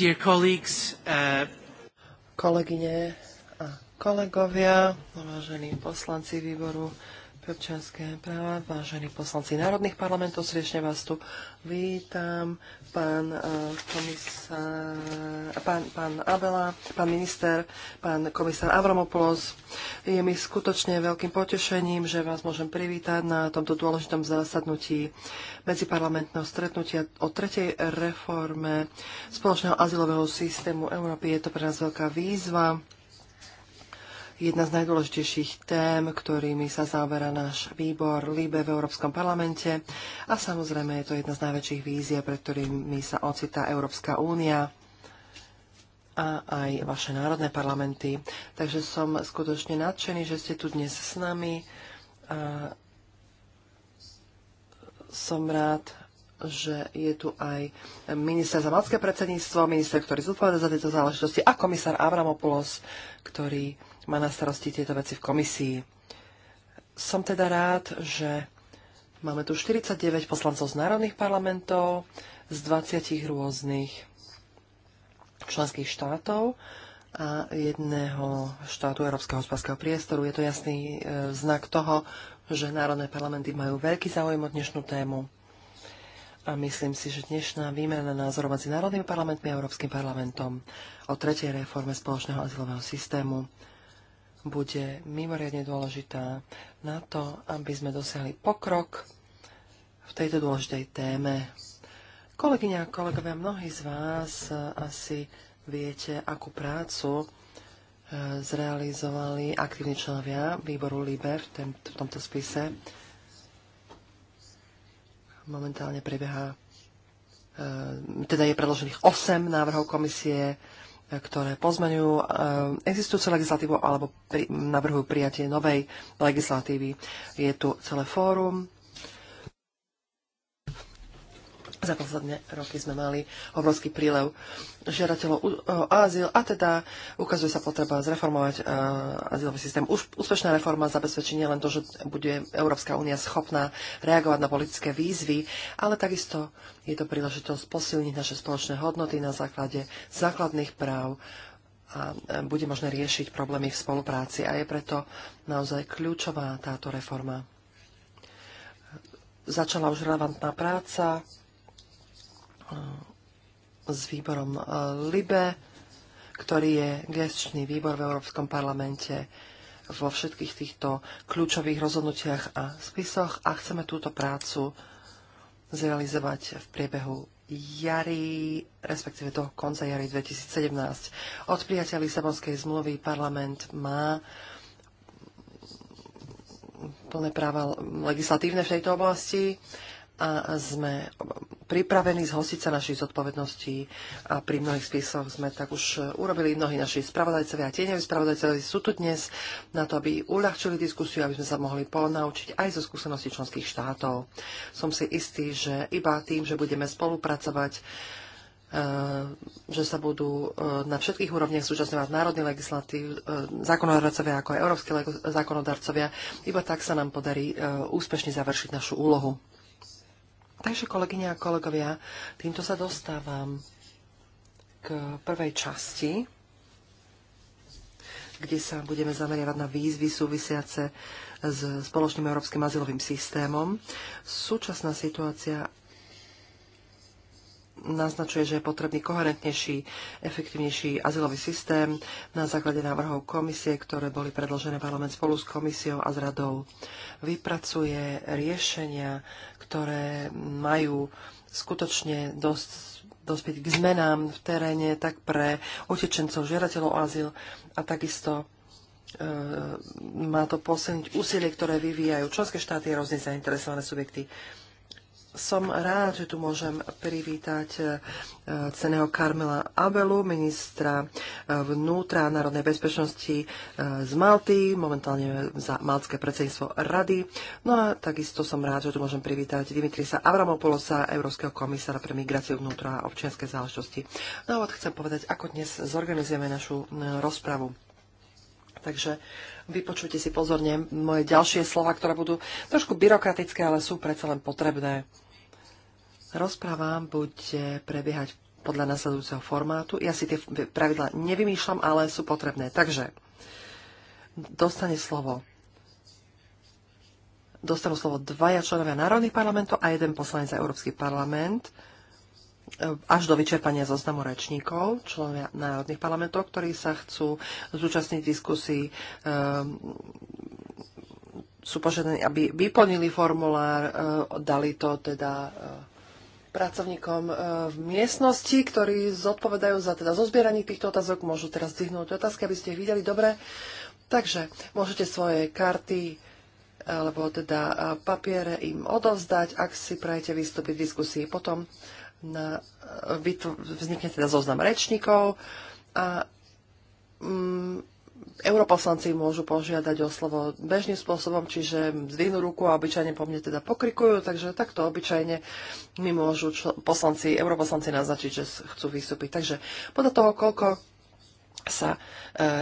Dear colleagues, uh... Kolegyne a kolegovia, vážení poslanci výboru občanské práva, vážení poslanci národných parlamentov, srdečne vás tu vítam, pán eh, komisár, pán, pán Abela, pán minister, pán komisár Avramopoulos. Je mi skutočne veľkým potešením, že vás môžem privítať na tomto dôležitom zasadnutí medziparlamentného stretnutia o tretej reforme spoločného azylového systému Európy. Je to pre nás veľká výzva jedna z najdôležitejších tém, ktorými sa zaoberá náš výbor LIBE v Európskom parlamente a samozrejme je to jedna z najväčších vízie, pred ktorými sa ocitá Európska únia a aj vaše národné parlamenty. Takže som skutočne nadšený, že ste tu dnes s nami. A som rád, že je tu aj minister za malské predsedníctvo, minister, ktorý zodpovedá za tieto záležitosti a komisár Avramopoulos, ktorý má na starosti tieto veci v komisii. Som teda rád, že máme tu 49 poslancov z národných parlamentov, z 20 rôznych členských štátov a jedného štátu Európskeho hospodárskeho priestoru. Je to jasný e, znak toho, že národné parlamenty majú veľký záujem o dnešnú tému. A myslím si, že dnešná výmena názorov medzi národnými parlamentmi a Európskym parlamentom o tretej reforme spoločného azylového systému bude mimoriadne dôležitá na to, aby sme dosiahli pokrok v tejto dôležitej téme. Kolegyňa a kolegovia, mnohí z vás asi viete, akú prácu e, zrealizovali aktívni členovia výboru LIBE v, v tomto spise. Momentálne prebieha, e, teda je predložených 8 návrhov komisie, ktoré pozmeňujú e, existujúcu legislatívu alebo navrhujú prijatie novej legislatívy. Je tu celé fórum za posledné roky sme mali obrovský prílev žiadateľov o azyl a teda ukazuje sa potreba zreformovať e, azylový systém. Už úspešná reforma zabezpečí len to, že bude Európska únia schopná reagovať na politické výzvy, ale takisto je to príležitosť posilniť naše spoločné hodnoty na základe základných práv a e, bude možné riešiť problémy v spolupráci a je preto naozaj kľúčová táto reforma začala už relevantná práca E, s výborom e, LIBE, ktorý je gestčný výbor v Európskom parlamente vo všetkých týchto kľúčových rozhodnutiach a spisoch a chceme túto prácu zrealizovať v priebehu jary, respektíve do konca jary 2017. Od prijatia Lisabonskej zmluvy parlament má plné práva legislatívne v tejto oblasti a sme pripravení zhostiť sa našich zodpovedností a pri mnohých spisoch sme tak už urobili mnohí naši spravodajcovia a tieňoví spravodajcovia sú tu dnes na to, aby uľahčili diskusiu, aby sme sa mohli ponaučiť aj zo skúseností členských štátov. Som si istý, že iba tým, že budeme spolupracovať, e, že sa budú e, na všetkých úrovniach súčasňovať národní legislatív, e, zákonodarcovia ako aj európske zákonodarcovia. Iba tak sa nám podarí úspešne završiť našu úlohu. Takže kolegyne a kolegovia, týmto sa dostávam k prvej časti, kde sa budeme zameriavať na výzvy súvisiace s spoločným európskym azylovým systémom. Súčasná situácia naznačuje, že je potrebný koherentnejší, efektívnejší azylový systém na základe návrhov komisie, ktoré boli predložené parlament spolu s komisiou a s radou. Vypracuje riešenia, ktoré majú skutočne dosť dospieť k zmenám v teréne, tak pre utečencov, žiadateľov azyl a takisto e, má to posilniť úsilie, ktoré vyvíjajú členské štáty a rôzne zainteresované subjekty som rád, že tu môžem privítať e, ceného Karmela Abelu, ministra e, vnútra a národnej bezpečnosti e, z Malty, momentálne za maltské predsedníctvo rady. No a takisto som rád, že tu môžem privítať Dimitrisa Avramopolosa, európskeho komisára pre migráciu vnútra a občianske záležitosti. no, a chcem povedať, ako dnes zorganizujeme našu rozpravu. Takže Vypočujte si pozorne moje ďalšie slova, ktoré budú trošku byrokratické, ale sú predsa len potrebné. Rozpráva bude prebiehať podľa nasledujúceho formátu. Ja si tie pravidla nevymýšľam, ale sú potrebné. Takže dostane slovo dostanú slovo dvaja členovia národných parlamentov a jeden poslanec za Európsky parlament až do vyčerpania zoznamu rečníkov, členovia národných parlamentov, ktorí sa chcú zúčastniť diskusí, ehm, sú požiadaní, aby vyplnili formulár, ehm, dali to teda ehm, pracovníkom v miestnosti, ktorí zodpovedajú za teda zozbieranie týchto otázok, môžu teraz zdvihnúť otázky, aby ste ich videli dobre. Takže môžete svoje karty alebo teda papiere im odovzdať, ak si prajete vystúpiť v diskusii. Potom na, vznikne teda zoznam rečníkov a mm, europoslanci môžu požiadať o slovo bežným spôsobom, čiže zdvihnú ruku a obyčajne po mne teda pokrikujú, takže takto obyčajne mi môžu čl- poslanci, europoslanci naznačiť, že chcú vystúpiť. Takže podľa toho, koľko sa e,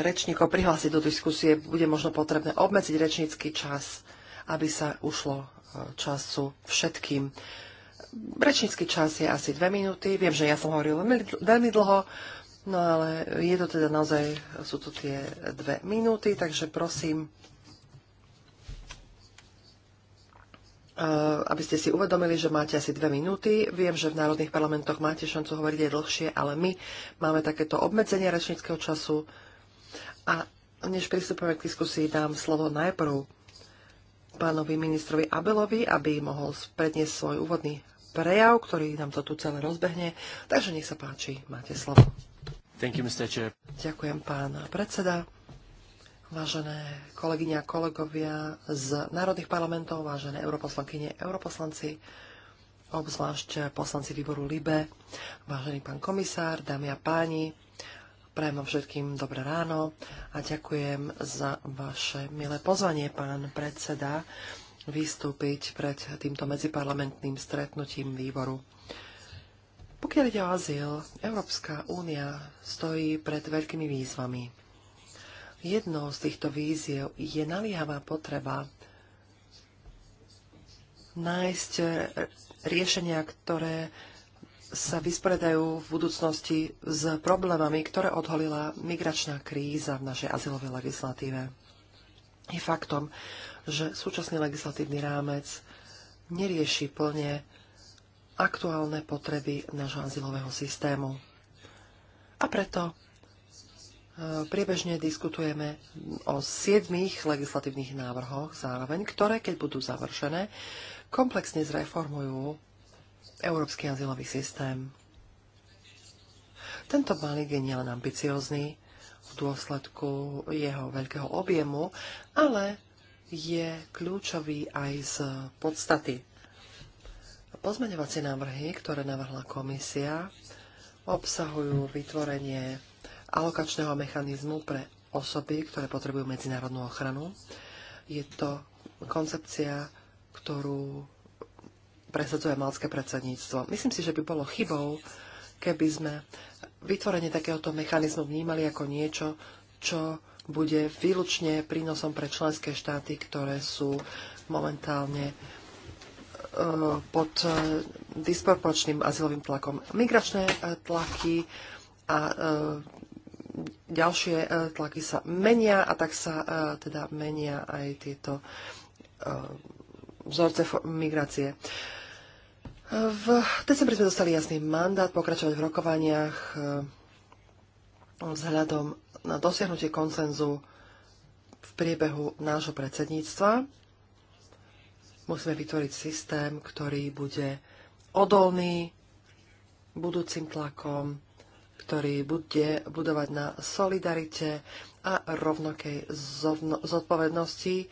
rečníkov prihlási do diskusie, bude možno potrebné obmedziť rečnícky čas, aby sa ušlo e, času všetkým. E, Rečnícky čas je asi dve minúty. Viem, že ja som hovoril veľmi dlho, no ale je to teda naozaj, sú to tie dve minúty, takže prosím, e, aby ste si uvedomili, že máte asi dve minúty. Viem, že v národných parlamentoch máte šancu hovoriť aj dlhšie, ale my máme takéto obmedzenie rečníckého času. A než pristupujeme k diskusii, dám slovo najprv pánovi ministrovi Abelovi, aby mohol predniesť svoj úvodný prejav, ktorý nám to tu celé rozbehne. Takže nech sa páči, máte slovo. Thank you, Mr. Chair. Ďakujem, pán predseda. Vážené kolegyne a kolegovia z národných parlamentov, vážené europoslankyne, europoslanci, obzvlášť poslanci výboru LIBE, vážený pán komisár, dámy a páni, prajem vám všetkým dobré ráno a ďakujem za vaše milé pozvanie, pán predseda vystúpiť pred týmto medziparlamentným stretnutím výboru. Pokiaľ ide o azyl, Európska únia stojí pred veľkými výzvami. Jednou z týchto víziev je naliehavá potreba nájsť e, riešenia, ktoré sa vysporiadajú v budúcnosti s problémami, ktoré odholila migračná kríza v našej azylovej legislatíve je faktom, že súčasný legislatívny rámec nerieši plne aktuálne potreby nášho azylového systému. A preto e, priebežne diskutujeme o siedmých legislatívnych návrhoch zároveň, ktoré, keď budú završené, komplexne zreformujú európsky azylový systém. Tento balík je nielen ambiciózny, dôsledku jeho veľkého objemu, ale je kľúčový aj z podstaty. Pozmeňovacie návrhy, ktoré navrhla komisia, obsahujú vytvorenie alokačného mechanizmu pre osoby, ktoré potrebujú medzinárodnú ochranu. Je to koncepcia, ktorú presadzuje malské predsedníctvo. Myslím si, že by bolo chybou, keby sme vytvorenie takéhoto mechanizmu vnímali ako niečo, čo bude výlučne prínosom pre členské štáty, ktoré sú momentálne e, pod e, disproporčným azylovým tlakom. Migračné e, tlaky a ďalšie tlaky sa menia a tak sa teda menia aj tieto vzorce migrácie. V decembri sme dostali jasný mandát pokračovať v rokovaniach e, vzhľadom na dosiahnutie koncenzu v priebehu nášho predsedníctva. Musíme vytvoriť systém, ktorý bude odolný budúcim tlakom, ktorý bude budovať na solidarite a rovnokej zodpovednosti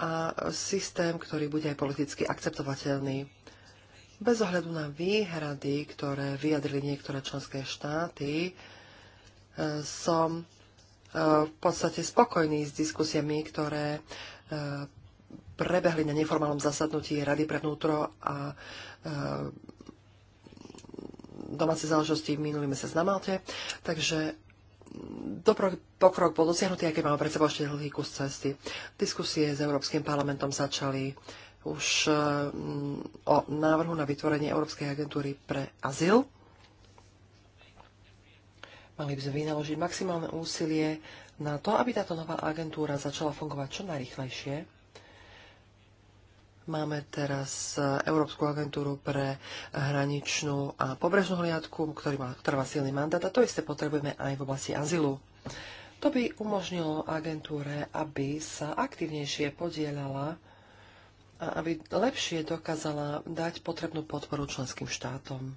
a systém, ktorý bude aj politicky akceptovateľný. Bez ohľadu na výhrady, ktoré vyjadrili niektoré členské štáty, e, som e, v podstate spokojný s diskusiami, ktoré e, prebehli na neformálnom zasadnutí Rady pre vnútro a domáce záležitosti minulý mesiac na Malte. Takže dobrý pokrok bol dosiahnutý, aké máme pred sebou ešte dlhý kus cesty. Diskusie s Európskym parlamentom začali už eh, mm, o návrhu na vytvorenie Európskej agentúry pre azyl. Mali by sme vynaložiť maximálne úsilie na to, aby táto nová agentúra začala fungovať čo najrychlejšie. Máme teraz eh, Európsku agentúru pre hraničnú a pobrežnú hliadku, ktorý má, ktorá má silný mandát a to isté potrebujeme aj v oblasti azylu. To by umožnilo agentúre, aby sa aktívnejšie podielala aby lepšie dokázala dať potrebnú podporu členským štátom.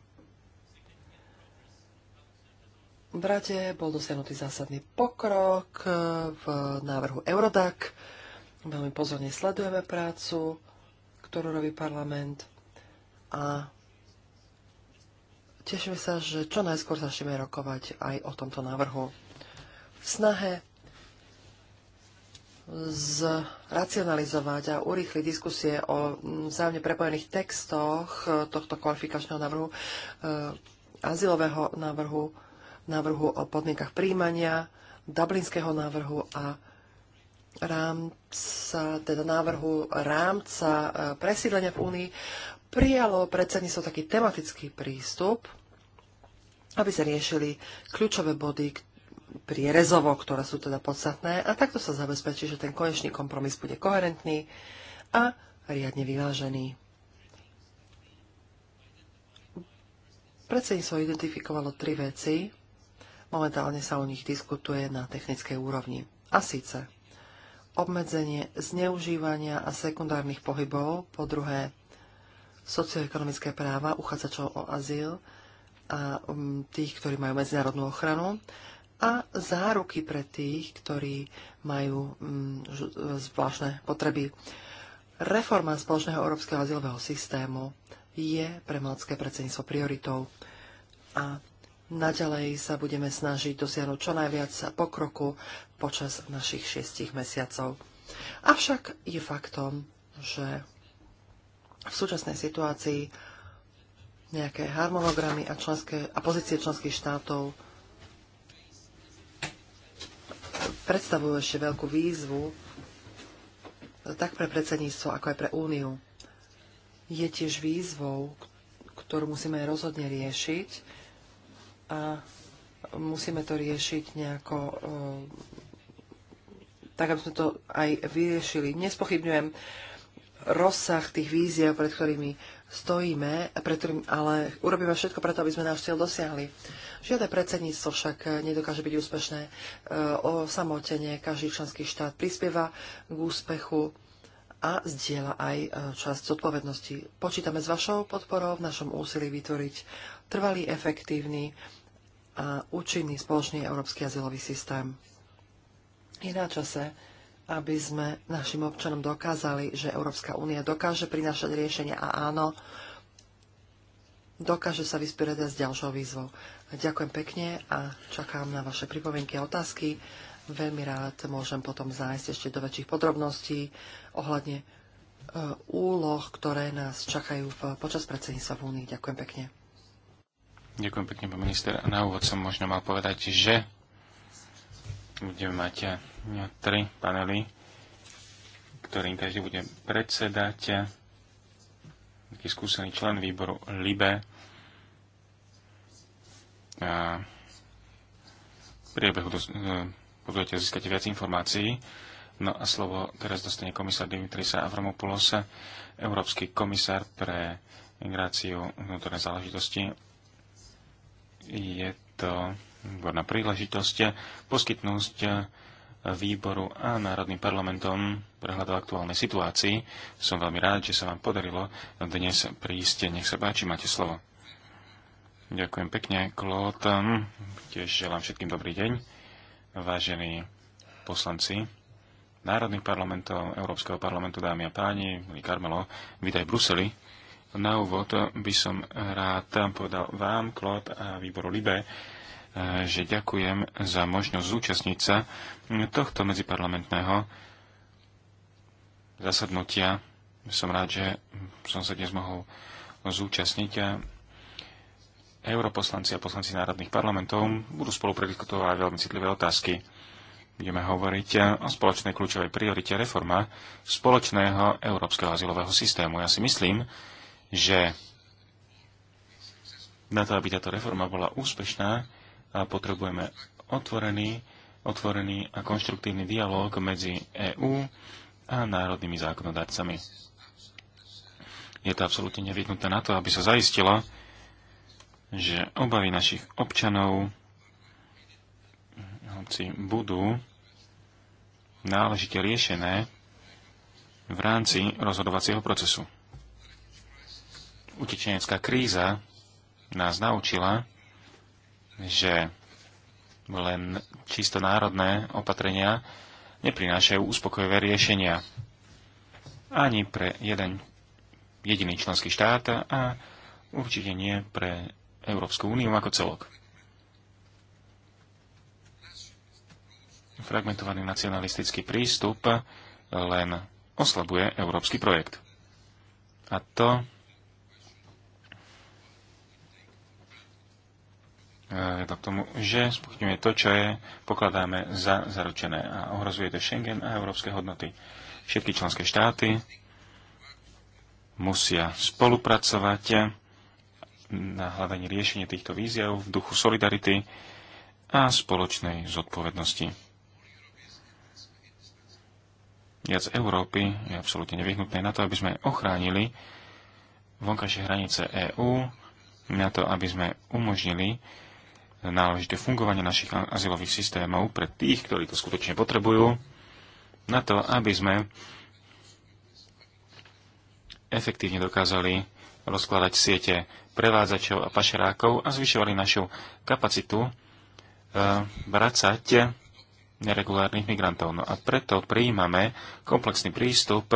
V rade bol dosiahnutý zásadný pokrok v návrhu Eurodac. Veľmi pozorne sledujeme prácu, ktorú robí parlament a tešíme sa, že čo najskôr začneme rokovať aj o tomto návrhu. V snahe zracionalizovať a urýchliť diskusie o mm, vzájomne prepojených textoch e, tohto kvalifikačného návrhu, e, azylového návrhu, návrhu o podmienkach príjmania, dublinského návrhu a rámca, teda návrhu rámca e, presídlenia v Únii prijalo predsedníctvo taký tematický prístup, aby sa riešili kľúčové body, prierezovo, ktoré sú teda podstatné a takto sa zabezpečí, že ten konečný kompromis bude koherentný a riadne vyvážený. Predsedníctvo identifikovalo tri veci. Momentálne sa o nich diskutuje na technickej úrovni. A síce obmedzenie zneužívania a sekundárnych pohybov, po druhé socioekonomické práva uchádzačov o azyl a mm, tých, ktorí majú medzinárodnú ochranu, a záruky pre tých, ktorí majú mm, zvláštne potreby. Reforma spoločného európskeho azylového systému je pre malcké predsedníctvo prioritou a naďalej sa budeme snažiť dosiahnuť čo najviac pokroku počas našich šiestich mesiacov. Avšak je faktom, že v súčasnej situácii nejaké harmonogramy a, členské, a pozície členských štátov predstavujú ešte veľkú výzvu tak pre predsedníctvo, ako aj pre Úniu. Je tiež výzvou, ktorú musíme rozhodne riešiť a musíme to riešiť nejako eh, tak, aby sme to aj vyriešili. Nespochybňujem rozsah tých víziev, pred ktorými stojíme, pred ktorým, ale urobíme všetko preto, aby sme náš cieľ dosiahli. Žiadne predsedníctvo však nedokáže byť úspešné. E, o samotene každý členský štát prispieva k úspechu a zdieľa aj e, časť zodpovednosti. Počítame s vašou podporou v našom úsilí vytvoriť trvalý, efektívny a účinný spoločný európsky azylový systém. Je na čase, aby sme našim občanom dokázali, že Európska únia dokáže prinášať riešenia a áno, dokáže sa vysporiadať s ďalšou výzvou. Ďakujem pekne a čakám na vaše pripomienky a otázky. Veľmi rád môžem potom zájsť ešte do väčších podrobností ohľadne e, úloh, ktoré nás čakajú v, počas predsedníctva v Únii. Ďakujem pekne. Ďakujem pekne, pán minister. Na úvod som možno mal povedať, že Budeme mať eh, tri panely, ktorým každý bude predsedať. Taký skúsený člen výboru LIBE. A v priebehu eh, budete získať viac informácií. No a slovo teraz dostane komisár Dimitrisa Avramopoulos, európsky komisár pre migráciu vnútorné záležitosti. Je to výborná príležitosť poskytnúť eh, výboru a Národným parlamentom prehľad o aktuálnej situácii. Som veľmi rád, že sa vám podarilo dnes prísť. Nech sa páči, máte slovo. Ďakujem pekne, Klot. Tiež želám všetkým dobrý deň, vážení poslanci Národných parlamentov, Európskeho parlamentu, dámy a páni, milí Karmelo, vítaj v Bruseli. Na úvod by som rád povedal vám, Klot a výboru Libe, E, že ďakujem za možnosť zúčastniť sa tohto medziparlamentného zasadnutia. Som rád, že som sa dnes mohol zúčastniť a europoslanci a poslanci národných parlamentov budú spolu prediskutovať veľmi citlivé otázky. Budeme hovoriť o spoločnej kľúčovej priorite reforma spoločného európskeho azylového systému. Ja si myslím, že na to, aby táto reforma bola úspešná, a potrebujeme otvorený, otvorený a konštruktívny dialog medzi EÚ a národnými zákonodarcami. Je to absolútne nevyhnutné na to, aby sa zaistilo, že obavy našich občanov hoci budú náležite riešené v rámci rozhodovacieho procesu. Utečenecká kríza nás naučila, že len čisto národné opatrenia neprinášajú uspokojivé riešenia ani pre jeden jediný členský štát a určite nie pre Európsku úniu ako celok. Fragmentovaný nacionalistický prístup len oslabuje európsky projekt. A to vedlo k tomu, že spochybňuje to, čo je, pokladáme za zaručené a ohrozuje to Schengen a európske hodnoty. Všetky členské štáty musia spolupracovať na hľadanie riešenie týchto víziev v duchu solidarity a spoločnej zodpovednosti. Viac Európy je absolútne nevyhnutné na to, aby sme ochránili vonkajšie hranice EÚ, na to, aby sme umožnili náležité fungovanie našich azylových systémov pre tých, ktorí to skutočne potrebujú, na to, aby sme efektívne dokázali rozkladať siete prevádzačov a pašerákov a zvyšovali našu kapacitu e, vracať neregulárnych migrantov. No a preto prijímame komplexný prístup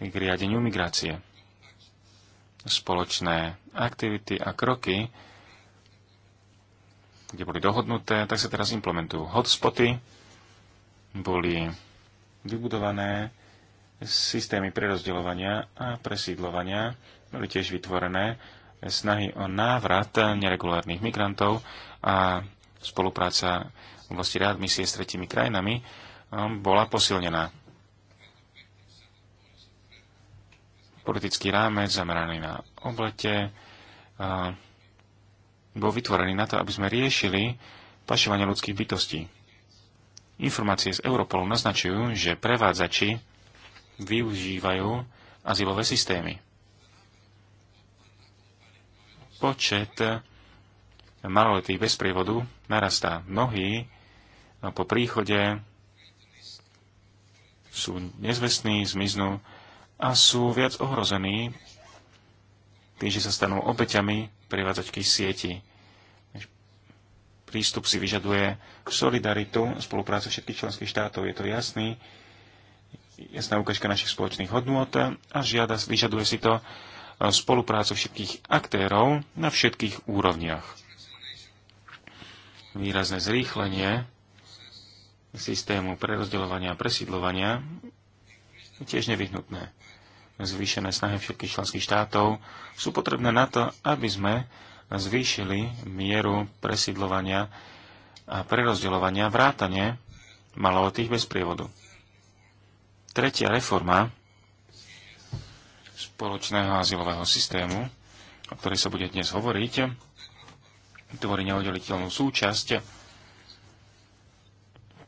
k riadeniu migrácie. Spoločné aktivity a kroky kde boli dohodnuté, tak sa teraz implementujú. Hotspoty boli vybudované, systémy prerozdeľovania a presídlovania boli tiež vytvorené, snahy o návrat neregulárnych migrantov a spolupráca v oblasti readmisie s tretimi krajinami um, bola posilnená. Politický rámec zameraný na oblete, bol vytvorený na to, aby sme riešili pašovanie ľudských bytostí. Informácie z Europolu naznačujú, že prevádzači využívajú azylové systémy. Počet maloletých bez prievodu narastá. Mnohí no, po príchode sú nezvestní, zmiznú a sú viac ohrození tým, že sa stanú obeťami privádzačkých sieti. Prístup si vyžaduje solidaritu, spoluprácu všetkých členských štátov. Je to jasný, jasná ukážka našich spoločných hodnôt a žiada, vyžaduje si to spoluprácu všetkých aktérov na všetkých úrovniach. Výrazné zrýchlenie systému prerozdeľovania a presídlovania je tiež nevyhnutné zvýšené snahy všetkých členských štátov sú potrebné na to, aby sme zvýšili mieru presídlovania a prerozdeľovania vrátane malovotých bez prievodu. Tretia reforma spoločného azylového systému, o ktorej sa bude dnes hovoriť, tvorí neoddeliteľnú súčasť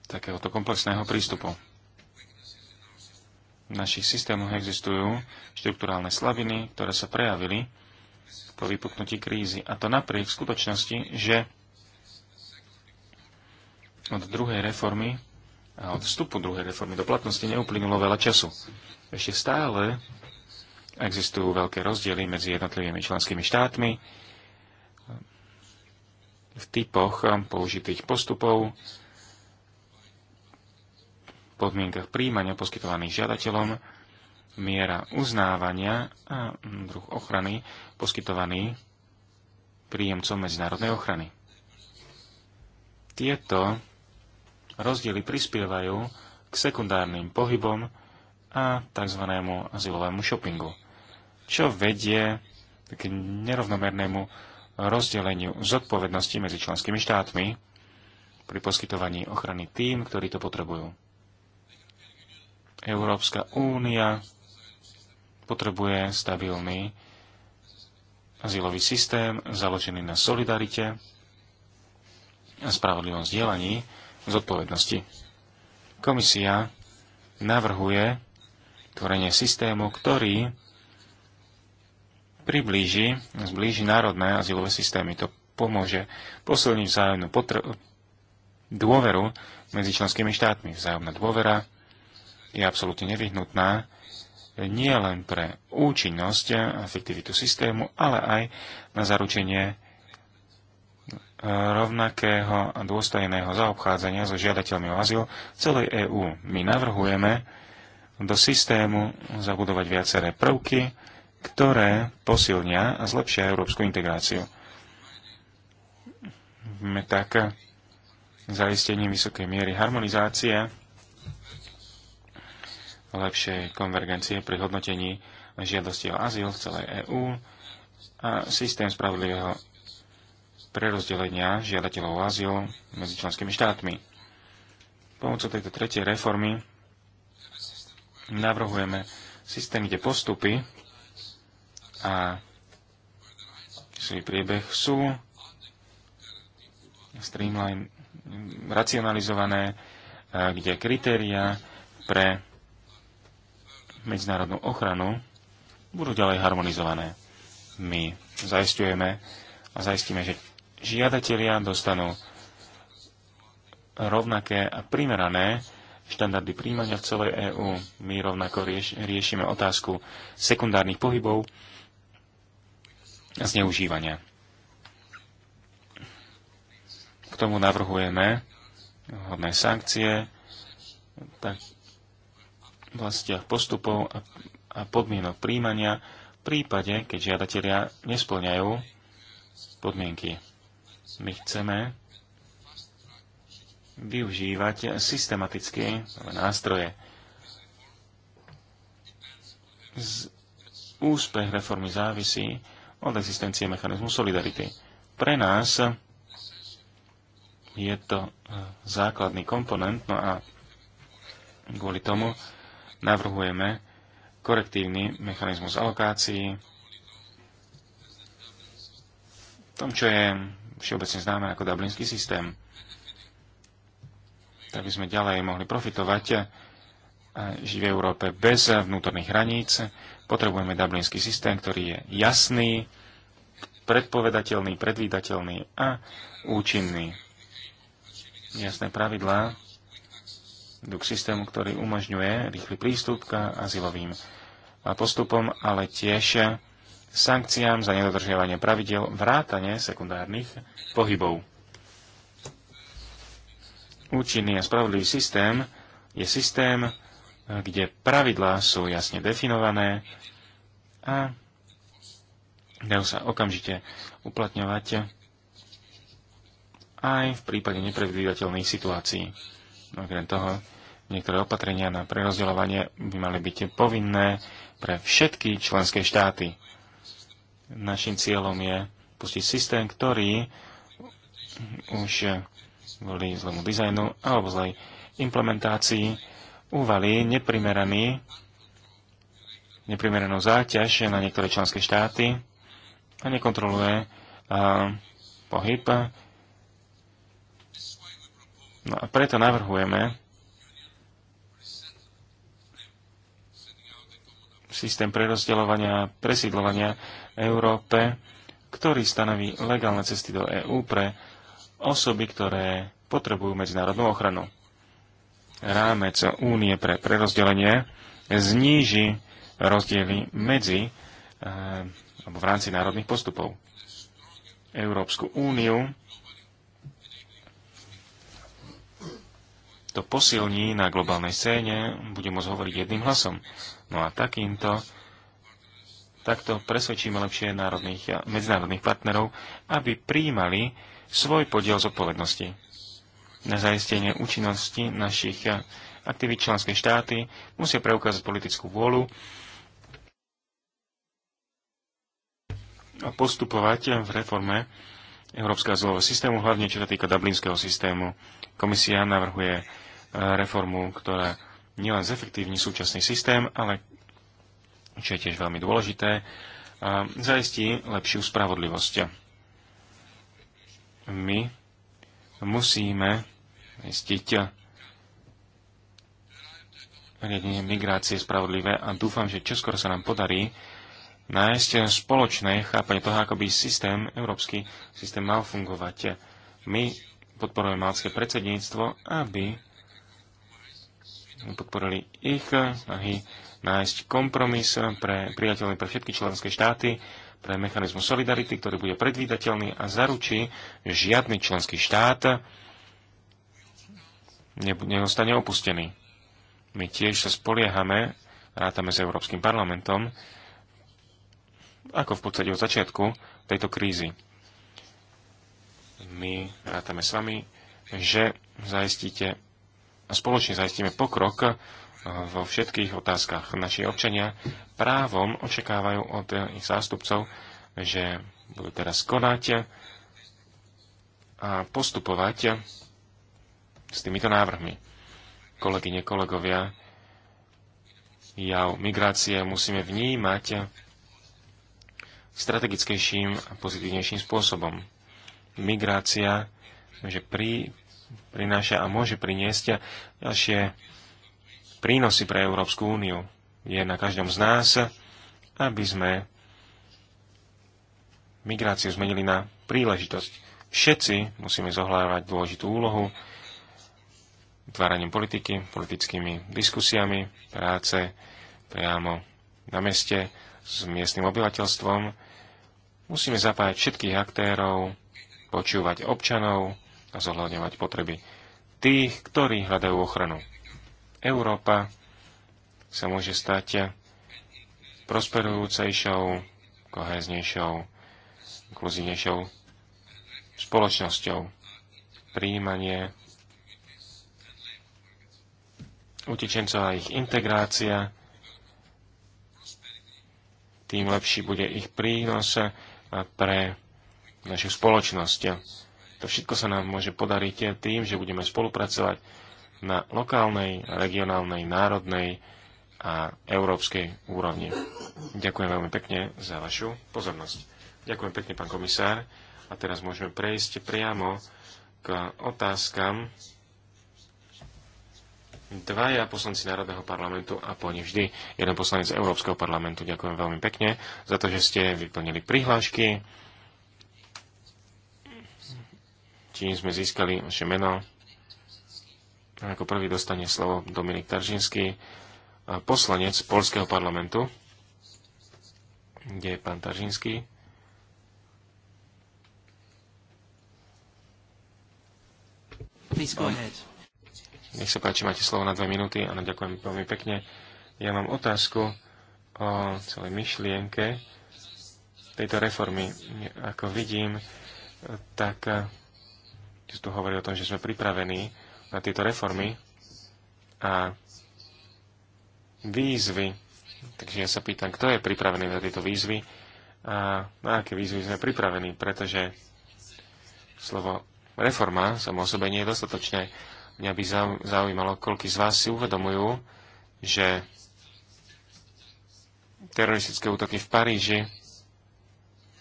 takéhoto komplexného prístupu v našich systémoch existujú štruktúrálne slabiny, ktoré sa prejavili po vypuknutí krízy. A to napriek skutočnosti, že od druhej reformy a od vstupu druhej reformy do platnosti neuplynulo veľa času. Ešte stále existujú veľké rozdiely medzi jednotlivými členskými štátmi v typoch použitých postupov, podmienkach príjmania poskytovaných žiadateľom, miera uznávania a mm, druh ochrany poskytovaný príjemcom medzinárodnej ochrany. Tieto rozdiely prispievajú k sekundárnym pohybom a tzv. azylovému shoppingu, čo vedie k nerovnomernému rozdeleniu zodpovednosti medzi členskými štátmi pri poskytovaní ochrany tým, ktorí to potrebujú. Európska únia potrebuje stabilný azylový systém založený na solidarite a spravodlivom zdieľaní zodpovednosti. Komisia navrhuje tvorenie systému, ktorý priblíži, zblíži národné azylové systémy. To pomôže posilniť vzájomnú dôveru medzi členskými štátmi. Vzájomná dôvera je absolútne nevyhnutná nie len pre účinnosť a efektivitu systému, ale aj na zaručenie rovnakého a dôstojného zaobchádzania so žiadateľmi o azyl celej EÚ. My navrhujeme do systému zabudovať viaceré prvky, ktoré posilnia a zlepšia európsku integráciu. Sme tak zaistenie vysokej miery harmonizácie lepšej konvergencie pri hodnotení žiadosti o azyl v celej EÚ a systém spravodlivého prerozdelenia žiadateľov o azyl medzi členskými štátmi. Pomocou tejto tretej reformy navrhujeme systém, kde postupy a svoj priebeh sú streamline racionalizované, kde kritéria pre medzinárodnú ochranu budú ďalej harmonizované. My zaistujeme a zaistíme, že žiadatelia dostanú rovnaké a primerané štandardy príjmania v celej EÚ. My rovnako rieš, riešime otázku sekundárnych pohybov a zneužívania. K tomu navrhujeme hodné sankcie, tak oblastiach postupov a, podmienok príjmania v prípade, keď žiadatelia nesplňajú podmienky. My chceme využívať systematicky nástroje. Z úspech reformy závisí od existencie mechanizmu solidarity. Pre nás je to e, základný komponent, no a kvôli tomu navrhujeme korektívny mechanizmus alokácií, v tom, čo je všeobecne známe ako dublinský systém. Tak by sme ďalej mohli profitovať a žiť v Európe bez vnútorných hraníc. Potrebujeme dublinský systém, ktorý je jasný, predpovedateľný, predvídateľný a účinný. Jasné pravidlá k systému, ktorý umožňuje rýchly prístup k azylovým postupom, ale tiež sankciám za nedodržiavanie pravidel vrátane sekundárnych pohybov. Účinný a spravodlivý systém je systém, kde pravidlá sú jasne definované a dajú sa okamžite uplatňovať aj v prípade nepredvídateľných situácií. Okrem toho, niektoré opatrenia na prerozdeľovanie by mali byť povinné pre všetky členské štáty. Našim cieľom je pustiť systém, ktorý už kvôli zlému dizajnu alebo zlej implementácii uvalí neprimeraný, neprimeranú záťaž na niektoré členské štáty a nekontroluje a, pohyb No a preto navrhujeme systém prerozdeľovania a presídlovania Európe, ktorý stanoví legálne cesty do EÚ pre osoby, ktoré potrebujú medzinárodnú ochranu. Rámec únie pre prerozdelenie zníži rozdiely medzi eh, alebo v rámci národných postupov. Európsku úniu to posilní na globálnej scéne, bude môcť hovoriť jedným hlasom. No a takýmto takto presvedčíme lepšie národných a medzinárodných partnerov, aby príjmali svoj podiel zodpovednosti. Na zaistenie účinnosti našich aktivít členské štáty musia preukázať politickú vôľu a postupovať v reforme Európskeho zlového systému, hlavne čo sa týka Dublinského systému. Komisia navrhuje reformu, ktorá nielen zefektívni súčasný systém, ale čo je tiež veľmi dôležité, zajistí lepšiu spravodlivosť. My musíme zistiť riadenie migrácie spravodlivé a dúfam, že čoskoro sa nám podarí nájsť spoločné chápanie toho, ako by systém, európsky systém mal fungovať. My podporujeme malské predsedníctvo, aby podporili ich snahy nájsť kompromis pre priateľný pre všetky členské štáty, pre mechanizmus solidarity, ktorý bude predvídateľný a zaručí, že žiadny členský štát neostane opustený. My tiež sa spoliehame, rátame s Európskym parlamentom, ako v podstate od začiatku tejto krízy. My rátame s vami, že zaistíte spoločne zaistíme pokrok eh, vo všetkých otázkach. Naši občania právom očakávajú od ich zástupcov, že budú teraz konať a postupovať s týmito návrhmi. Kolegyne, kolegovia, jav migrácie musíme vnímať strategickejším a pozitívnejším spôsobom. Migrácia môže pri, prináša a môže priniesť ďalšie prínosy pre Európsku úniu. Je na každom z nás, aby sme migráciu zmenili na príležitosť. Všetci musíme zohľávať dôležitú úlohu vytváraním politiky, politickými diskusiami, práce priamo na meste s miestnym obyvateľstvom. Musíme zapájať všetkých aktérov, počúvať občanov, a zohľadňovať potreby tých, ktorí hľadajú ochranu. Európa sa môže stať prosperujúcejšou, kohéznejšou, inkluzívnejšou spoločnosťou. Príjmanie utečencov a ich integrácia, tým lepší bude ich prínos pre našu spoločnosť. To všetko sa nám môže podariť tým, že budeme spolupracovať na lokálnej, regionálnej, národnej a európskej úrovni. Ďakujem veľmi pekne za vašu pozornosť. Ďakujem pekne, pán komisár. A teraz môžeme prejsť priamo k otázkam. Dvaja poslanci Národného parlamentu a po nich vždy jeden poslanec Európskeho parlamentu. Ďakujem veľmi pekne za to, že ste vyplnili prihlášky. čím sme získali naše mená. A ako prvý dostane slovo Dominik Taržinský, poslanec Polského parlamentu. Kde je pán Taržinský? Nech sa páči, máte slovo na dve minúty. Áno, ďakujem veľmi pekne. Ja mám otázku o celej myšlienke tejto reformy. Ako vidím, tak Ty tu hovorí o tom, že sme pripravení na tieto reformy a výzvy. Takže ja sa pýtam, kto je pripravený na tieto výzvy a na aké výzvy sme pripravení, pretože slovo reforma samo o sebe nie je dostatočné. Mňa by zaujímalo, koľko z vás si uvedomujú, že teroristické útoky v Paríži,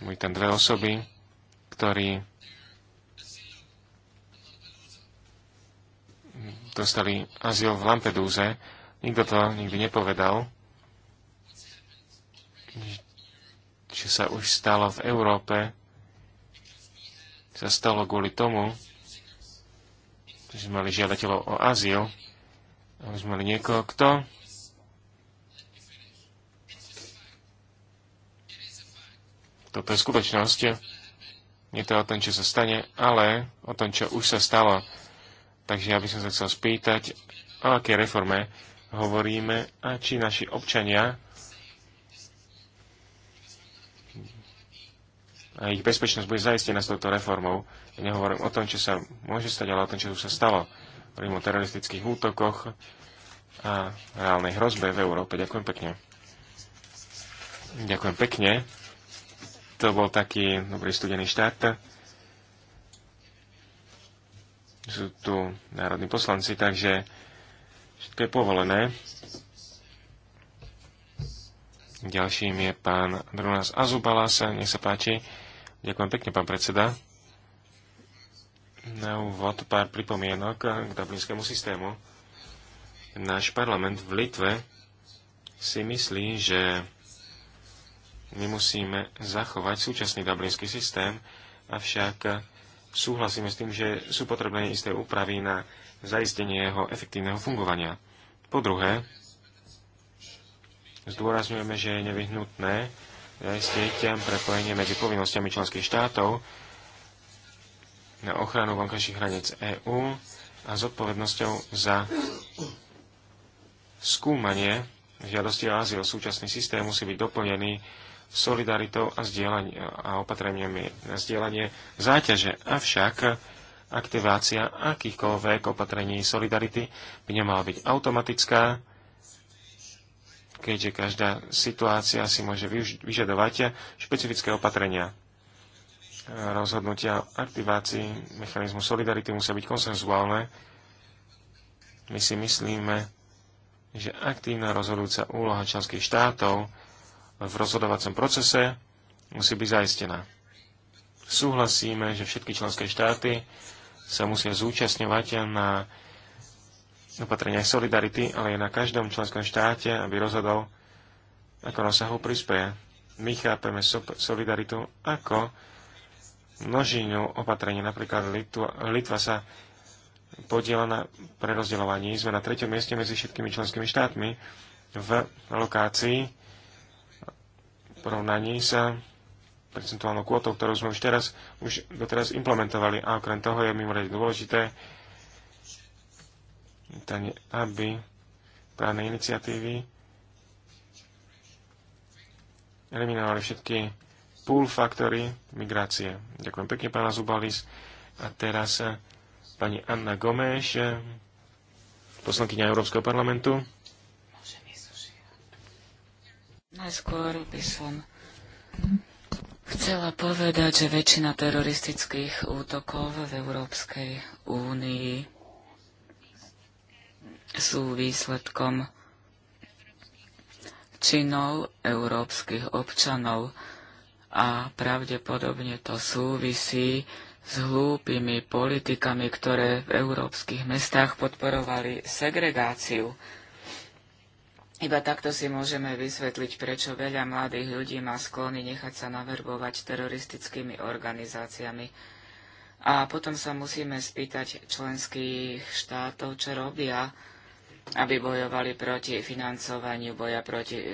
boli tam dve osoby, ktorí dostali azyl v Lampedúze. Nikto to nikdy nepovedal, čo sa už stalo v Európe, sa stalo kvôli tomu, že sme mali žiadateľov o azyl, a sme mali niekoho, kto Toto je skutočnosť. Nie to o tom, čo sa stane, ale o tom, čo už sa stalo. Takže ja by som sa chcel spýtať, o aké reforme hovoríme a či naši občania a ich bezpečnosť bude zaistená s touto reformou. Ja nehovorím o tom, čo sa môže stať, ale o tom, čo už sa stalo. Hovorím o teroristických útokoch a reálnej hrozbe v Európe. Ďakujem pekne. Ďakujem pekne. To bol taký dobrý studený štát sú tu národní poslanci, takže všetko je povolené. Ďalším je pán Brunas Azubalasa. Nech sa páči. Ďakujem pekne, pán predseda. Na úvod pár pripomienok k dublinskému systému. Náš parlament v Litve si myslí, že my musíme zachovať súčasný dublinský systém, avšak súhlasíme s tým, že sú potrebné isté úpravy na zaistenie jeho efektívneho fungovania. Po druhé, zdôrazňujeme, že je nevyhnutné zaistiť prepojenie medzi povinnosťami členských štátov na ochranu vonkajších hraníc EÚ a zodpovednosťou za skúmanie žiadosti o azyl. Súčasný systém musí byť doplnený solidaritou a, a opatreniami na zdieľanie záťaže. Avšak aktivácia akýchkoľvek opatrení solidarity by nemala byť automatická, keďže každá situácia si môže vyžadovať špecifické opatrenia. Rozhodnutia o aktivácii mechanizmu solidarity musia byť konsenzuálne. My si myslíme, že aktívna rozhodujúca úloha členských štátov v rozhodovacom procese musí byť zaistená. Súhlasíme, že všetky členské štáty sa musia zúčastňovať na opatreniach solidarity, ale je na každom členskom štáte, aby rozhodol, ako rozsahu prispieje. My chápeme solidaritu ako množinu opatrení. Napríklad Litva, Litva sa podiela na prerozdeľovaní. Sme na treťom mieste medzi všetkými členskými štátmi v lokácii porovnaní sa percentuálnou kvotou, ktorú sme už teraz, už doteraz implementovali. A okrem toho je mimoriadne dôležité, aby právne iniciatívy eliminovali všetky pool faktory migrácie. Ďakujem pekne, pána Zubalis. A teraz eh, pani Anna Gomeš, eh, poslankyňa Európskeho parlamentu. Najskôr by som chcela povedať, že väčšina teroristických útokov v Európskej únii sú výsledkom činov európskych občanov a pravdepodobne to súvisí s hlúpými politikami, ktoré v európskych mestách podporovali segregáciu. Iba takto si môžeme vysvetliť, prečo veľa mladých ľudí má sklony nechať sa naverbovať teroristickými organizáciami. A potom sa musíme spýtať členských štátov, čo robia, aby bojovali proti financovaniu boja proti e,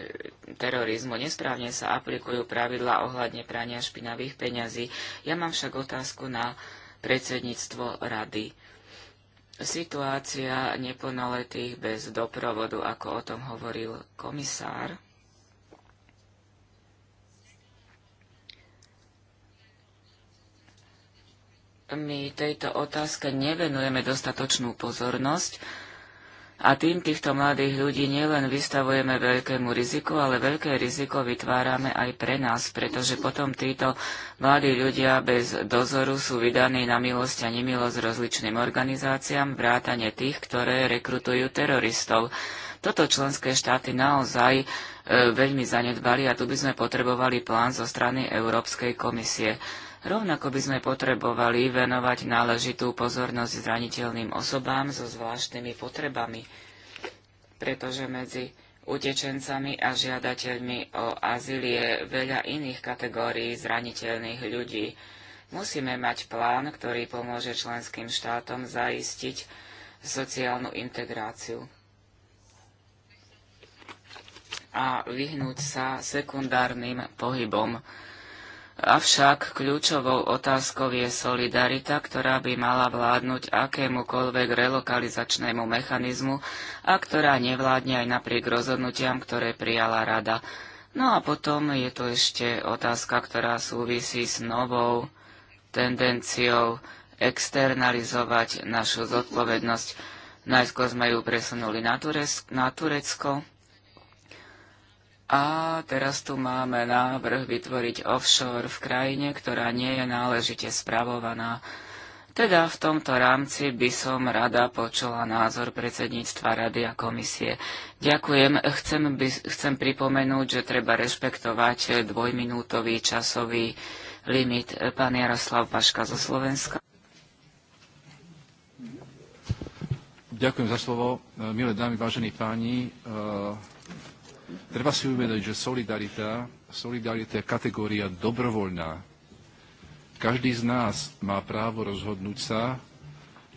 terorizmu. Nesprávne sa aplikujú pravidla ohľadne prania špinavých peňazí. Ja mám však otázku na predsedníctvo rady. Situácia neplnoletých bez doprovodu, ako o tom hovoril komisár, my tejto otázke nevenujeme dostatočnú pozornosť a tým týchto mladých ľudí nielen vystavujeme veľkému riziku, ale veľké riziko vytvárame aj pre nás, pretože potom títo mladí ľudia bez dozoru sú vydaní na milosť a nemilosť rozličným organizáciám, vrátane tých, ktoré rekrutujú teroristov. Toto členské štáty naozaj e, veľmi zanedbali a tu by sme potrebovali plán zo strany Európskej komisie. Rovnako by sme potrebovali venovať náležitú pozornosť zraniteľným osobám so zvláštnymi potrebami, pretože medzi utečencami a žiadateľmi o azyl je veľa iných kategórií zraniteľných ľudí. Musíme mať plán, ktorý pomôže členským štátom zaistiť sociálnu integráciu a vyhnúť sa sekundárnym pohybom. Avšak kľúčovou otázkou je solidarita, ktorá by mala vládnuť akémukoľvek relokalizačnému mechanizmu a ktorá nevládne aj napriek rozhodnutiam, ktoré prijala rada. No a potom je tu ešte otázka, ktorá súvisí s novou tendenciou externalizovať našu zodpovednosť. Najskôr sme ju presunuli na, Turesk- na Turecko, a teraz tu máme návrh vytvoriť offshore v krajine, ktorá nie je náležite spravovaná. Teda v tomto rámci by som rada počula názor predsedníctva Rady a komisie. Ďakujem. Chcem, by, chcem pripomenúť, že treba rešpektovať dvojminútový časový limit. Pán Jaroslav Paška zo Slovenska. Ďakujem za slovo. Milé dámy, vážení páni, Treba si uvedomiť, že solidarita, solidarita je kategória dobrovoľná. Každý z nás má právo rozhodnúť sa,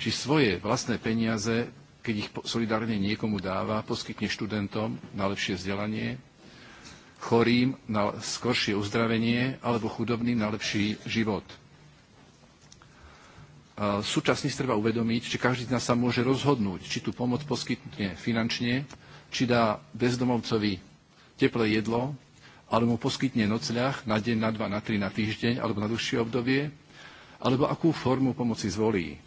či svoje vlastné peniaze, keď ich solidárne niekomu dáva, poskytne študentom na lepšie vzdelanie, chorým na skoršie uzdravenie alebo chudobným na lepší život. Súčasne si treba uvedomiť, že každý z nás sa môže rozhodnúť, či tú pomoc poskytne finančne, či dá bezdomovcovi teplé jedlo, alebo mu poskytne nocľah na deň, na dva, na tri, na týždeň, alebo na dlhšie obdobie, alebo akú formu pomoci zvolí.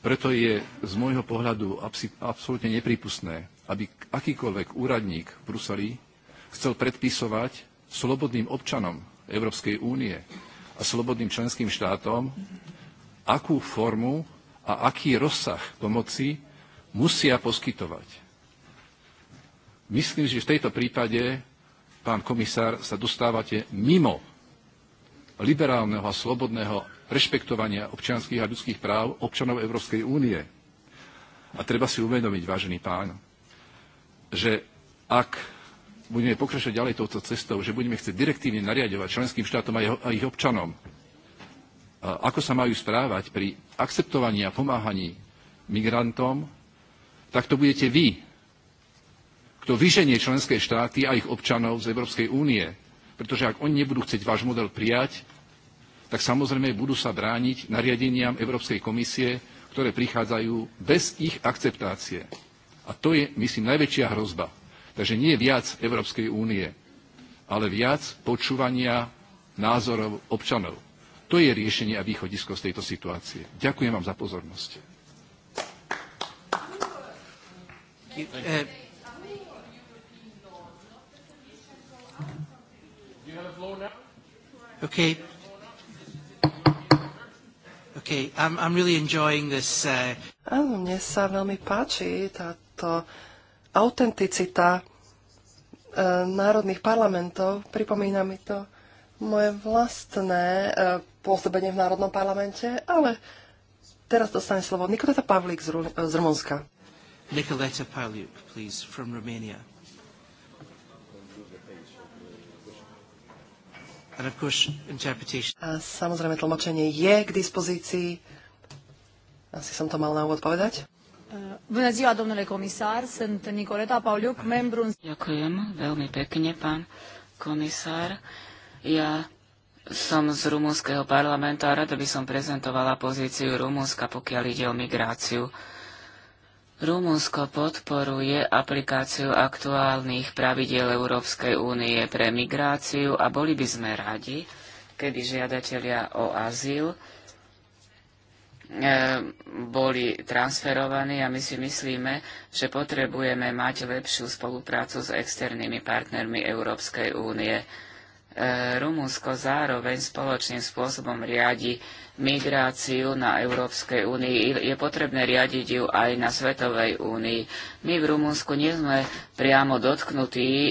Preto je z môjho pohľadu absolútne nepripustné, aby akýkoľvek úradník v Bruseli chcel predpisovať slobodným občanom Európskej únie a slobodným členským štátom, akú formu a aký rozsah pomoci musia poskytovať. Myslím, že v tejto prípade, pán komisár, sa dostávate mimo liberálneho a slobodného rešpektovania občianských a ľudských práv občanov Európskej únie. A treba si uvedomiť, vážený pán, že ak budeme pokračovať ďalej touto cestou, že budeme chcieť direktívne nariadovať členským štátom a, jeho, a ich občanom, a ako sa majú správať pri akceptovaní a pomáhaní migrantom, tak to budete vy, kto vyženie členské štáty a ich občanov z Európskej únie. Pretože ak oni nebudú chcieť váš model prijať, tak samozrejme budú sa brániť nariadeniam Európskej komisie, ktoré prichádzajú bez ich akceptácie. A to je, myslím, najväčšia hrozba. Takže nie viac Európskej únie, ale viac počúvania názorov občanov. To je riešenie a východisko z tejto situácie. Ďakujem vám za pozornosť. Uh, uh, okay. Okay, I'm, I'm really enjoying this. Uh... Áno, mne sa veľmi páči táto autenticita uh, národných parlamentov. Pripomína mi to moje vlastné uh, pôsobenie v Národnom parlamente, ale teraz dostane slovo Nikoleta Pavlík z, Ru- z Rumunska. Nicoleta Paliuk, please, from Romania. And of course, interpretation. A samozrejme, tlmočenie je k dispozícii. Asi som to mal na úvod povedať. Uh, bună ziua, domnule comisar, sunt Nicoleta Pauliuc, membru Ďakujem veľmi pekne, pán komisár. Ja som z rumúnskeho parlamentu a rada by som prezentovala pozíciu Rumúnska, pokiaľ ide o migráciu. Rumunsko podporuje aplikáciu aktuálnych pravidiel Európskej únie pre migráciu a boli by sme radi, keby žiadatelia o azyl e, boli transferovaní a my si myslíme, že potrebujeme mať lepšiu spoluprácu s externými partnermi Európskej únie. E, Rumunsko zároveň spoločným spôsobom riadi migráciu na Európskej únii. Je potrebné riadiť ju aj na Svetovej únii. My v Rumunsku nie sme priamo dotknutí e,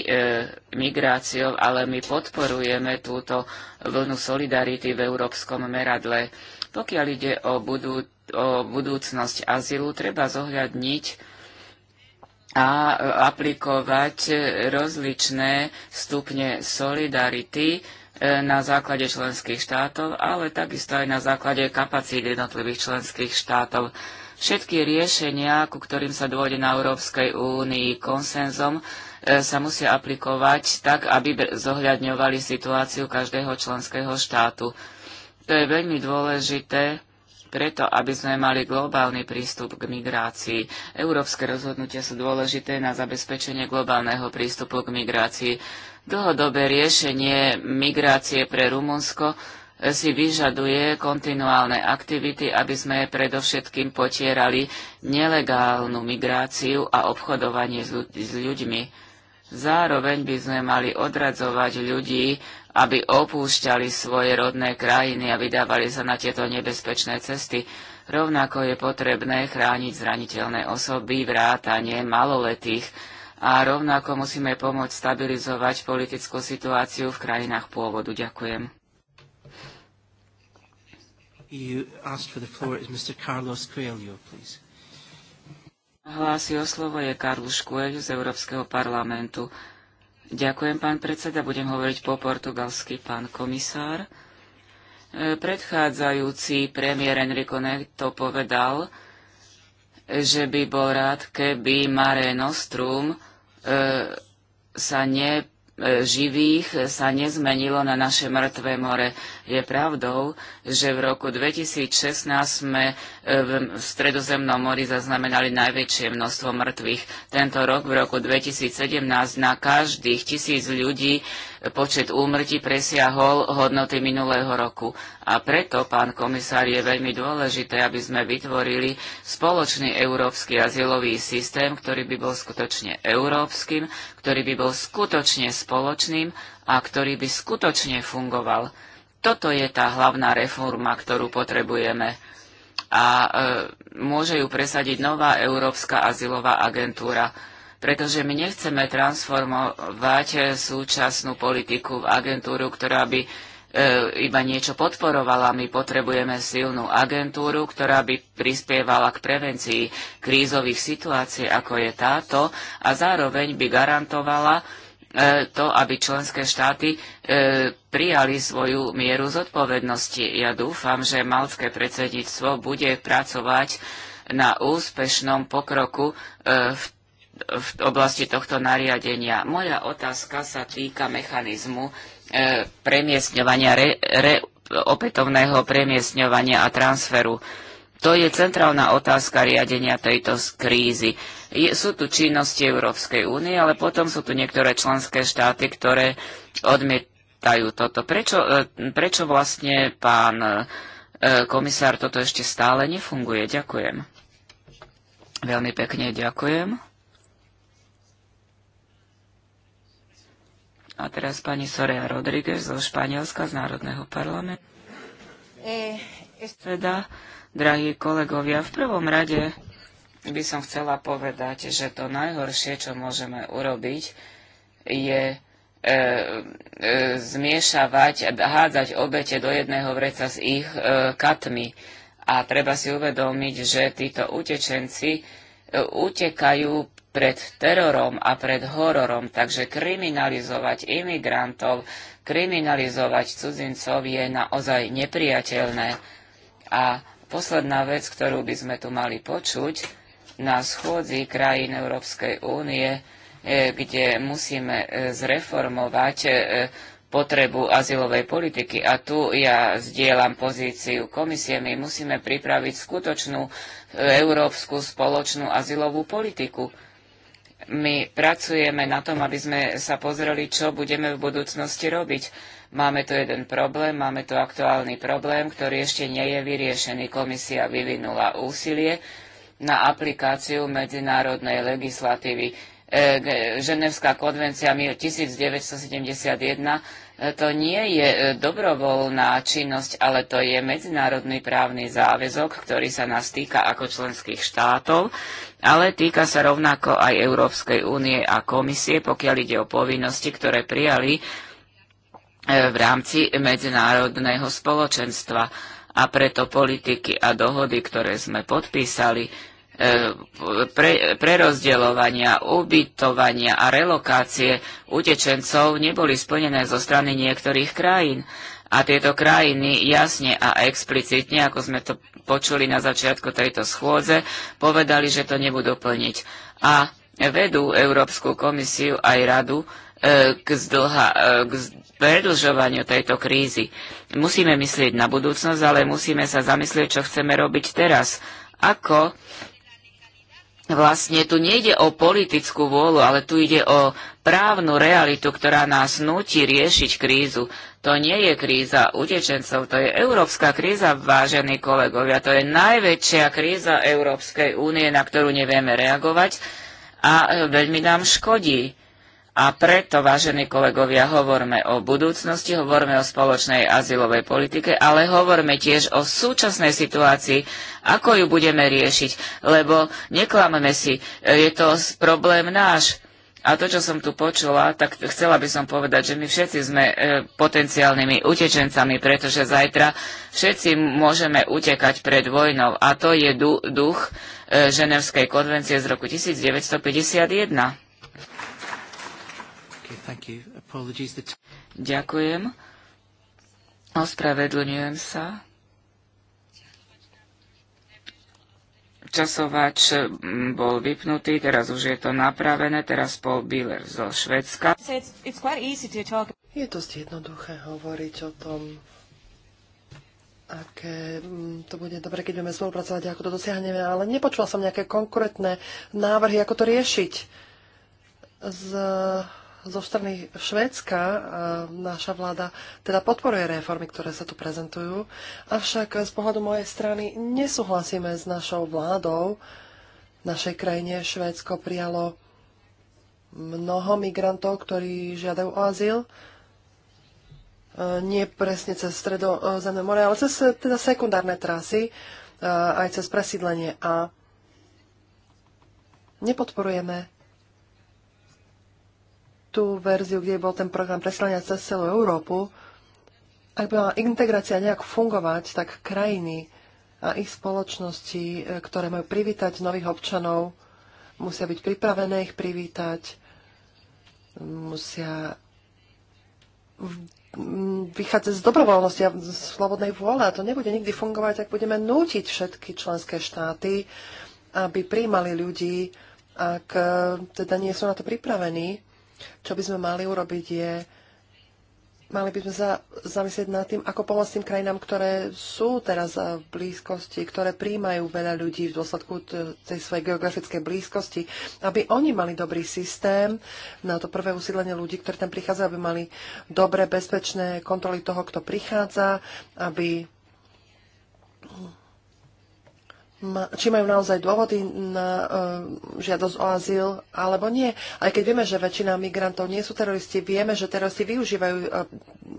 migráciou, ale my podporujeme túto vlnu solidarity v európskom meradle. Pokiaľ ide o, budú, o budúcnosť azylu, treba zohľadniť a aplikovať rozličné stupne solidarity e, na základe členských štátov, ale takisto aj na základe kapacít jednotlivých členských štátov. Všetky riešenia, ku ktorým sa dôjde na Európskej únii konsenzom, e, sa musia aplikovať tak, aby zohľadňovali situáciu každého členského štátu. To je veľmi dôležité preto, aby sme mali globálny prístup k migrácii. Európske rozhodnutia sú dôležité na zabezpečenie globálneho prístupu k migrácii. Dlhodobé riešenie migrácie pre Rumunsko si vyžaduje kontinuálne aktivity, aby sme predovšetkým potierali nelegálnu migráciu a obchodovanie s ľuďmi. Zároveň by sme mali odradzovať ľudí aby opúšťali svoje rodné krajiny a vydávali sa na tieto nebezpečné cesty. Rovnako je potrebné chrániť zraniteľné osoby, vrátanie maloletých a rovnako musíme pomôcť stabilizovať politickú situáciu v krajinách pôvodu. Ďakujem. Floor, Coelho, Hlási o slovo je Karlu Coelho z Európskeho parlamentu. Ďakujem, pán predseda. Budem hovoriť po portugalsky, pán komisár. E, predchádzajúci premiér Enrico Neto povedal, že by bol rád, keby Mare Nostrum e, sa ne, e, živých sa nezmenilo na naše mŕtve more. Je pravdou, že v roku 2016 sme v Stredozemnom mori zaznamenali najväčšie množstvo mŕtvych. Tento rok, v roku 2017, na každých tisíc ľudí počet úmrtí presiahol hodnoty minulého roku. A preto, pán komisár, je veľmi dôležité, aby sme vytvorili spoločný európsky azylový systém, ktorý by bol skutočne európskym, ktorý by bol skutočne spoločným a ktorý by skutočne fungoval. Toto je tá hlavná reforma, ktorú potrebujeme a e, môže ju presadiť nová Európska azylová agentúra pretože my nechceme transformovať e, súčasnú politiku v agentúru, ktorá by e, iba niečo podporovala. My potrebujeme silnú agentúru, ktorá by prispievala k prevencii krízových situácií, ako je táto, a zároveň by garantovala E, to, aby členské štáty e, prijali svoju mieru zodpovednosti. Ja dúfam, že malské predsedníctvo bude pracovať na úspešnom pokroku e, v, v oblasti tohto nariadenia. Moja otázka sa týka mechanizmu premiestňovania, re, re, opätovného premiestňovania a transferu. To je centrálna otázka riadenia tejto krízy. Je, sú tu činnosti Európskej únie, ale potom sú tu niektoré členské štáty, ktoré odmietajú toto. Prečo, e, prečo vlastne pán e, komisár toto ešte stále nefunguje? Ďakujem. Veľmi pekne ďakujem. A teraz pani Soria Rodríguez zo Španielska z Národného parlamentu. Eh, teda, Drahí kolegovia, v prvom rade by som chcela povedať, že to najhoršie, čo môžeme urobiť, je e, e, zmiešavať, hádzať obete do jedného vreca s ich e, katmi. A treba si uvedomiť, že títo utečenci e, utekajú pred terorom a pred hororom, takže kriminalizovať imigrantov, kriminalizovať cudzincov je naozaj nepriateľné. A Posledná vec, ktorú by sme tu mali počuť na schôdzi krajín Európskej únie, e, kde musíme e, zreformovať e, potrebu azylovej politiky. A tu ja zdieľam pozíciu komisie. My musíme pripraviť skutočnú európsku spoločnú azylovú politiku. My pracujeme na tom, aby sme sa pozreli, čo budeme v budúcnosti robiť Máme tu jeden problém, máme tu aktuálny problém, ktorý ešte nie je vyriešený. Komisia vyvinula úsilie na aplikáciu medzinárodnej legislatívy. E, Ženevská konvencia 1971 e, to nie je e, dobrovoľná činnosť, ale to je medzinárodný právny záväzok, ktorý sa nás týka ako členských štátov, ale týka sa rovnako aj Európskej únie a komisie, pokiaľ ide o povinnosti, ktoré prijali E, v rámci medzinárodného spoločenstva a preto politiky a dohody, ktoré sme podpísali, e, pre, prerozdeľovania, ubytovania a relokácie utečencov neboli splnené zo strany niektorých krajín. A tieto krajiny jasne a explicitne, ako sme to počuli na začiatku tejto schôdze, povedali, že to nebudú plniť. A vedú Európsku komisiu aj radu E, k, zdlha, e, k predlžovaniu tejto krízy. Musíme myslieť na budúcnosť, ale musíme sa zamyslieť, čo chceme robiť teraz. Ako vlastne tu nejde o politickú vôľu, ale tu ide o právnu realitu, ktorá nás nutí riešiť krízu. To nie je kríza utečencov, to je európska kríza, vážení kolegovia. To je najväčšia kríza Európskej únie, na ktorú nevieme reagovať a e, veľmi nám škodí a preto, vážení kolegovia, hovorme o budúcnosti, hovorme o spoločnej azylovej politike, ale hovorme tiež o súčasnej situácii, ako ju budeme riešiť, lebo neklameme si, e, je to problém náš. A to, čo som tu počula, tak chcela by som povedať, že my všetci sme e, potenciálnymi utečencami, pretože zajtra všetci môžeme utekať pred vojnou. A to je duch e, Ženevskej konvencie z roku 1951. Ďakujem. Ospravedlňujem sa. Časovač mm, bol vypnutý, teraz už je to napravené, teraz Paul Biller zo Švedska. Je dosť jednoduché hovoriť o tom, aké mm, to bude dobre, keď budeme spolupracovať, ako to dosiahneme, ale nepočula som nejaké konkrétne návrhy, ako to riešiť. Z zo strany Švédska e, naša vláda teda podporuje reformy, ktoré sa tu prezentujú, avšak z pohľadu mojej strany nesúhlasíme s našou vládou. V našej krajine Švédsko prijalo mnoho migrantov, ktorí žiadajú o azyl. E, nie presne cez stredozemné more, ale cez teda sekundárne trasy, e, aj cez presídlenie. A nepodporujeme tú verziu, kde bol ten program preslania cez celú Európu, ak by mala integrácia nejak fungovať, tak krajiny a ich spoločnosti, e, ktoré majú privítať nových občanov, musia byť pripravené ich privítať, musia vychádzať z dobrovoľnosti a z slobodnej vôle. A to nebude nikdy fungovať, ak budeme nútiť všetky členské štáty, aby príjmali ľudí, ak e, teda nie sú na to pripravení. Čo by sme mali urobiť je, mali by sme sa zamyslieť nad tým, ako pomôcť tým krajinám, ktoré sú teraz v blízkosti, ktoré príjmajú veľa ľudí v dôsledku tej svojej geografickej blízkosti, aby oni mali dobrý systém na to prvé usídlenie ľudí, ktorí tam prichádzajú, aby mali dobré, bezpečné kontroly toho, kto prichádza, aby či majú naozaj dôvody na uh, žiadosť o azyl alebo nie. Aj keď vieme, že väčšina migrantov nie sú teroristi, vieme, že teroristi využívajú uh,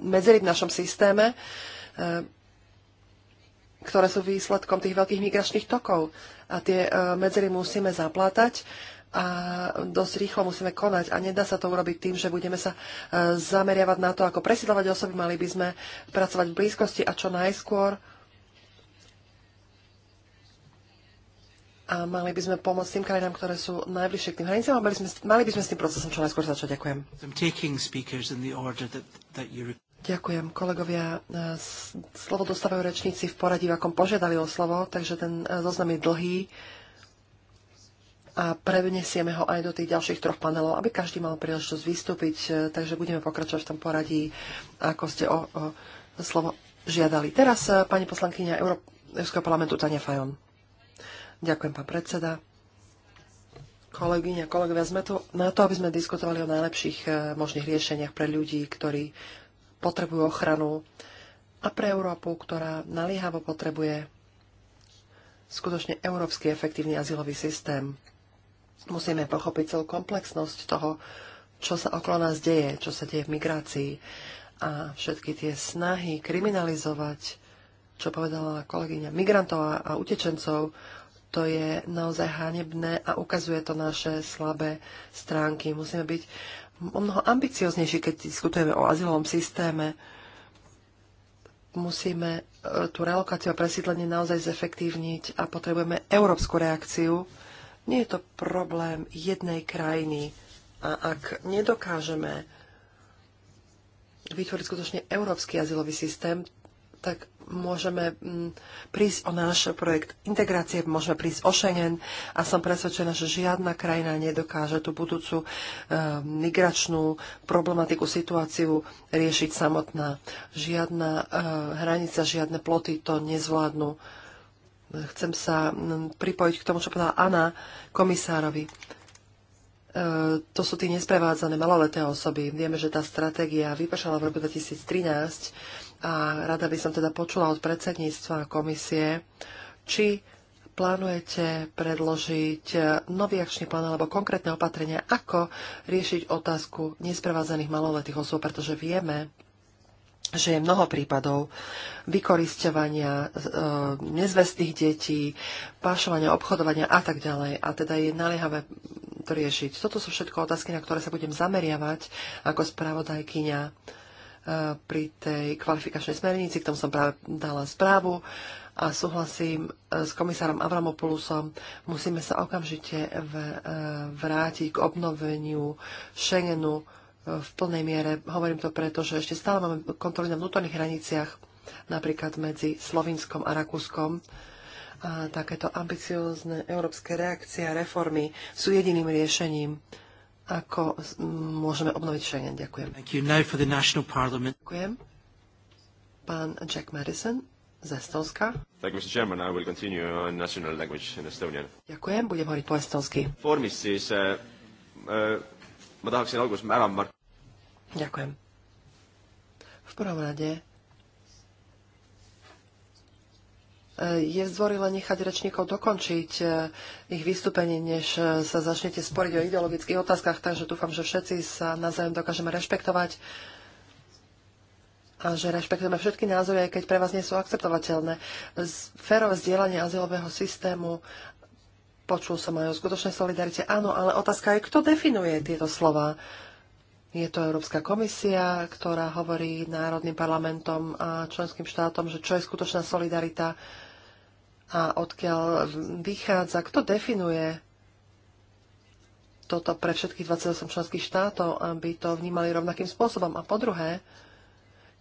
medzery v našom systéme, uh, ktoré sú výsledkom tých veľkých migračných tokov. A tie uh, medzery musíme zaplatať a dosť rýchlo musíme konať. A nedá sa to urobiť tým, že budeme sa zameriavať na to, ako presidlovať osoby. Mali by sme pracovať v blízkosti a čo najskôr a mali by sme pomôcť tým krajinám, ktoré sú najbližšie k tým hranicám a mali, mali by sme s tým procesom čo najskôr začať. Ďakujem. Ďakujem, kolegovia. E, slovo dostávajú rečníci v poradí, v akom požiadali o slovo, takže ten e, zoznam je dlhý a prevnesieme ho aj do tých ďalších troch panelov, aby každý mal príležitosť vystúpiť, e, takže budeme pokračovať v tom poradí, ako ste o, o slovo žiadali. Teraz pani poslankyňa Európskeho parlamentu Tania Fajon. Ďakujem, pán predseda. Kolegyňa, kolegovia, sme tu na to, aby sme diskutovali o najlepších e, možných riešeniach pre ľudí, ktorí potrebujú ochranu a pre Európu, ktorá naliehavo potrebuje skutočne európsky efektívny azylový systém. Musíme pochopiť celú komplexnosť toho, čo sa okolo nás deje, čo sa deje v migrácii a všetky tie snahy kriminalizovať, čo povedala kolegyňa migrantov a utečencov, to je naozaj hanebné a ukazuje to naše slabé stránky. Musíme byť o mnoho ambicioznejší, keď diskutujeme o azylovom systéme. Musíme e, tú relokáciu a presídlenie naozaj zefektívniť a potrebujeme európsku reakciu. Nie je to problém jednej krajiny. A ak nedokážeme vytvoriť skutočne európsky azylový systém, tak môžeme mm, prísť o náš projekt integrácie, môžeme prísť o Schengen a som presvedčená, že žiadna krajina nedokáže tú budúcu e, migračnú problematiku, situáciu riešiť samotná. Žiadna e, hranica, žiadne ploty to nezvládnu. Chcem sa mm, pripojiť k tomu, čo povedala Anna komisárovi e, to sú tie nesprevádzané maloleté osoby. Vieme, že tá stratégia vypršala v roku 2013 a rada by som teda počula od predsedníctva komisie, či plánujete predložiť nový akčný plán alebo konkrétne opatrenia, ako riešiť otázku nesprevázených maloletých osôb, pretože vieme, že je mnoho prípadov vykoristovania e, nezvestných detí, pášovania, obchodovania a tak ďalej. A teda je naliehavé to riešiť. Toto sú všetko otázky, na ktoré sa budem zameriavať ako spravodajkyňa Eh, pri tej kvalifikačnej smernici, k tomu som práve dala správu a súhlasím eh, s komisárom Avramopoulosom, musíme sa okamžite eh, vrátiť k obnoveniu Schengenu v plnej miere. Hovorím to preto, že ešte stále máme kontroly na vnútorných hraniciach, napríklad medzi Slovinskom a Rakúskom. A takéto ambiciózne európske reakcie a reformy sú jediným riešením ako môžeme obnoviť Schengen. Ďakujem. Ďakujem. Pán Jack Madison z Estonska. Thank you, Mr. Chairman. I will continue on national language in Estonian. Ďakujem, budem hovoriť po estonsky. Formist siis, äh, uh, äh, uh, ma tahaksin alguses ära mark-. Ďakujem. V prvom rade je zdvorilé nechať rečníkov dokončiť e, ich vystúpenie, než e, sa začnete sporiť o ideologických otázkach, takže dúfam, že všetci sa navzájom dokážeme rešpektovať a že rešpektujeme všetky názory, aj keď pre vás nie sú akceptovateľné. Férové zdieľanie azylového systému, počul som aj o skutočnej solidarite, áno, ale otázka je, kto definuje tieto slova. Je to Európska komisia, ktorá hovorí národným parlamentom a členským štátom, že čo je skutočná solidarita, a odkiaľ vychádza, kto definuje toto pre všetkých 28 členských štátov, aby to vnímali rovnakým spôsobom. A po druhé,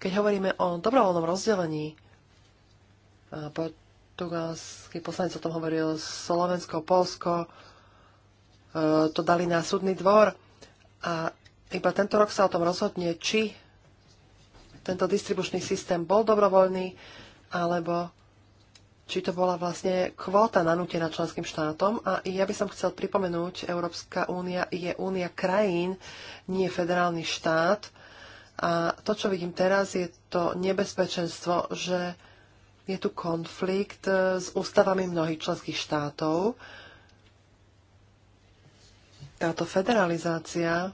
keď hovoríme o dobrovoľnom rozdelení, e, portugalský poslanec o tom hovoril, Slovensko, Polsko, e, to dali na súdny dvor a iba tento rok sa o tom rozhodne, či tento distribučný systém bol dobrovoľný, alebo či to bola vlastne kvóta nanútená členským štátom. A ja by som chcel pripomenúť, Európska únia je únia krajín, nie federálny štát. A to, čo vidím teraz, je to nebezpečenstvo, že je tu konflikt e, s ústavami mnohých členských štátov. Táto federalizácia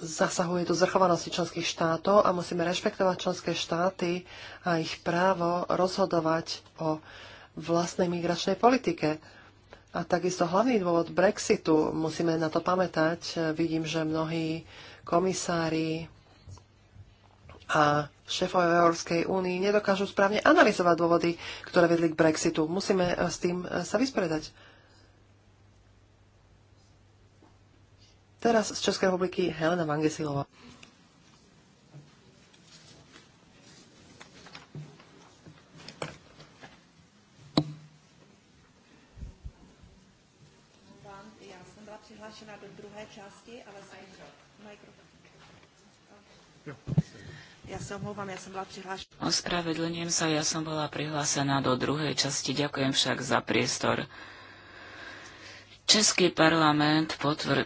zasahuje do zrchovanosti členských štátov a musíme rešpektovať členské štáty a ich právo rozhodovať o vlastnej migračnej politike. A takisto hlavný dôvod Brexitu, musíme na to pamätať, vidím, že mnohí komisári a šéfovia Európskej únii nedokážu správne analyzovať dôvody, ktoré vedli k Brexitu. Musíme s tým sa vysporiadať. Teraz z Českej republiky Helena Mangesilová. do druhé části, ale Ja sa ja som bola prihlášená. Ospravedlňujem sa, ja som bola prihlásená do druhej časti. Ďakujem však za priestor. Český parlament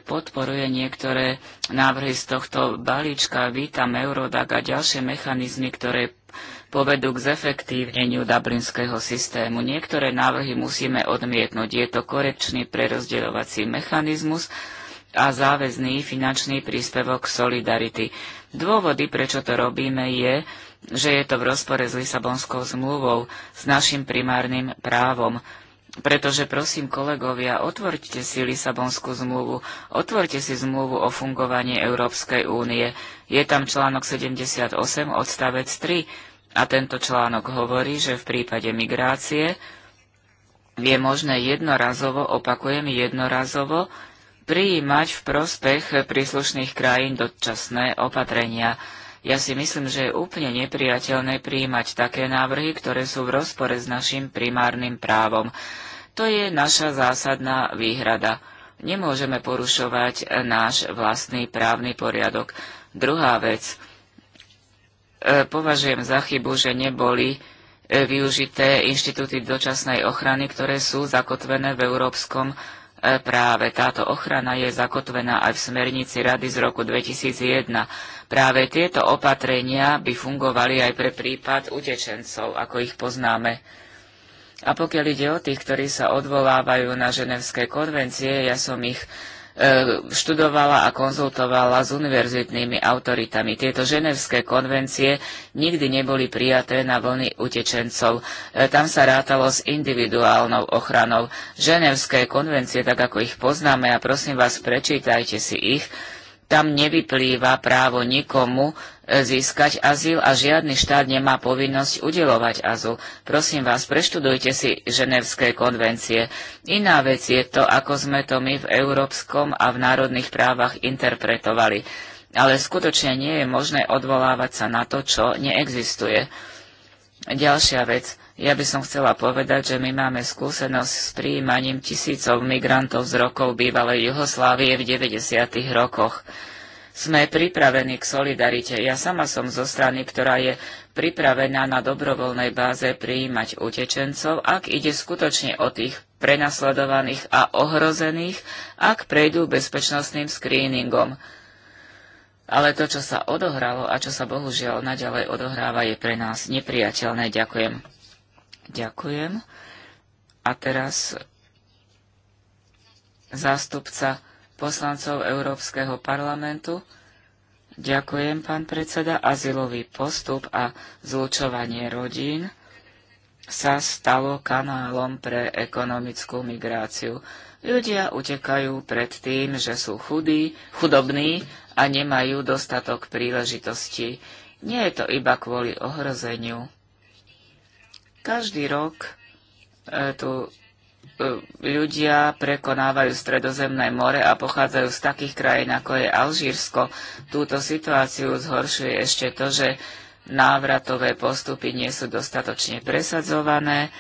podporuje niektoré návrhy z tohto balíčka. Vítam Eurodag a ďalšie mechanizmy, ktoré povedú k zefektívneniu dublinského systému. Niektoré návrhy musíme odmietnúť. Je to korekčný prerozdeľovací mechanizmus a záväzný finančný príspevok Solidarity. Dôvody, prečo to robíme, je, že je to v rozpore s Lisabonskou zmluvou, s našim primárnym právom. Pretože prosím kolegovia, otvorte si Lisabonskú zmluvu, otvorte si zmluvu o fungovaní Európskej únie. Je tam článok 78 odstavec 3 a tento článok hovorí, že v prípade migrácie je možné jednorazovo, opakujem jednorazovo, prijímať v prospech príslušných krajín dočasné opatrenia. Ja si myslím, že je úplne nepriateľné prijímať také návrhy, ktoré sú v rozpore s našim primárnym právom. To je naša zásadná výhrada. Nemôžeme porušovať náš vlastný právny poriadok. Druhá vec. E, považujem za chybu, že neboli e, využité inštitúty dočasnej ochrany, ktoré sú zakotvené v európskom E, práve táto ochrana je zakotvená aj v smernici Rady z roku 2001. Práve tieto opatrenia by fungovali aj pre prípad utečencov, ako ich poznáme. A pokiaľ ide o tých, ktorí sa odvolávajú na ženevské konvencie, ja som ich E, študovala a konzultovala s univerzitnými autoritami. Tieto ženevské konvencie nikdy neboli prijaté na vlny utečencov. E, tam sa rátalo s individuálnou ochranou. Ženevské konvencie, tak ako ich poznáme, a prosím vás, prečítajte si ich, tam nevyplýva právo nikomu e, získať azyl a žiadny štát nemá povinnosť udelovať azyl. Prosím vás, preštudujte si ženevské konvencie. Iná vec je to, ako sme to my v európskom a v národných právach interpretovali. Ale skutočne nie je možné odvolávať sa na to, čo neexistuje. Ďalšia vec. Ja by som chcela povedať, že my máme skúsenosť s príjmaním tisícov migrantov z rokov bývalej Juhoslávie v 90. rokoch. Sme pripravení k solidarite. Ja sama som zo strany, ktorá je pripravená na dobrovoľnej báze prijímať utečencov, ak ide skutočne o tých prenasledovaných a ohrozených, ak prejdú bezpečnostným screeningom. Ale to, čo sa odohralo a čo sa bohužiaľ naďalej odohráva, je pre nás nepriateľné. Ďakujem. Ďakujem. A teraz zástupca poslancov Európskeho parlamentu. Ďakujem, pán predseda. Azylový postup a zlučovanie rodín sa stalo kanálom pre ekonomickú migráciu. Ľudia utekajú pred tým, že sú chudí, chudobní a nemajú dostatok príležitosti. Nie je to iba kvôli ohrozeniu. Každý rok e, tu e, ľudia prekonávajú Stredozemné more a pochádzajú z takých krajín, ako je Alžírsko. Túto situáciu zhoršuje ešte to, že návratové postupy nie sú dostatočne presadzované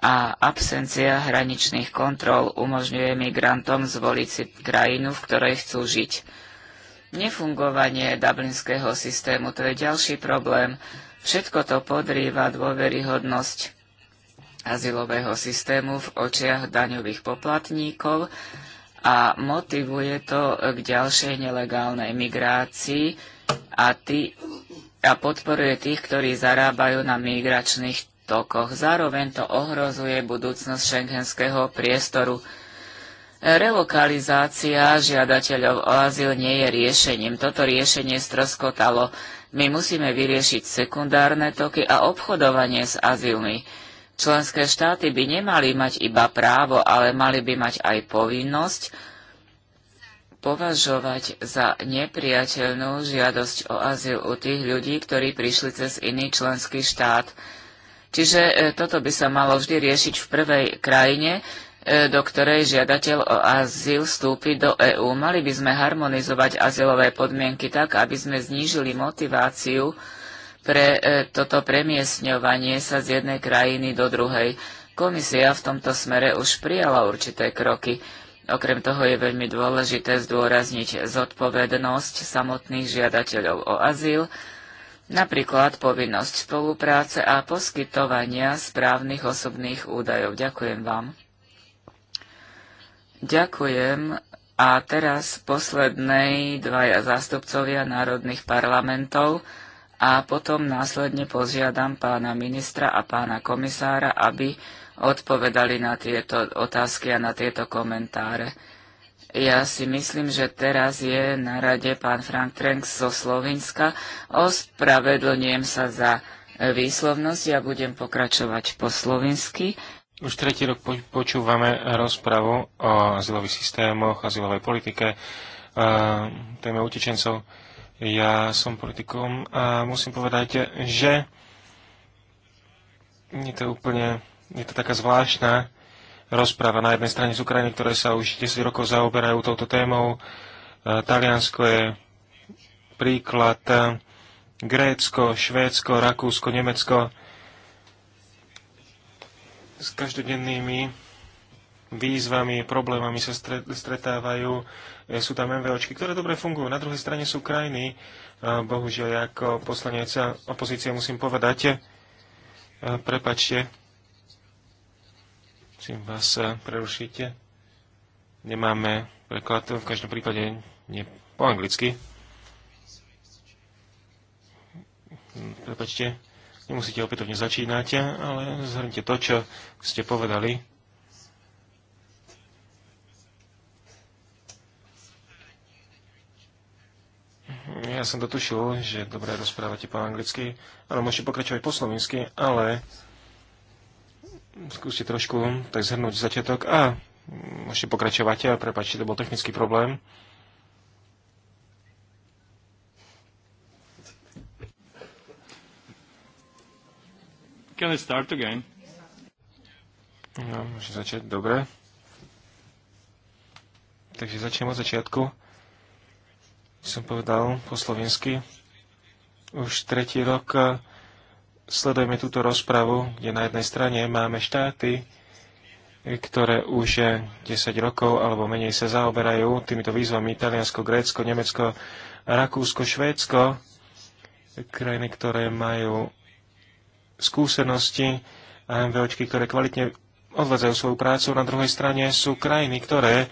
a absencia hraničných kontrol umožňuje migrantom zvoliť si krajinu, v ktorej chcú žiť. Nefungovanie dublinského systému to je ďalší problém Všetko to podrýva dôveryhodnosť azylového systému v očiach daňových poplatníkov a motivuje to k ďalšej nelegálnej migrácii a, tý, a podporuje tých, ktorí zarábajú na migračných tokoch. Zároveň to ohrozuje budúcnosť šengenského priestoru. Relokalizácia žiadateľov o azyl nie je riešením. Toto riešenie stroskotalo. My musíme vyriešiť sekundárne toky a obchodovanie s azylmi. Členské štáty by nemali mať iba právo, ale mali by mať aj povinnosť považovať za nepriateľnú žiadosť o azyl u tých ľudí, ktorí prišli cez iný členský štát. Čiže e, toto by sa malo vždy riešiť v prvej krajine, E, do ktorej žiadateľ o azyl vstúpi do EÚ. Mali by sme harmonizovať azylové podmienky tak, aby sme znížili motiváciu pre e, toto premiesňovanie sa z jednej krajiny do druhej. Komisia v tomto smere už prijala určité kroky. Okrem toho je veľmi dôležité zdôrazniť zodpovednosť samotných žiadateľov o azyl, napríklad povinnosť spolupráce a poskytovania správnych osobných údajov. Ďakujem vám. Ďakujem. A teraz poslednej dvaja zástupcovia národných parlamentov a potom následne požiadam pána ministra a pána komisára, aby odpovedali na tieto otázky a na tieto komentáre. Ja si myslím, že teraz je na rade pán Frank Trenk zo Slovenska. Ospravedlňujem sa za výslovnosť. Ja budem pokračovať po slovensky. Už tretí rok počúvame rozpravu o azylových systémoch, azylovej politike, téme utečencov. Ja som politikom a musím povedať, že je to úplne, je to taká zvláštna rozpráva. Na jednej strane z Ukrajiny, ktoré sa už 10 rokov zaoberajú touto témou. Taliansko je príklad, Grécko, Švédsko, Rakúsko, Nemecko s každodennými výzvami, problémami sa stretávajú. E, sú tam MVOčky, ktoré dobre fungujú. Na druhej strane sú krajiny, e, bohužiaľ, ako poslanec opozície musím povedať, e, prepačte, musím vás prerušiť. Nemáme preklad, v každom prípade nie po anglicky. Prepačte. Nemusíte opätovne začínať, ale zhrňte to, čo ste povedali. Ja som dotušil, že dobre rozprávate po anglicky, ale môžete pokračovať po slovensky, ale skúste trošku tak zhrnúť začiatok a môžete pokračovať a prepáčte, to bol technický problém. Can I start again? No, môžem začať, dobre. Takže začnem od začiatku. Som povedal po slovensky. Už tretí rok eh, sledujeme túto rozpravu, kde na jednej strane máme štáty, ktoré už 10 eh, rokov alebo menej sa zaoberajú týmito výzvami Taliansko, Grécko, Nemecko, Rakúsko, Švédsko, krajiny, ktoré majú skúsenosti a MVOčky, ktoré kvalitne odvádzajú svoju prácu. Na druhej strane sú krajiny, ktoré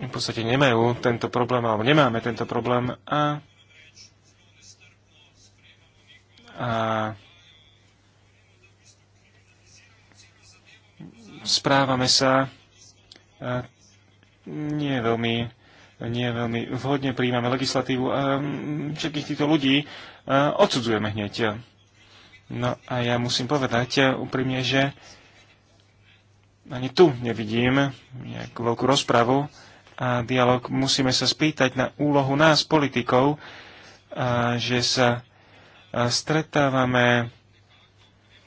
v podstate nemajú tento problém, alebo nemáme tento problém a, a správame sa a nie veľmi nie veľmi vhodne príjmame legislatívu a všetkých týchto ľudí odsudzujeme hneď. No a ja musím povedať e, úprimne, že ani tu nevidím nejakú veľkú rozpravu a dialog. Musíme sa spýtať na úlohu nás, politikov, a e, že sa e, stretávame,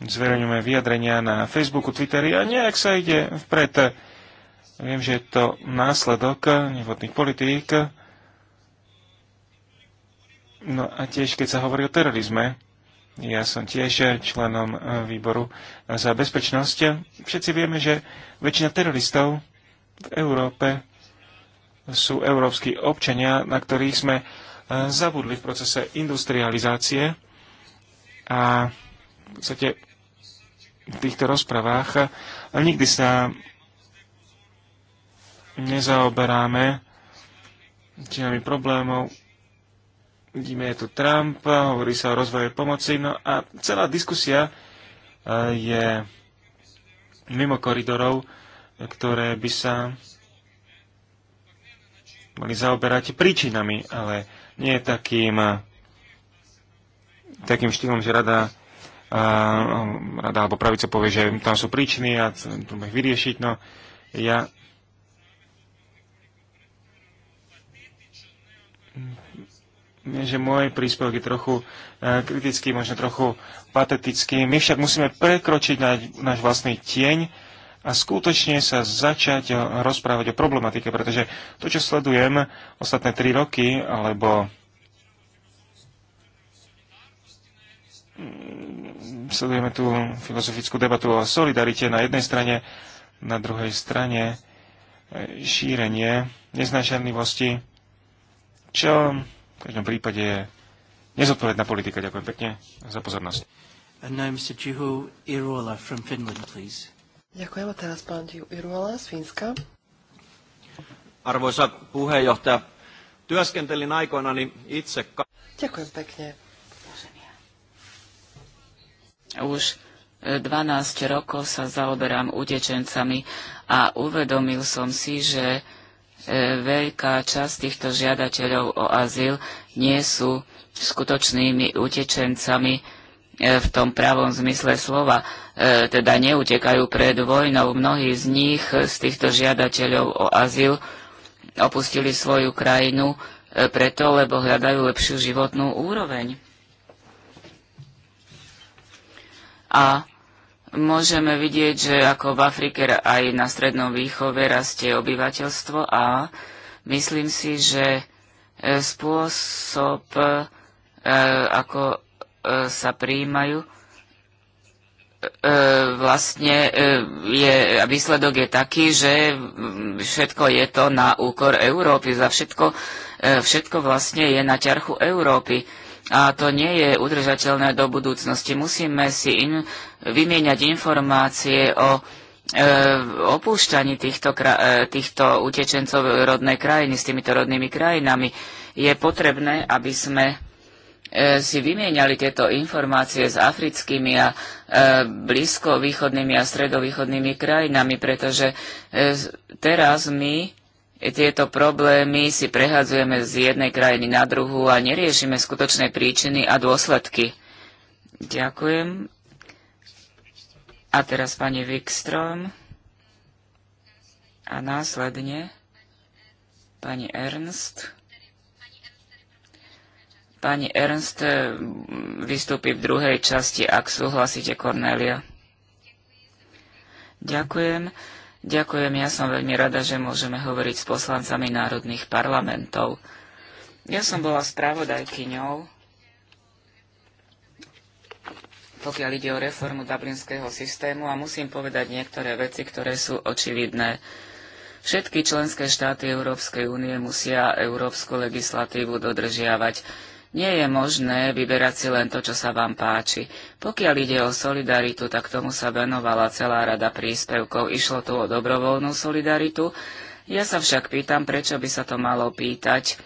zverejňujeme vyjadrenia na Facebooku, Twitteri a nejak sa ide vpred. Viem, že je to následok nevhodných politík, No a tiež, keď sa hovorí o terorizme, ja som tiež členom e, výboru za bezpečnosť. Všetci vieme, že väčšina teroristov v Európe sú európsky občania, na ktorých sme e, zabudli v procese industrializácie a v podstate v týchto rozprávách e, nikdy sa nezaoberáme činami problémov Vidíme, je tu Trump, hovorí sa o rozvoje pomoci, no a celá diskusia e, je mimo koridorov, ktoré by sa mali zaoberať príčinami, ale nie takým, takým štýlom, že rada, rada alebo pravica povie, že tam sú príčiny a tu ich vyriešiť. No, ja že môj príspevok je trochu e, kritický, možno trochu patetický. My však musíme prekročiť náš vlastný tieň a skutočne sa začať rozprávať o problematike, pretože to, čo sledujem ostatné tri roky, alebo sledujeme tú filozofickú debatu o solidarite na jednej strane, na druhej strane e, šírenie neznášanlivosti, čo v každom prípade je nezodpovedná politika. Ďakujem pekne za pozornosť. Ďakujem a teraz pán Juho Irola z Fínska. Arvoisa puheenjohtaja, työskentelin aikoinani itse... Ďakujem pekne. Už 12 e, rokov sa zaoberám utečencami a uvedomil som si, že E, veľká časť týchto žiadateľov o azyl nie sú skutočnými utečencami e, v tom pravom zmysle slova, e, teda neutekajú pred vojnou. Mnohí z nich, z týchto žiadateľov o azyl, opustili svoju krajinu preto, lebo hľadajú lepšiu životnú úroveň. A môžeme vidieť, že ako v Afrike aj na Strednom výchove rastie obyvateľstvo a myslím si, že e, spôsob, e, ako e, sa prijímajú, vlastne je, výsledok je taký, že všetko je to na úkor Európy. Za všetko, všetko vlastne je na ťarchu Európy. A to nie je udržateľné do budúcnosti. Musíme si in, vymieňať informácie o e, opúšťaní týchto, kra, e, týchto utečencov rodnej krajiny s týmito rodnými krajinami. Je potrebné, aby sme e, si vymieniali tieto informácie s africkými a e, blízkovýchodnými a stredovýchodnými krajinami, pretože e, teraz my tieto problémy si prehádzujeme z jednej krajiny na druhú a neriešime skutočné príčiny a dôsledky. Ďakujem. A teraz pani Wikström. A následne pani Ernst. Pani Ernst eh, vystúpi v druhej časti, ak súhlasíte, Cornelia. Ďakujem. Ďakujem, ja som veľmi rada, že môžeme hovoriť s poslancami národných parlamentov. Ja som bola spravodajkyňou, pokiaľ ide o reformu dublinského systému a musím povedať niektoré veci, ktoré sú očividné. Všetky členské štáty Európskej únie musia európsku legislatívu dodržiavať. Nie je možné vyberať si len to, čo sa vám páči. Pokiaľ ide o solidaritu, tak tomu sa venovala celá rada príspevkov. Išlo tu o dobrovoľnú solidaritu. Ja sa však pýtam, prečo by sa to malo pýtať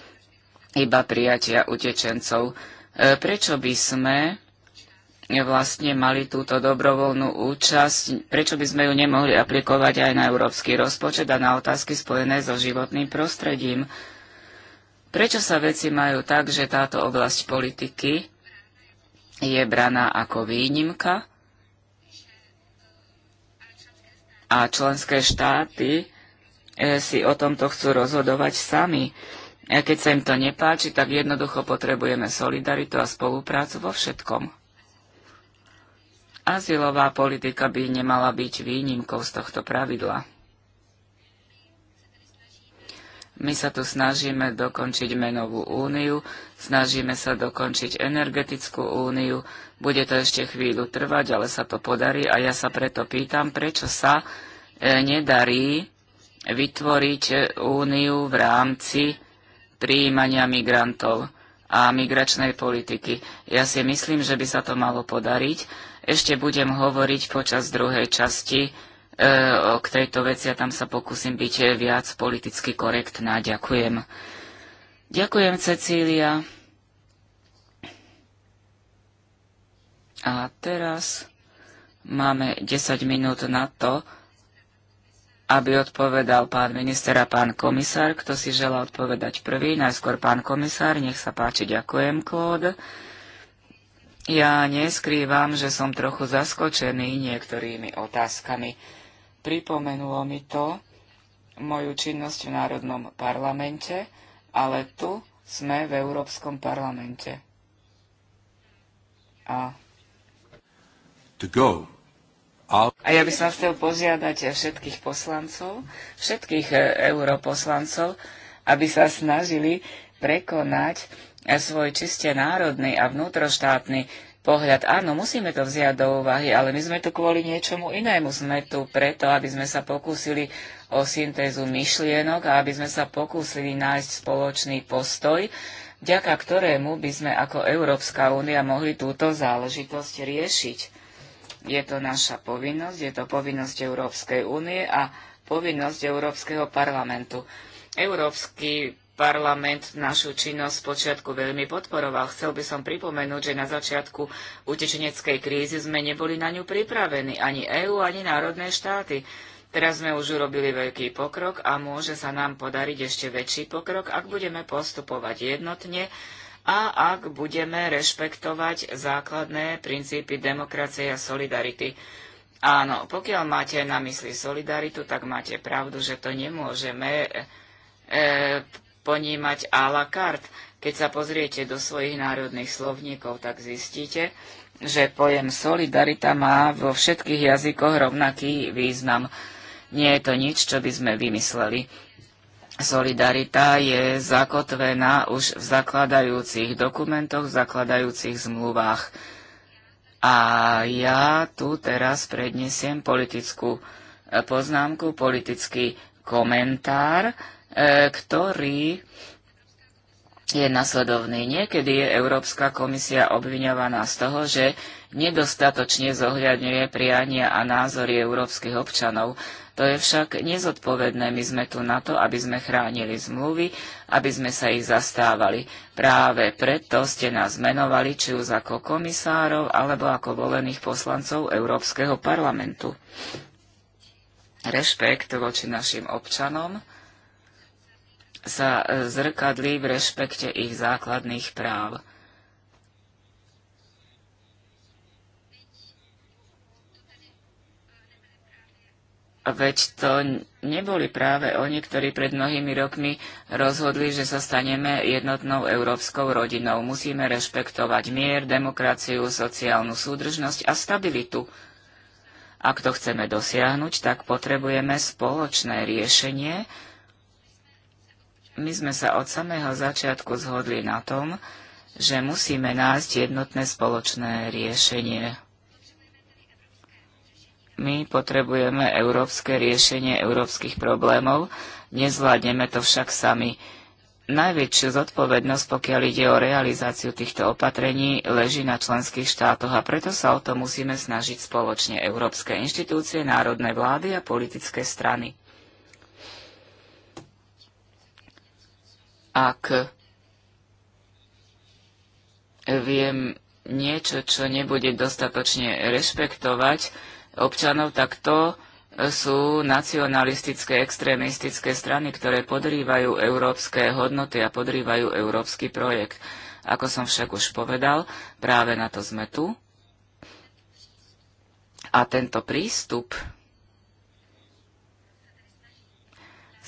iba prijatia utečencov. E, prečo by sme vlastne mali túto dobrovoľnú účasť, prečo by sme ju nemohli aplikovať aj na európsky rozpočet a na otázky spojené so životným prostredím. Prečo sa veci majú tak, že táto oblasť politiky je braná ako výnimka a členské štáty e, si o tomto chcú rozhodovať sami. E, keď sa im to nepáči, tak jednoducho potrebujeme solidaritu a spoluprácu vo všetkom. Azylová politika by nemala byť výnimkou z tohto pravidla. My sa tu snažíme dokončiť menovú úniu, snažíme sa dokončiť energetickú úniu. Bude to ešte chvíľu trvať, ale sa to podarí a ja sa preto pýtam, prečo sa e, nedarí vytvoriť e, úniu v rámci príjmania migrantov a migračnej politiky. Ja si myslím, že by sa to malo podariť. Ešte budem hovoriť počas druhej časti E, k tejto veci a tam sa pokúsim byť viac politicky korektná. Ďakujem. Ďakujem, Cecília. A teraz máme 10 minút na to, aby odpovedal pán minister a pán komisár. Kto si želá odpovedať prvý? Najskôr pán komisár, nech sa páči, ďakujem, Klód. Ja neskrývam, že som trochu zaskočený niektorými otázkami Pripomenulo mi to moju činnosť v Národnom parlamente, ale tu sme v Európskom parlamente. A, to go. a ja by som chcel požiadať všetkých poslancov, všetkých e, europoslancov, aby sa snažili prekonať e, svoj čiste národný a vnútroštátny pohľad. Áno, musíme to vziať do úvahy, ale my sme tu kvôli niečomu inému. Sme tu preto, aby sme sa pokúsili o syntézu myšlienok a aby sme sa pokúsili nájsť spoločný postoj, vďaka ktorému by sme ako Európska únia mohli túto záležitosť riešiť. Je to naša povinnosť, je to povinnosť Európskej únie a povinnosť Európskeho parlamentu. Európsky parlament našu činnosť v počiatku veľmi podporoval. Chcel by som pripomenúť, že na začiatku utečeneckej krízy sme neboli na ňu pripravení, ani EÚ, ani národné štáty. Teraz sme už urobili veľký pokrok a môže sa nám podariť ešte väčší pokrok, ak budeme postupovať jednotne a ak budeme rešpektovať základné princípy demokracie a solidarity. Áno, pokiaľ máte na mysli solidaritu, tak máte pravdu, že to nemôžeme e, e ponímať à la carte. Keď sa pozriete do svojich národných slovníkov, tak zistíte, že pojem solidarita má vo všetkých jazykoch rovnaký význam. Nie je to nič, čo by sme vymysleli. Solidarita je zakotvená už v zakladajúcich dokumentoch, v zakladajúcich zmluvách. A ja tu teraz prednesiem politickú e, poznámku, politický komentár, E, ktorý je nasledovný. Niekedy je Európska komisia obviňovaná z toho, že nedostatočne zohľadňuje priania a názory európskych občanov. To je však nezodpovedné. My sme tu na to, aby sme chránili zmluvy, aby sme sa ich zastávali. Práve preto ste nás menovali či už ako komisárov alebo ako volených poslancov Európskeho parlamentu. Rešpekt voči našim občanom sa e, zrkadlí v rešpekte ich základných práv. Veď to neboli práve oni, ktorí pred mnohými rokmi rozhodli, že sa staneme jednotnou európskou rodinou. Musíme rešpektovať mier, demokraciu, sociálnu súdržnosť a stabilitu. Ak to chceme dosiahnuť, tak potrebujeme spoločné riešenie, my sme sa od samého začiatku zhodli na tom, že musíme nájsť jednotné spoločné riešenie. My potrebujeme európske riešenie európskych problémov, nezvládneme to však sami. Najväčšiu zodpovednosť, pokiaľ ide o realizáciu týchto opatrení, leží na členských štátoch a preto sa o to musíme snažiť spoločne európske inštitúcie, národné vlády a politické strany. ak viem niečo, čo nebude dostatočne rešpektovať občanov, tak to sú nacionalistické, extrémistické strany, ktoré podrývajú európske hodnoty a podrývajú európsky projekt. Ako som však už povedal, práve na to sme tu. A tento prístup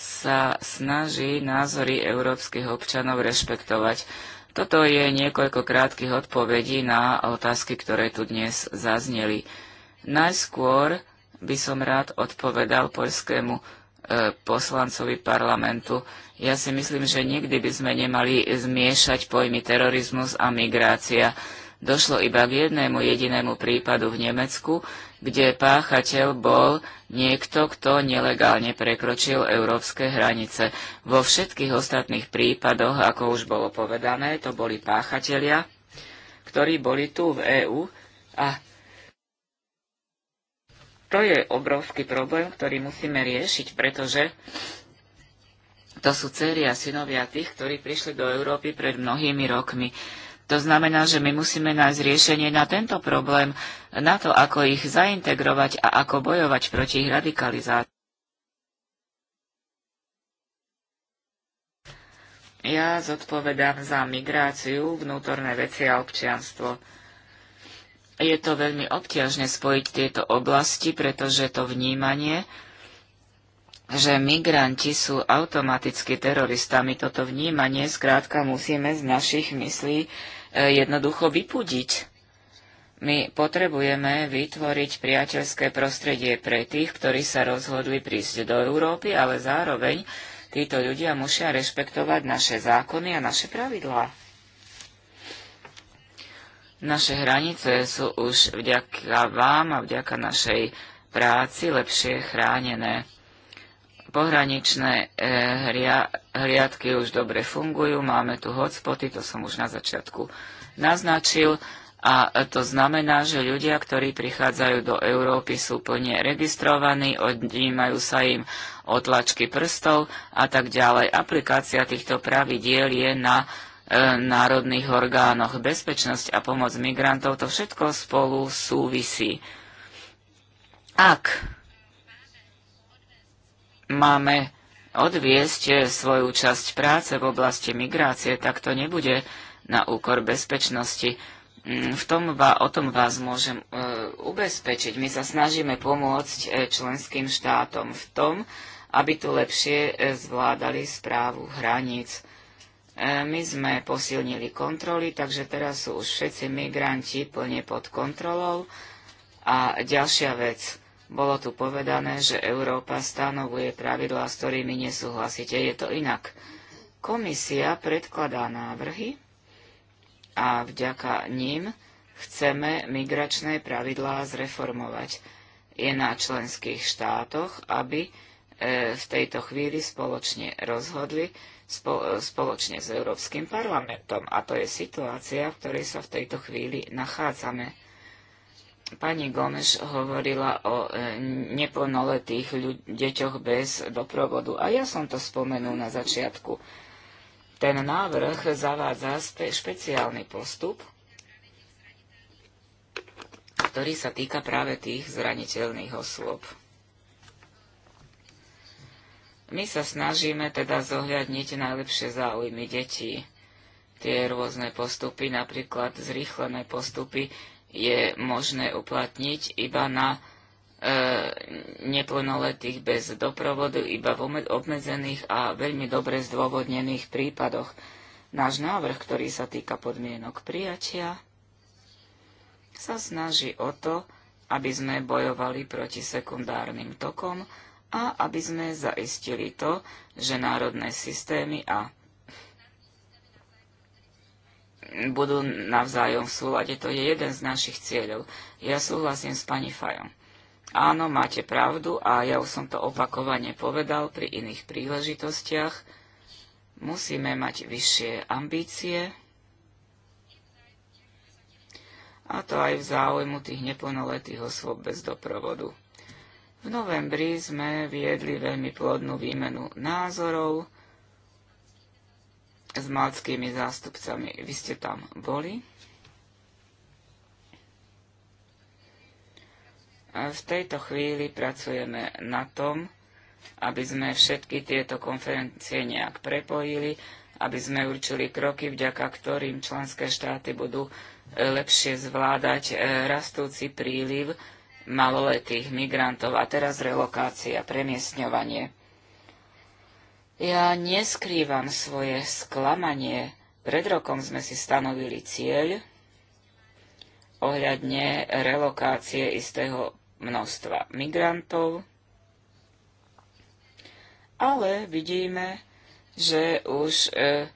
sa snaží názory európskych občanov rešpektovať. Toto je niekoľko krátkych odpovedí na otázky, ktoré tu dnes zazneli. Najskôr by som rád odpovedal poľskému e, poslancovi parlamentu. Ja si myslím, že nikdy by sme nemali zmiešať pojmy terorizmus a migrácia. Došlo iba k jednému jedinému prípadu v Nemecku, kde páchateľ bol niekto, kto nelegálne prekročil európske hranice. Vo všetkých ostatných prípadoch, ako už bolo povedané, to boli páchatelia, ktorí boli tu v EÚ a to je obrovský problém, ktorý musíme riešiť, pretože to sú céry a synovia tých, ktorí prišli do Európy pred mnohými rokmi. To znamená, že my musíme nájsť riešenie na tento problém, na to, ako ich zaintegrovať a ako bojovať proti ich radikalizácii. Ja zodpovedám za migráciu, vnútorné veci a občianstvo. Je to veľmi obťažné spojiť tieto oblasti, pretože to vnímanie, že migranti sú automaticky teroristami. Toto vnímanie zkrátka musíme z našich myslí e, jednoducho vypudiť. My potrebujeme vytvoriť priateľské prostredie pre tých, ktorí sa rozhodli prísť do Európy, ale zároveň títo ľudia musia rešpektovať naše zákony a naše pravidlá. Naše hranice sú už vďaka vám a vďaka našej práci lepšie chránené. Pohraničné e, hria, hriadky už dobre fungujú, máme tu hotspoty, to som už na začiatku naznačil. A to znamená, že ľudia, ktorí prichádzajú do Európy, sú plne registrovaní, odnímajú sa im otlačky prstov a tak ďalej. Aplikácia týchto pravidiel je na e, národných orgánoch. Bezpečnosť a pomoc migrantov, to všetko spolu súvisí. Ak máme odviesť eh, svoju časť práce v oblasti migrácie, tak to nebude na úkor bezpečnosti. Mm, v tom, o tom vás môžem e, ubezpečiť. My sa snažíme pomôcť eh, členským štátom v tom, aby tu lepšie zvládali správu hraníc. E, my sme posilnili kontroly, takže teraz sú už všetci migranti plne pod kontrolou. A ďalšia vec bolo tu povedané, že Európa stanovuje pravidlá, s ktorými nesúhlasíte. Je to inak. Komisia predkladá návrhy a vďaka ním chceme migračné pravidlá zreformovať. Je na členských štátoch, aby e, v tejto chvíli spoločne rozhodli, spoločne s Európskym parlamentom. A to je situácia, v ktorej sa v tejto chvíli nachádzame. Pani Gomes hovorila o e, neplnoletých deťoch bez doprovodu a ja som to spomenul na začiatku. Ten návrh zavádza spe- špeciálny postup, ktorý sa týka práve tých zraniteľných osôb. My sa snažíme teda zohľadniť najlepšie záujmy detí. Tie rôzne postupy, napríklad zrýchlené postupy, je možné uplatniť iba na e, neplnoletých bez doprovodu, iba v obmedzených a veľmi dobre zdôvodnených prípadoch. Náš návrh, ktorý sa týka podmienok prijatia, sa snaží o to, aby sme bojovali proti sekundárnym tokom a aby sme zaistili to, že národné systémy a budú navzájom v súlade. To je jeden z našich cieľov. Ja súhlasím s pani Fajom. Áno, máte pravdu a ja už som to opakovane povedal pri iných príležitostiach. Musíme mať vyššie ambície a to aj v záujmu tých neplnoletých osôb bez doprovodu. V novembri sme viedli veľmi plodnú výmenu názorov s malckými zástupcami. Vy ste tam boli? V tejto chvíli pracujeme na tom, aby sme všetky tieto konferencie nejak prepojili, aby sme určili kroky, vďaka ktorým členské štáty budú e, lepšie zvládať e, rastúci príliv maloletých migrantov a teraz relokácia, premiesňovanie. Ja neskrývam svoje sklamanie. Pred rokom sme si stanovili cieľ ohľadne relokácie istého množstva migrantov, ale vidíme, že už e,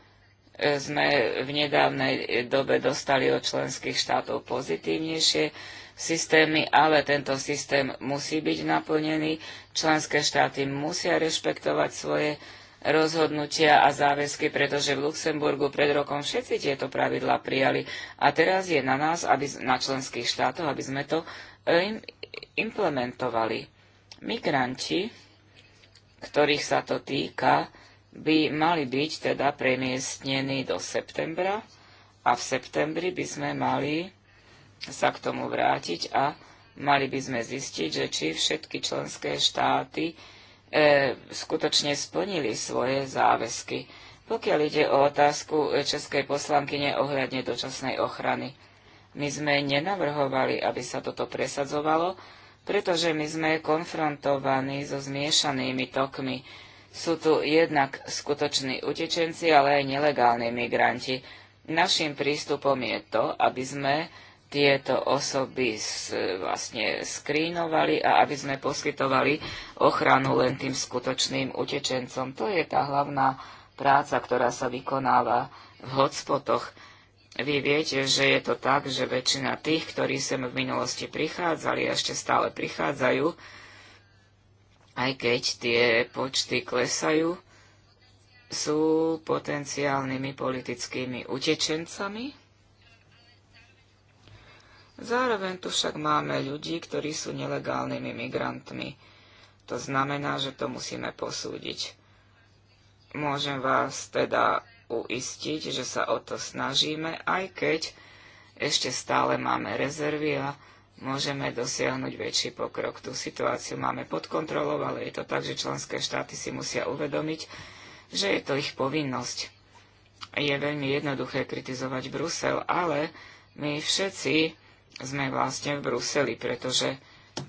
e, sme v nedávnej dobe dostali od členských štátov pozitívnejšie systémy, ale tento systém musí byť naplnený. Členské štáty musia rešpektovať svoje rozhodnutia a záväzky, pretože v Luxemburgu pred rokom všetci tieto pravidlá prijali. A teraz je na nás, aby, na členských štátoch, aby sme to e, im, implementovali. Migranti, ktorých sa to týka, by mali byť teda premiestnení do septembra a v septembri by sme mali sa k tomu vrátiť a mali by sme zistiť, že či všetky členské štáty E, skutočne splnili svoje záväzky. Pokiaľ ide o otázku českej poslankyne ohľadne dočasnej ochrany, my sme nenavrhovali, aby sa toto presadzovalo, pretože my sme konfrontovaní so zmiešanými tokmi. Sú tu jednak skutoční utečenci, ale aj nelegálni migranti. Našim prístupom je to, aby sme tieto osoby vlastne skrínovali a aby sme poskytovali ochranu len tým skutočným utečencom. To je tá hlavná práca, ktorá sa vykonáva v hotspotoch. Vy viete, že je to tak, že väčšina tých, ktorí sem v minulosti prichádzali a ešte stále prichádzajú, aj keď tie počty klesajú, sú potenciálnymi politickými utečencami Zároveň tu však máme ľudí, ktorí sú nelegálnymi migrantmi. To znamená, že to musíme posúdiť. Môžem vás teda uistiť, že sa o to snažíme, aj keď ešte stále máme rezervy a môžeme dosiahnuť väčší pokrok. Tú situáciu máme pod kontrolou, ale je to tak, že členské štáty si musia uvedomiť, že je to ich povinnosť. Je veľmi jednoduché kritizovať Brusel, ale my všetci sme vlastne v Bruseli, pretože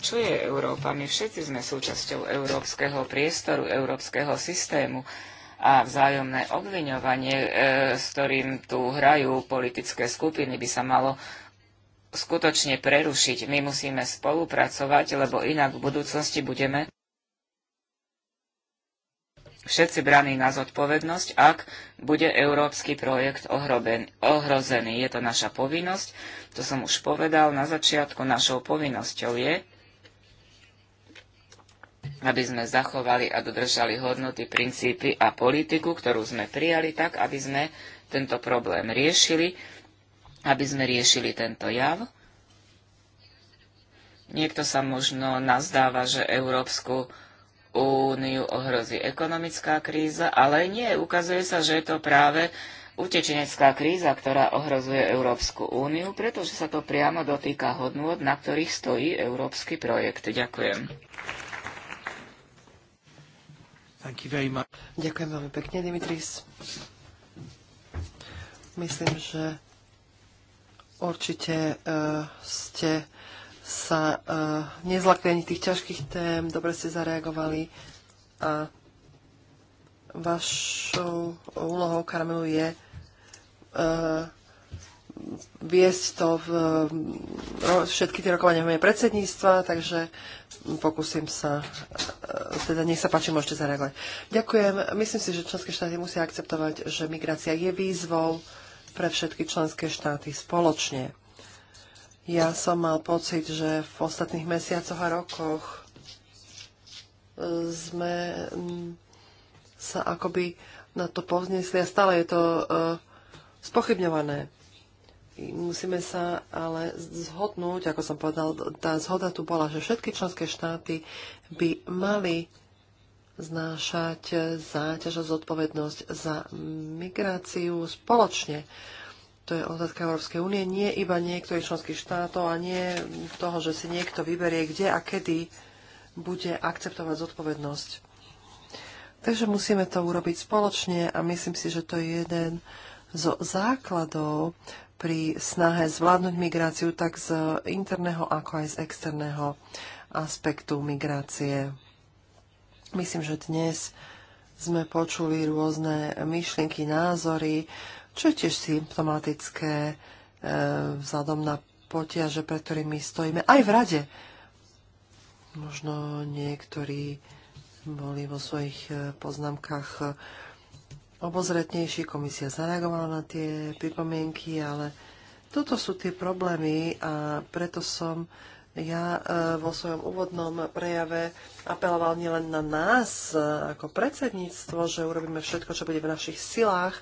čo je Európa? My všetci sme súčasťou európskeho priestoru, európskeho systému a vzájomné obviňovanie, e, s ktorým tu hrajú politické skupiny, by sa malo skutočne prerušiť. My musíme spolupracovať, lebo inak v budúcnosti budeme všetci braní na zodpovednosť, ak bude európsky projekt ohroben, ohrozený. Je to naša povinnosť, to som už povedal na začiatku, našou povinnosťou je, aby sme zachovali a dodržali hodnoty, princípy a politiku, ktorú sme prijali tak, aby sme tento problém riešili, aby sme riešili tento jav. Niekto sa možno nazdáva, že európsku úniu ohrozí ekonomická kríza, ale nie, ukazuje sa, že je to práve utečenecká kríza, ktorá ohrozuje Európsku úniu, pretože sa to priamo dotýka hodnôt, na ktorých stojí európsky projekt. Ďakujem. Ďakujem veľmi pekne, Dimitris. Myslím, že určite uh, ste sa uh, nezlakli ani tých ťažkých tém, dobre ste zareagovali a vašou úlohou Karmelu je uh, viesť to v ro, všetky tie rokovania v predsedníctva, takže pokúsim sa, eh, teda nech sa páči, môžete zareagovať. Ďakujem. Myslím si, že členské štáty musia akceptovať, že migrácia je výzvou pre všetky členské štáty spoločne. Ja som mal pocit, že v ostatných mesiacoch a rokoch e, sme sa akoby na to povznesli a stále je to e, spochybňované. Musíme sa ale zhodnúť, ako som povedal, tá zhoda tu bola, že všetky členské štáty by mali znášať záťaž a zodpovednosť za migráciu spoločne to je otázka Európskej únie, nie iba niektorých členských štátov a nie toho, že si niekto vyberie, kde a kedy bude akceptovať zodpovednosť. Takže musíme to urobiť spoločne a myslím si, že to je jeden zo základov pri snahe zvládnuť migráciu tak z interného, ako aj z externého aspektu migrácie. Myslím, že dnes sme počuli rôzne myšlienky, názory, čo je tiež symptomatické e, vzhľadom na potiaže, pre ktorými stojíme aj v rade. Možno niektorí boli vo svojich e, poznámkach e, obozretnejší, komisia zareagovala na tie pripomienky, ale toto sú tie problémy a preto som ja e, vo svojom úvodnom prejave apeloval nielen na nás ako predsedníctvo, že urobíme všetko, čo bude v našich silách,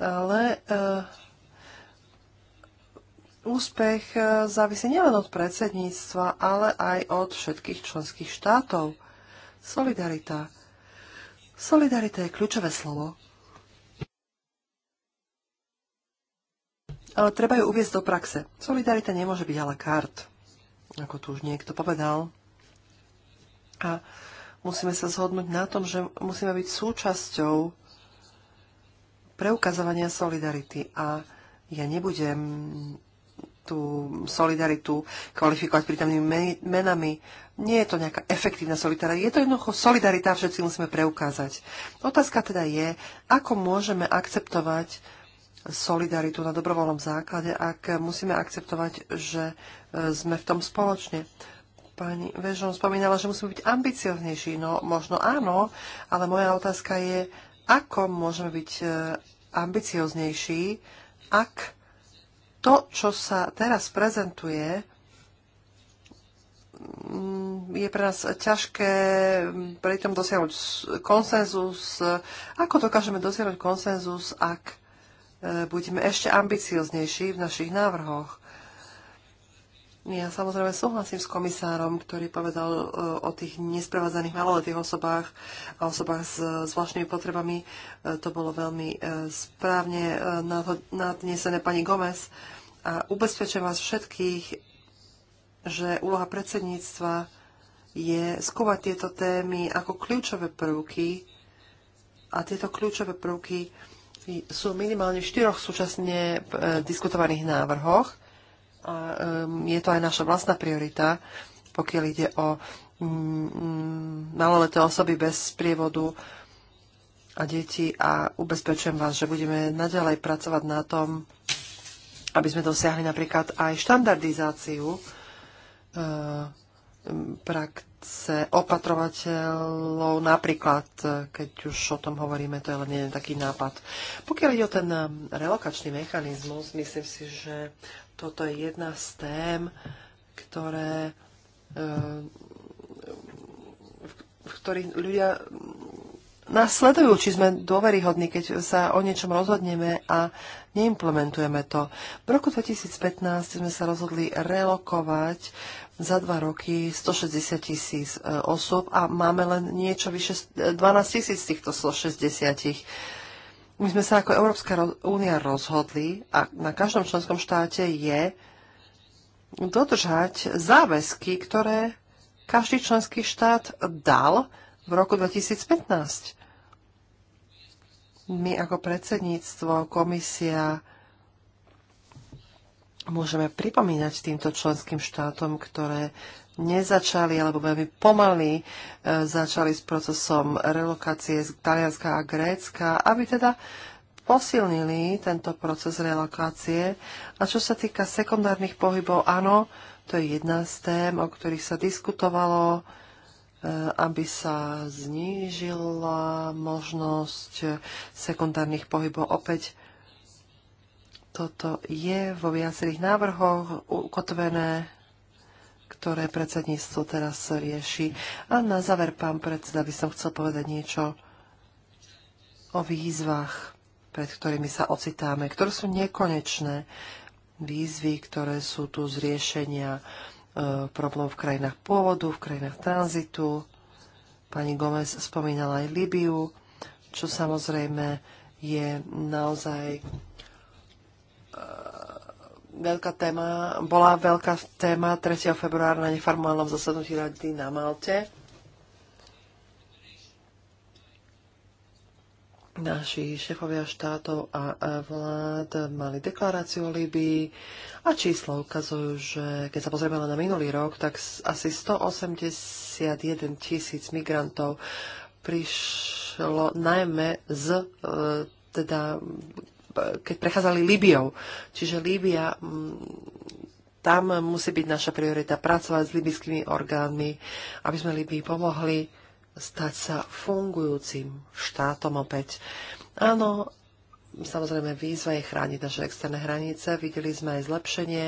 ale eh, úspech eh, závisí nielen od predsedníctva, ale aj od všetkých členských štátov. Solidarita. Solidarita je kľúčové slovo. Ale treba ju uviezť do praxe. Solidarita nemôže byť ale kart, ako tu už niekto povedal. A musíme sa zhodnúť na tom, že musíme byť súčasťou preukazovania solidarity. A ja nebudem tú solidaritu kvalifikovať prítomnými menami. Nie je to nejaká efektívna solidarita. Je to jednoducho solidarita, všetci musíme preukázať. Otázka teda je, ako môžeme akceptovať solidaritu na dobrovoľnom základe, ak musíme akceptovať, že e, sme v tom spoločne. Pani Vežon spomínala, že musíme byť ambicioznejší. No možno áno, ale moja otázka je, ako môžeme byť e, ambicioznejší, ak to, čo sa teraz prezentuje, mm, je pre nás ťažké pri tom dosiahnuť konsenzus. Ako dokážeme dosiahnuť konsenzus, ak e, budeme ešte ambicioznejší v našich návrhoch? Ja samozrejme súhlasím s komisárom, ktorý povedal e, o tých nesprevádzaných maloletých osobách a osobách s e, zvláštnymi potrebami. E, to bolo veľmi správne nadnesené pani Gomez. A ubezpečujem vás všetkých, že úloha predsedníctva je skúmať tieto témy ako kľúčové prvky a tieto kľúčové prvky sú minimálne v štyroch súčasne diskutovaných návrhoch a je to aj naša vlastná priorita, pokiaľ ide o mm, mm, maloleté osoby bez prievodu a deti a ubezpečujem vás, že budeme naďalej pracovať na tom, aby sme dosiahli napríklad aj štandardizáciu eh, praxe opatrovateľov, napríklad, eh, keď už o tom hovoríme, to je len jeden taký nápad. Pokiaľ ide o ten eh, relokačný mechanizmus, myslím si, že toto je jedna z tém, ktoré, eh, v ktorých ľudia nás sledujú, či sme dôveryhodní, keď sa o niečom rozhodneme a neimplementujeme to. V roku 2015 sme sa rozhodli relokovať za dva roky 160 tisíc eh, osôb a máme len niečo vyše 12 eh, tisíc z týchto 160. 000. My sme sa ako Európska únia rozhodli a na každom členskom štáte je dodržať záväzky, ktoré každý členský štát dal v roku 2015. My ako predsedníctvo, komisia môžeme pripomínať týmto členským štátom, ktoré nezačali alebo veľmi pomaly e, začali s procesom relokácie z Talianska a Grécka, aby teda posilnili tento proces relokácie. A čo sa týka sekundárnych pohybov, áno, to je jedna z tém, o ktorých sa diskutovalo, e, aby sa znížila možnosť sekundárnych pohybov. Opäť toto je vo viacerých návrhoch ukotvené ktoré predsedníctvo teraz rieši. A na záver, pán predseda, by som chcel povedať niečo o výzvach, pred ktorými sa ocitáme, ktoré sú nekonečné výzvy, ktoré sú tu z riešenia e, problémov v krajinách pôvodu, v krajinách tranzitu. Pani Gomez spomínala aj Libiu, čo samozrejme je naozaj e, veľká téma, bola veľká téma 3. februára na neformálnom zasadnutí rady na Malte. Naši šefovia štátov a vlád mali deklaráciu o Libii a čísla ukazujú, že keď sa pozrieme na minulý rok, tak asi 181 tisíc migrantov prišlo najmä z e, teda keď prechádzali Líbiou. Čiže Líbia, mm, tam musí byť naša priorita pracovať s libyskými orgánmi, aby sme Líbii pomohli stať sa fungujúcim štátom opäť. Áno, samozrejme výzva je chrániť naše externé hranice. Videli sme aj zlepšenie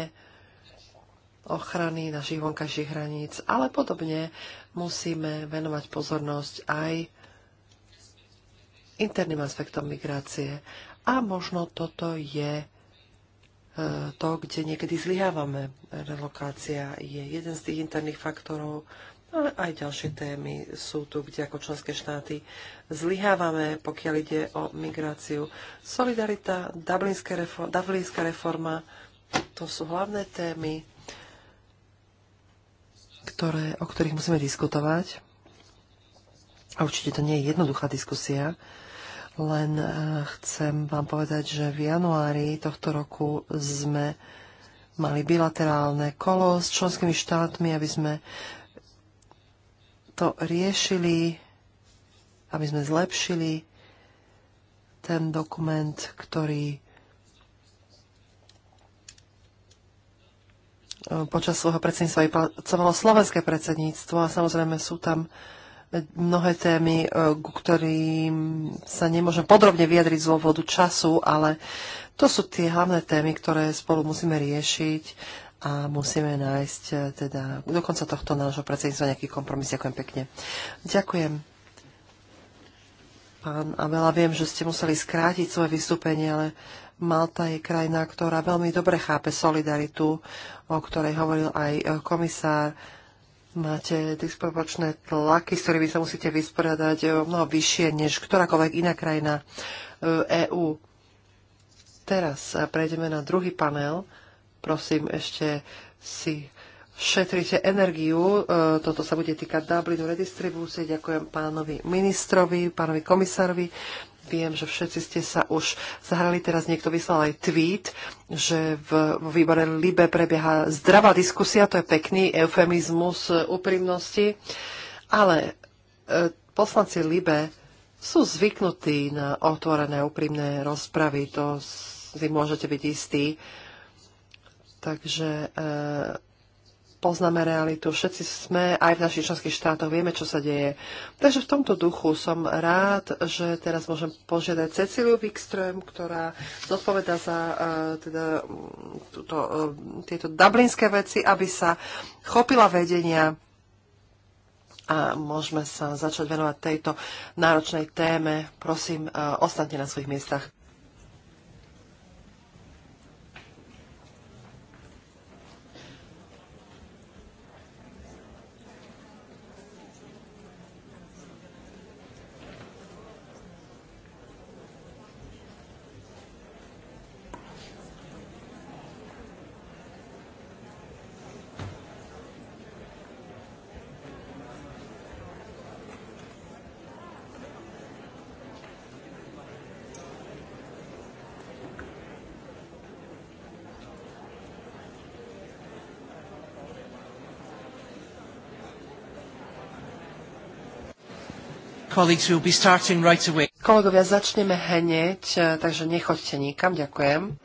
ochrany našich vonkajších hraníc, ale podobne musíme venovať pozornosť aj interným aspektom migrácie. A možno toto je e, to, kde niekedy zlyhávame. Relokácia je jeden z tých interných faktorov, ale aj ďalšie témy sú tu, kde ako členské štáty zlyhávame, pokiaľ ide o migráciu. Solidarita, dublinská reforma, dublinská reforma to sú hlavné témy, ktoré, o ktorých musíme diskutovať. A určite to nie je jednoduchá diskusia, len eh, chcem vám povedať, že v januári tohto roku sme mali bilaterálne kolo s členskými štátmi, aby sme to riešili, aby sme zlepšili ten dokument, ktorý eh, počas svojho predsedníctva vypracovalo slovenské predsedníctvo a samozrejme sú tam mnohé témy, e, ku ktorým sa nemôžem podrobne vyjadriť z dôvodu času, ale to sú tie hlavné témy, ktoré spolu musíme riešiť a musíme nájsť e, teda do konca tohto nášho predsedníctva nejaký kompromis. Ďakujem pekne. Ďakujem. Pán Abela, viem, že ste museli skrátiť svoje vystúpenie, ale Malta je krajina, ktorá veľmi dobre chápe solidaritu, o ktorej hovoril aj e, komisár máte disproporčné tlaky, s ktorými sa musíte vysporiadať e, mnoho vyššie než ktorákoľvek iná krajina EÚ. E Teraz e, prejdeme na druhý panel. Prosím, ešte si šetrite energiu. Toto sa bude týkať Dublinu redistribúcie. Ďakujem pánovi ministrovi, pánovi komisárovi Viem, že všetci ste sa už zahrali, teraz niekto vyslal aj tweet, že v, v výbore Libe prebieha zdravá diskusia, to je pekný eufemizmus e, úprimnosti, ale e, poslanci Libe sú zvyknutí na otvorené úprimné rozpravy, to si môžete byť istí. Takže e, poznáme realitu, všetci sme aj v našich členských štátoch, vieme, čo sa deje. Takže v tomto duchu som rád, že teraz môžem požiadať Cecíliu Wikström, ktorá zodpoveda za uh, teda, mm, tuto, uh, e, tieto dublinské veci, aby sa chopila vedenia a môžeme sa začať venovať tejto náročnej téme. Prosím, uh, e, ostaňte na svojich miestach. colleagues, be starting right away. Kolegovia, začneme hneď, eh, takže nechoďte nikam. Ďakujem.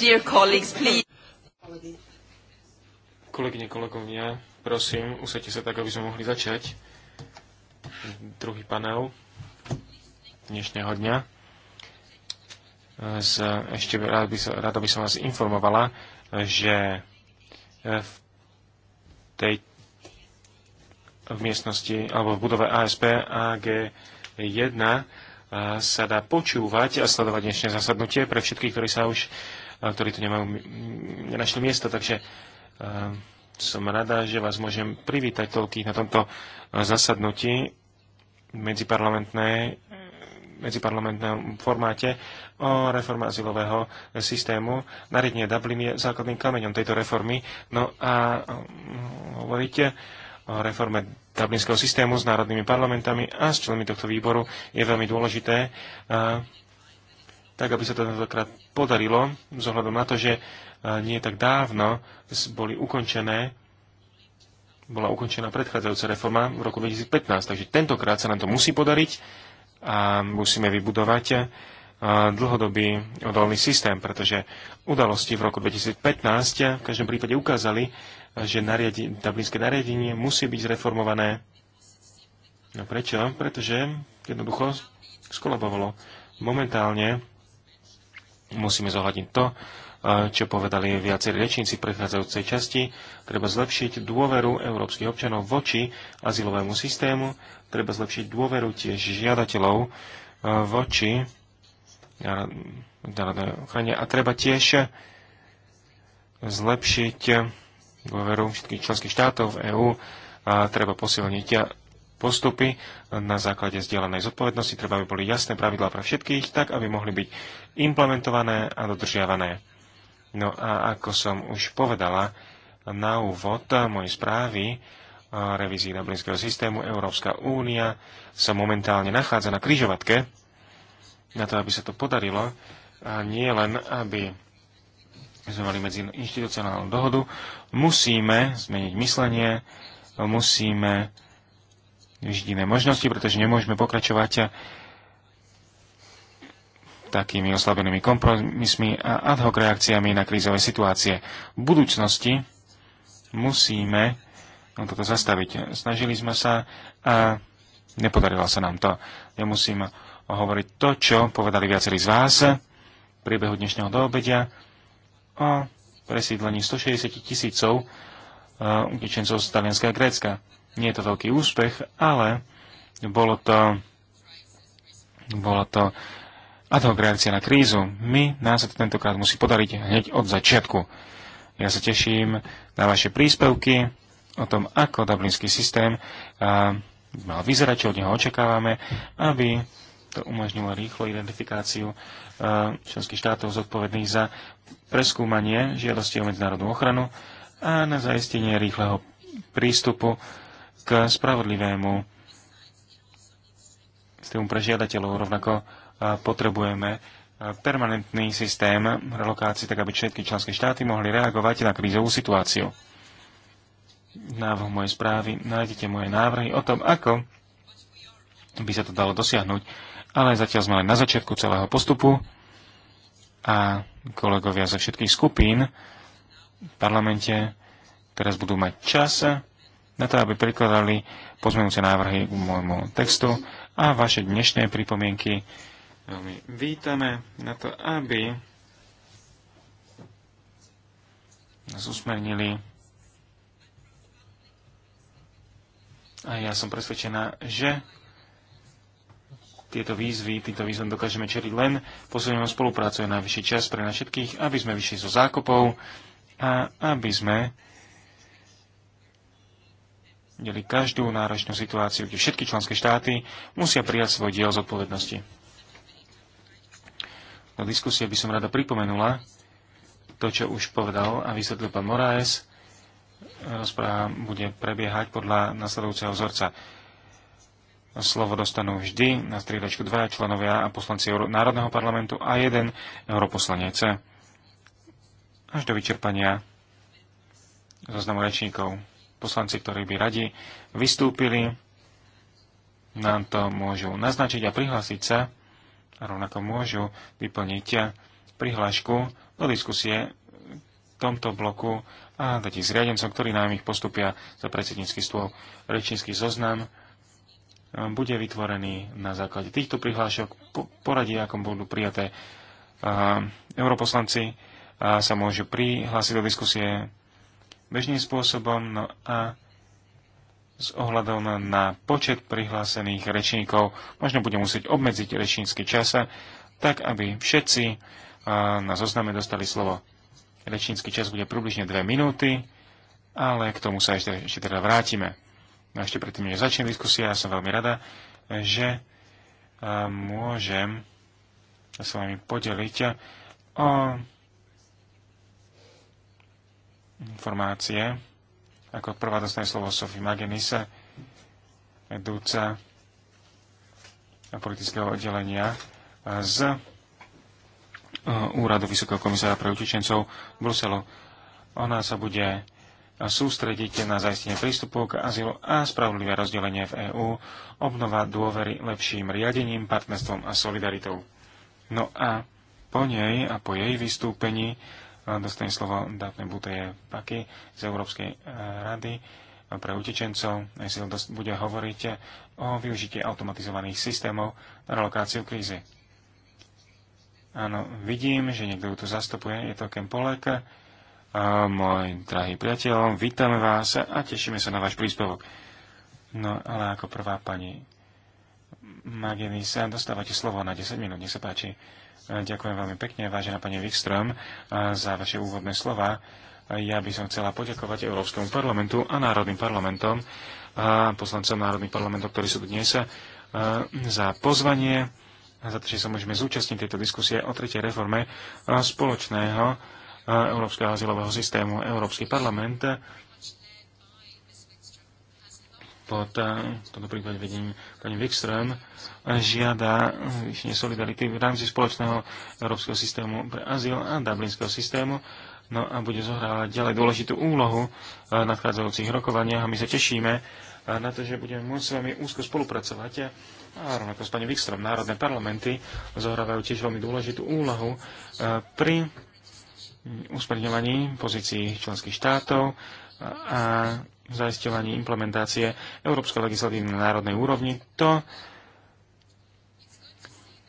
Dear colleagues, please. Kolegyne, kolegovia, prosím, usadte sa tak, aby sme mohli začať. Druhý panel dnešného dňa. Z, ešte rád by, som, rád by som vás informovala, že v tej v miestnosti alebo v budove ASP AG1 sa dá počúvať a sledovať dnešné zasadnutie pre všetkých, ktorí sa už ktorí tu nemajú, nenašli miesto, takže ehm, som rada, že vás môžem privítať toľkých na tomto eh, zasadnutí medziparlamentnej medziparlamentnom formáte o reforme azylového systému. Nariadenie Dublin je základným kameňom tejto reformy. No a eh, hovoríte o reforme dublinského systému s národnými parlamentami a s členmi tohto výboru je veľmi dôležité eh, tak aby sa to tentokrát podarilo, vzhľadom na to, že e, nie tak dávno boli ukončené bola ukončená predchádzajúca reforma v roku 2015, takže tentokrát sa nám to musí podariť a musíme vybudovať e, dlhodobý odolný systém, pretože udalosti v roku 2015 e, v každom prípade ukázali, že nariadi, dublinské nariadenie musí byť zreformované. No prečo? Pretože jednoducho skolabovalo. Momentálne musíme zohľadniť to, eh, čo povedali viacerí rečníci v prechádzajúcej časti. Treba zlepšiť dôveru európskych občanov voči azylovému systému, treba zlepšiť dôveru tiež žiadateľov eh, voči eh, ochrane a treba tiež zlepšiť dôveru všetkých členských štátov v EÚ a treba posilniť postupy na základe zdieľanej zodpovednosti. Treba by boli jasné pravidlá pre všetkých, tak aby mohli byť implementované a dodržiavané. No a ako som už povedala na úvod mojej správy, eh, revízii dublinského systému, Európska únia sa momentálne nachádza na kryžovatke na to, aby sa to podarilo a nie len, aby sme mali medzi inštitucionálnu dohodu, musíme zmeniť myslenie, musíme vždy iné možnosti, pretože nemôžeme pokračovať takými oslabenými kompromismi a ad hoc reakciami na krízové situácie. V budúcnosti musíme toto zastaviť. Snažili sme sa a nepodarilo sa nám to. Ja musím hovoriť to, čo povedali viacerí z vás v priebehu dnešného doobedia o presídlení 160 tisícov eh, utečencov z Talianska a Grécka. Nie je to veľký úspech, ale bolo to, bolo to ad reakcia na krízu. My, nás sa to tentokrát musí podariť hneď od začiatku. Ja sa teším na vaše príspevky o tom, ako dublinský systém a, mal vyzerať, čo od neho očakávame, aby to umožnilo rýchlo identifikáciu členských štátov zodpovedných za preskúmanie žiadosti o medzinárodnú ochranu a na zaistenie rýchleho prístupu k spravodlivému systému pre žiadateľov. Rovnako e, potrebujeme e, permanentný systém relokácie, tak aby všetky členské štáty mohli reagovať na krízovú situáciu. Návrh mojej správy nájdete moje návrhy o tom, ako by sa to dalo dosiahnuť, ale zatiaľ sme len na začiatku celého postupu a kolegovia zo všetkých skupín v parlamente teraz budú mať čas na to, aby prikladali pozmenujúce návrhy k môjmu textu a vaše dnešné pripomienky veľmi vítame na to, aby nás usmernili a ja som presvedčená, že tieto výzvy, týmto výzvam dokážeme čeliť len posledným spoluprácu Je najvyšší čas pre nás všetkých, aby sme vyšli zo zákopov a aby sme deli každú náročnú situáciu, kde všetky členské štáty musia prijať svoj diel zodpovednosti. Do diskusie by som rada pripomenula to, čo už povedal a vysvetlil pán Moraes. Rozpráva bude prebiehať podľa nasledujúceho vzorca. Slovo dostanú vždy na striedačku dva členovia a poslanci Národného parlamentu a jeden europoslanec. Až do vyčerpania zoznamu rečníkov poslanci, ktorí by radi vystúpili, nám to môžu naznačiť a prihlásiť sa a rovnako môžu vyplniť prihlášku do diskusie v tomto bloku a dať ich zriadencom, ktorí nám ich postupia za predsednícky stôl. Rečnícky zoznam bude vytvorený na základe týchto prihlášok. Poradí, akom budú prijaté europoslanci, sa môžu prihlásiť do diskusie bežným spôsobom. No a s ohľadom na počet prihlásených rečníkov možno bude musieť obmedziť rečnícky čas, tak aby všetci na zozname dostali slovo. Rečnícky čas bude približne 2 minúty, ale k tomu sa ešte, ešte teda vrátime. No ešte predtým, než začne diskusia, ja som veľmi rada, že môžem sa s vami podeliť o informácie. Ako prvá dostane slovo Sofie Magenise, vedúca politického oddelenia z eh, Úradu Vysokého komisára pre utečencov v Bruselu. Ona sa bude sústrediť na zaistenie prístupu k azylu a spravodlivé rozdelenie v EÚ, obnova dôvery lepším riadením, partnerstvom a solidaritou. No a po nej a po jej vystúpení dostane slovo Dátne Buteje Paky z Európskej e, rady pre utečencov. SIL bude hovoriť o využití automatizovaných systémov na relokáciu krízy. Áno, vidím, že niekto ju tu zastupuje, je to Ken Polek. E, môj drahý priateľ, vítame vás a tešíme sa na váš príspevok. No, ale ako prvá pani Magenisa, dostávate slovo na 10 minút, nech sa páči. Ďakujem veľmi pekne, vážená pani Wikström, za vaše úvodné slova. Ja by som chcela poďakovať Európskemu parlamentu a Národným parlamentom, a poslancom Národných parlamentov, ktorí sú tu dnes, za pozvanie, za to, že sa môžeme zúčastniť tejto diskusie o tretej reforme spoločného európskeho azylového systému. Európsky parlament pod, eh, v tomto prípade vedením pani Wikström, žiada zvýšenie solidarity v rámci spoločného európskeho systému pre azyl a dublinského systému, no a bude zohrávať ďalej dôležitú úlohu eh, v nadchádzajúcich rokovaniach a my sa tešíme eh, na to, že budeme môcť s vami úzko spolupracovať a rovnako s pani Wikström. Národné parlamenty zohrávajú tiež veľmi dôležitú úlohu pri usmerňovaní pozícií členských štátov a zaisťovaní implementácie európskej legislatívy na národnej úrovni. To,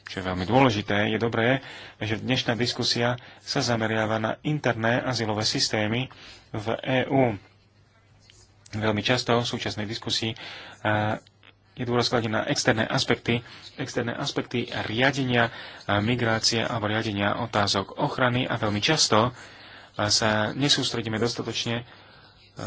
čo je veľmi dôležité, je dobré, že dnešná diskusia sa zameriava na interné azylové systémy v EÚ. Veľmi často v súčasnej diskusii je dôraz na externé aspekty, externé aspekty riadenia migrácie alebo riadenia otázok ochrany a veľmi často sa nesústredíme dostatočne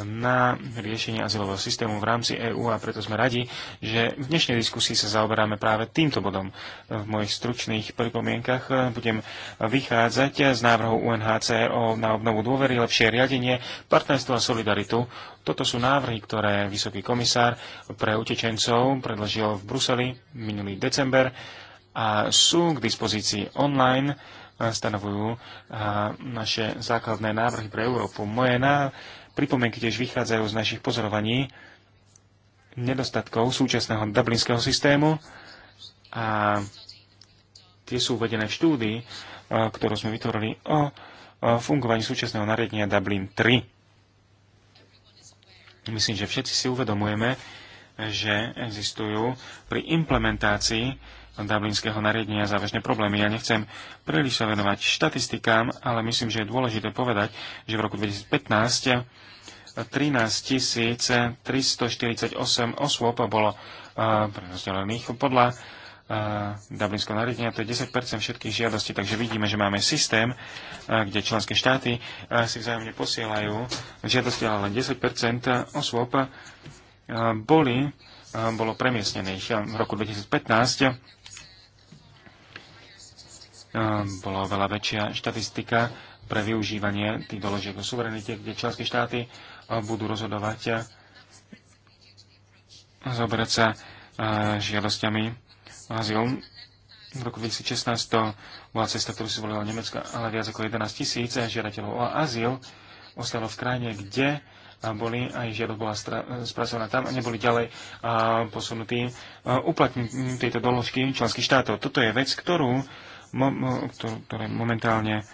na riešenie azylového systému v rámci EÚ a preto sme radi, že v dnešnej diskusii sa zaoberáme práve týmto bodom. V mojich stručných pripomienkach eh, budem vychádzať z návrhu UNHCR na obnovu dôvery, lepšie riadenie, partnerstvo a solidaritu. Toto sú návrhy, ktoré vysoký komisár pre utečencov predložil v Bruseli minulý december a sú k dispozícii online eh, stanovujú eh, naše základné návrhy pre Európu. Moje návrhy Pripomienky tiež vychádzajú z našich pozorovaní nedostatkov súčasného dublinského systému a tie sú uvedené v štúdii, e, ktorú sme vytvorili o fungovaní súčasného nariadenia Dublin 3. Myslím, že všetci si uvedomujeme, že existujú pri implementácii dublinského nariadenia závažné problémy. Ja nechcem príliš sa venovať štatistikám, ale myslím, že je dôležité povedať, že v roku 2015 13 348 osôb bolo eh, prerozdelených podľa eh, Dublinského nariadenia, to je 10 všetkých žiadostí, takže vidíme, že máme systém, eh, kde členské štáty si vzájomne posielajú žiadosti, ale len 10 osôb boli, bolo premiestnených. V roku 2015 bola oveľa väčšia štatistika pre využívanie tých doložiek o suverenite, kde členské štáty budú rozhodovať a zoberať sa žiadosťami azyl. V roku 2016 to bola cesta, ktorú si volila Nemecka, ale viac ako 11 tisíc žiadateľov o azyl ostalo v krajine, kde boli, aj žiadosť bola spracovaná tam a neboli ďalej posunutí uplatniť tejto doložky členských štátov. Toto je vec, ktorú ktoré teda momentálne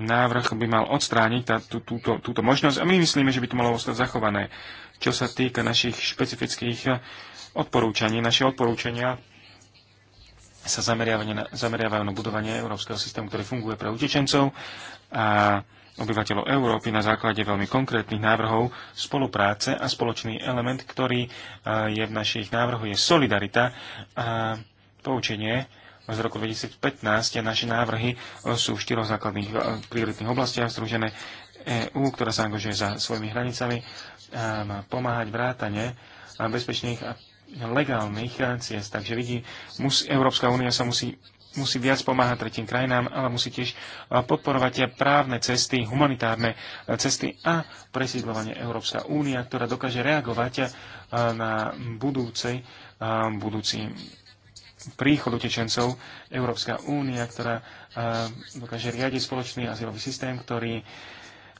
návrh by mal odstrániť tá, tú, túto, túto možnosť a my myslíme, že by to malo ostať zachované. Čo sa týka našich špecifických odporúčaní, naše odporúčania sa zameriavajú na, zameriavajú na budovanie európskeho systému, ktorý funguje pre utečencov a obyvateľov Európy na základe veľmi konkrétnych návrhov spolupráce a spoločný element, ktorý eh, je v našich návrhoch, je solidarita a poučenie z roku 2015 a naše návrhy e, sú v štyroch základných e, prioritných oblastiach združené EÚ, ktorá sa angažuje za svojimi hranicami, a má pomáhať vrátane e, bezpečných a legálnych ciest. Takže vidí, mus, Európska únia sa musí musí viac pomáhať tretím krajinám, ale musí tiež podporovať tie právne cesty, humanitárne cesty a presídlovanie Európska únia, ktorá dokáže reagovať na budúcej, budúci príchod utečencov Európska únia, ktorá eh, dokáže riadiť spoločný azylový systém, ktorý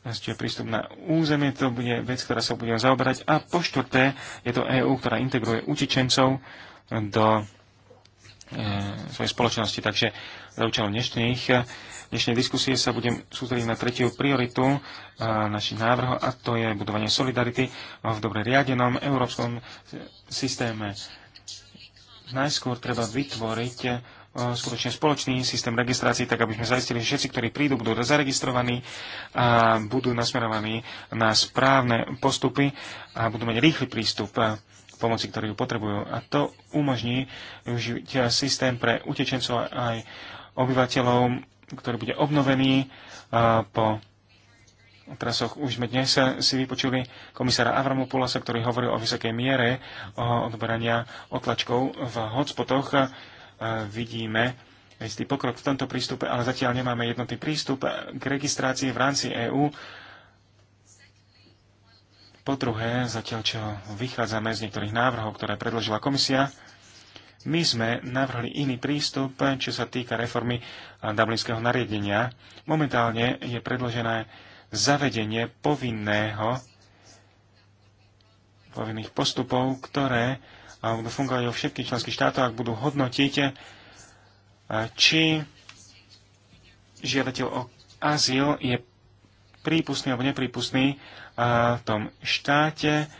je prístup na územie, to bude vec, ktorá sa bude zaoberať. A po štvrté je to EÚ, ktorá integruje utečencov do eh, svojej spoločnosti. Takže za účelom dnešných, dnešnej diskusie sa budem sústrediť na tretiu prioritu eh, našich návrhov a to je budovanie solidarity v dobre riadenom európskom systéme najskôr treba vytvoriť e, skutočne spoločný systém registrácií, tak aby sme zaistili, že všetci, ktorí prídu, budú zaregistrovaní a budú nasmerovaní na správne postupy a budú mať rýchly prístup e, pomoci, ktorú potrebujú. A to umožní využiť systém pre utečencov aj obyvateľov, ktorý bude obnovený e, po trasoch. Už sme dnes si vypočuli komisára Avramopulasa, ktorý hovoril o vysokej miere o odberania otlačkov v hotspotoch. Vidíme istý pokrok v tomto prístupe, ale zatiaľ nemáme jednotný prístup k registrácii v rámci EÚ. Po druhé, zatiaľ čo vychádzame z niektorých návrhov, ktoré predložila komisia, my sme navrhli iný prístup, čo sa týka reformy Dublinského nariadenia. Momentálne je predložené zavedenie povinného, povinných postupov, ktoré budú fungovať vo všetkých členských štátoch, ak budú hodnotiť, či žiadateľ o azyl je prípustný alebo neprípustný v tom štáte,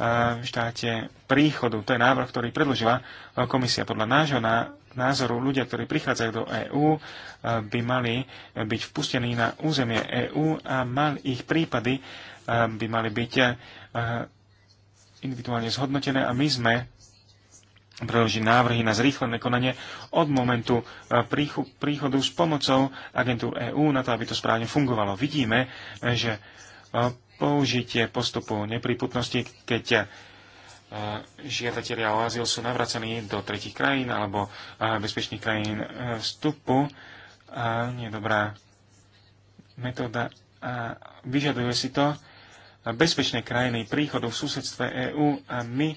v štáte príchodu. To je návrh, ktorý predložila komisia podľa nášho názoru ľudia, ktorí prichádzajú do EÚ, eh, by mali byť vpustení na územie EÚ a mal ich prípady eh, by mali byť eh, individuálne zhodnotené a my sme predložili návrhy na zrýchlené konanie od momentu príchodu s pomocou agentúr EÚ na to, aby to správne fungovalo. Vidíme, že použitie postupu nepriputnosti, keď žiadatelia o azyl sú navracaní do tretich krajín alebo bezpečných krajín e, vstupu. A nie dobrá metóda. A vyžaduje si to bezpečné krajiny príchodu v susedstve EÚ a my e,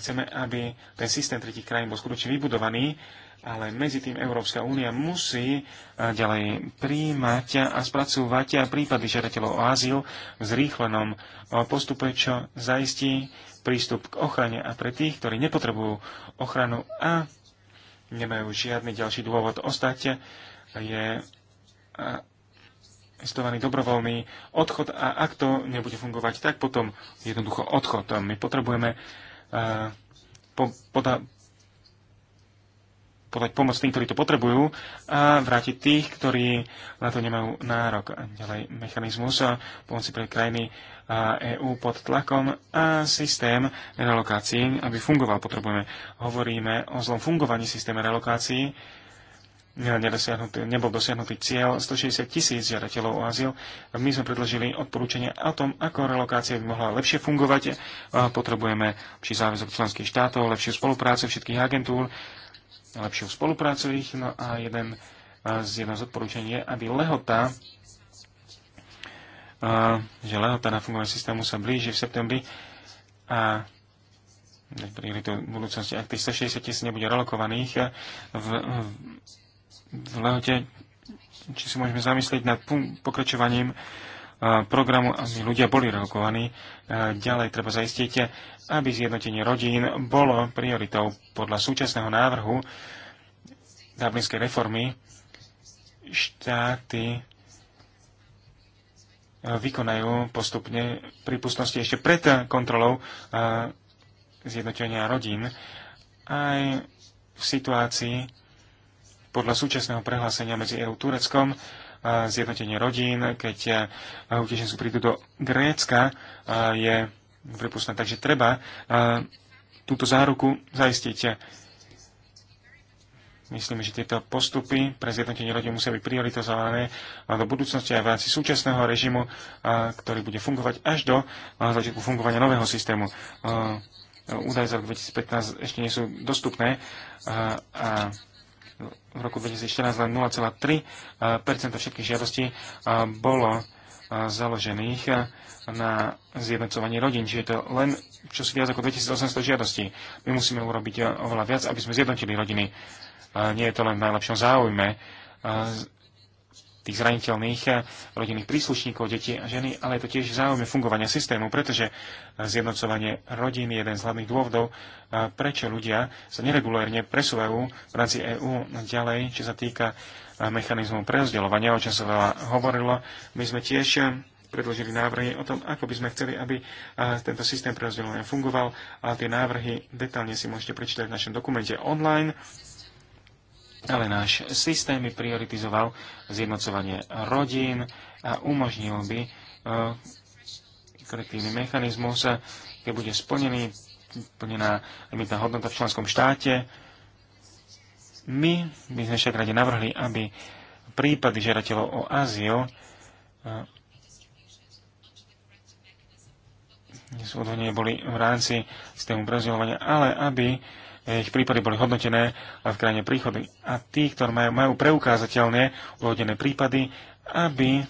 chceme, aby ten systém tretich krajín bol skutočne vybudovaný, ale medzi tým Európska únia musí e, ďalej príjmať a spracúvať prípady žiadateľov o azyl v zrýchlenom postupe, čo zaistí prístup k ochrane a pre tých, ktorí nepotrebujú ochranu a nemajú žiadny ďalší dôvod ostať, je istovaný dobrovoľný odchod a ak to nebude fungovať, tak potom jednoducho odchod. My potrebujeme podať pomoc tým, ktorí to potrebujú a vrátiť tých, ktorí na to nemajú nárok. A ďalej mechanizmus pomoci pre krajiny EÚ pod tlakom a systém relokácií, aby fungoval. Potrebujeme, hovoríme o zlom fungovaní systému relokácií, nebol dosiahnutý cieľ 160 tisíc žiadateľov o azyl. My sme predložili odporúčanie o tom, ako relokácia by mohla lepšie fungovať. Potrebujeme lepší záväzok členských štátov, lepšiu spoluprácu všetkých agentúr, lepšiu spoluprácu ich. No a jeden z, jedno z odporúčaní je, aby lehota že lehota na fungovanie systému sa blíži v septembri a prílitu v budúcnosti, ak tých 160 tisíc nebude relokovaných v, v, v lehote, či si môžeme zamyslieť nad pokračovaním programu, aby ľudia boli relokovaní. Ďalej treba zaistiť, aby zjednotenie rodín bolo prioritou podľa súčasného návrhu Dublinskej reformy. Štáty vykonajú postupne prípustnosti ešte pred kontrolou zjednotenia rodín. Aj v situácii podľa súčasného prehlásenia medzi EU Tureckom zjednotenie rodín, keď eh, utečenci prídu do Grécka, eh, je pripustné. Takže treba eh, túto záruku zaistiť. Myslím, že tieto postupy pre zjednotenie rodín musia byť prioritizované do budúcnosti aj v rámci súčasného režimu, ktorý bude fungovať až do začiatku fungovania nového systému. Údaje za 2015 ešte nie sú dostupné a, a v roku 2014 len 0,3 všetkých žiadostí eh, bolo eh, založených eh, na zjednocovanie rodín. Čiže je to len čo si viac ako 2800 žiadostí. My musíme urobiť oveľa viac, aby sme zjednotili rodiny. Nie je to len v najlepšom záujme tých zraniteľných eh, rodinných príslušníkov, detí a ženy, ale je to tiež záujme fungovania systému, pretože eh, zjednocovanie rodín je jeden z hlavných dôvodov, eh, prečo ľudia sa neregulérne presúvajú v rámci EÚ ďalej, čo sa týka mechanizmu prerozdeľovania, o čom sa veľa hovorilo. My sme tiež predložili návrhy o tom, ako by sme chceli, aby tento systém prerozdeľovania fungoval a tie návrhy detálne si môžete prečítať v našom dokumente online ale náš systém by prioritizoval zjednocovanie rodín a umožnil by e, korektívny mechanizmus, e, keď bude splnený, splnená limitná hodnota v členskom štáte. My by sme však radi navrhli, aby prípady žiadateľov o azyl e, odhodne boli v rámci systému prezidovania, ale aby E, ich prípady boli hodnotené v krajine príchody. A tí, ktorí majú, majú preukázateľne uvodené prípady, aby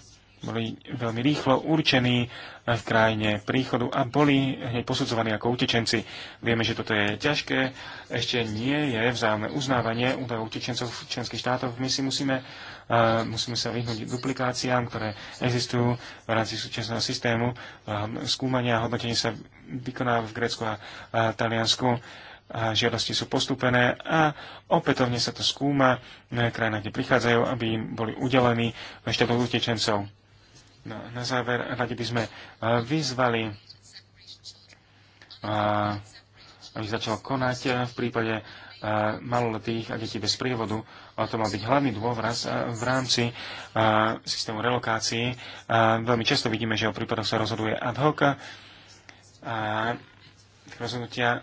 boli veľmi rýchlo určení v krajine príchodu a boli hneď posudzovaní ako utečenci. Vieme, že toto je ťažké, ešte nie je vzájomné uznávanie údajov utečencov v členských štátoch. My si musíme, uh, musíme sa vyhnúť duplikáciám, ktoré existujú v rámci súčasného systému. Uh, skúmania a hodnotenie sa vykonáva v Grécku a uh, Taliansku. Uh, a žiadosti sú postupené a opätovne sa to skúma na krajinách, kde prichádzajú, aby im boli udelení štatút utečencov. No, na záver radi by sme vyzvali, aby začal konať v prípade maloletých a detí bez prievodu. A to mal byť hlavný dôvraz. v rámci systému relokácií. Veľmi často vidíme, že o prípadoch sa rozhoduje ad hoc. A rozhodnutia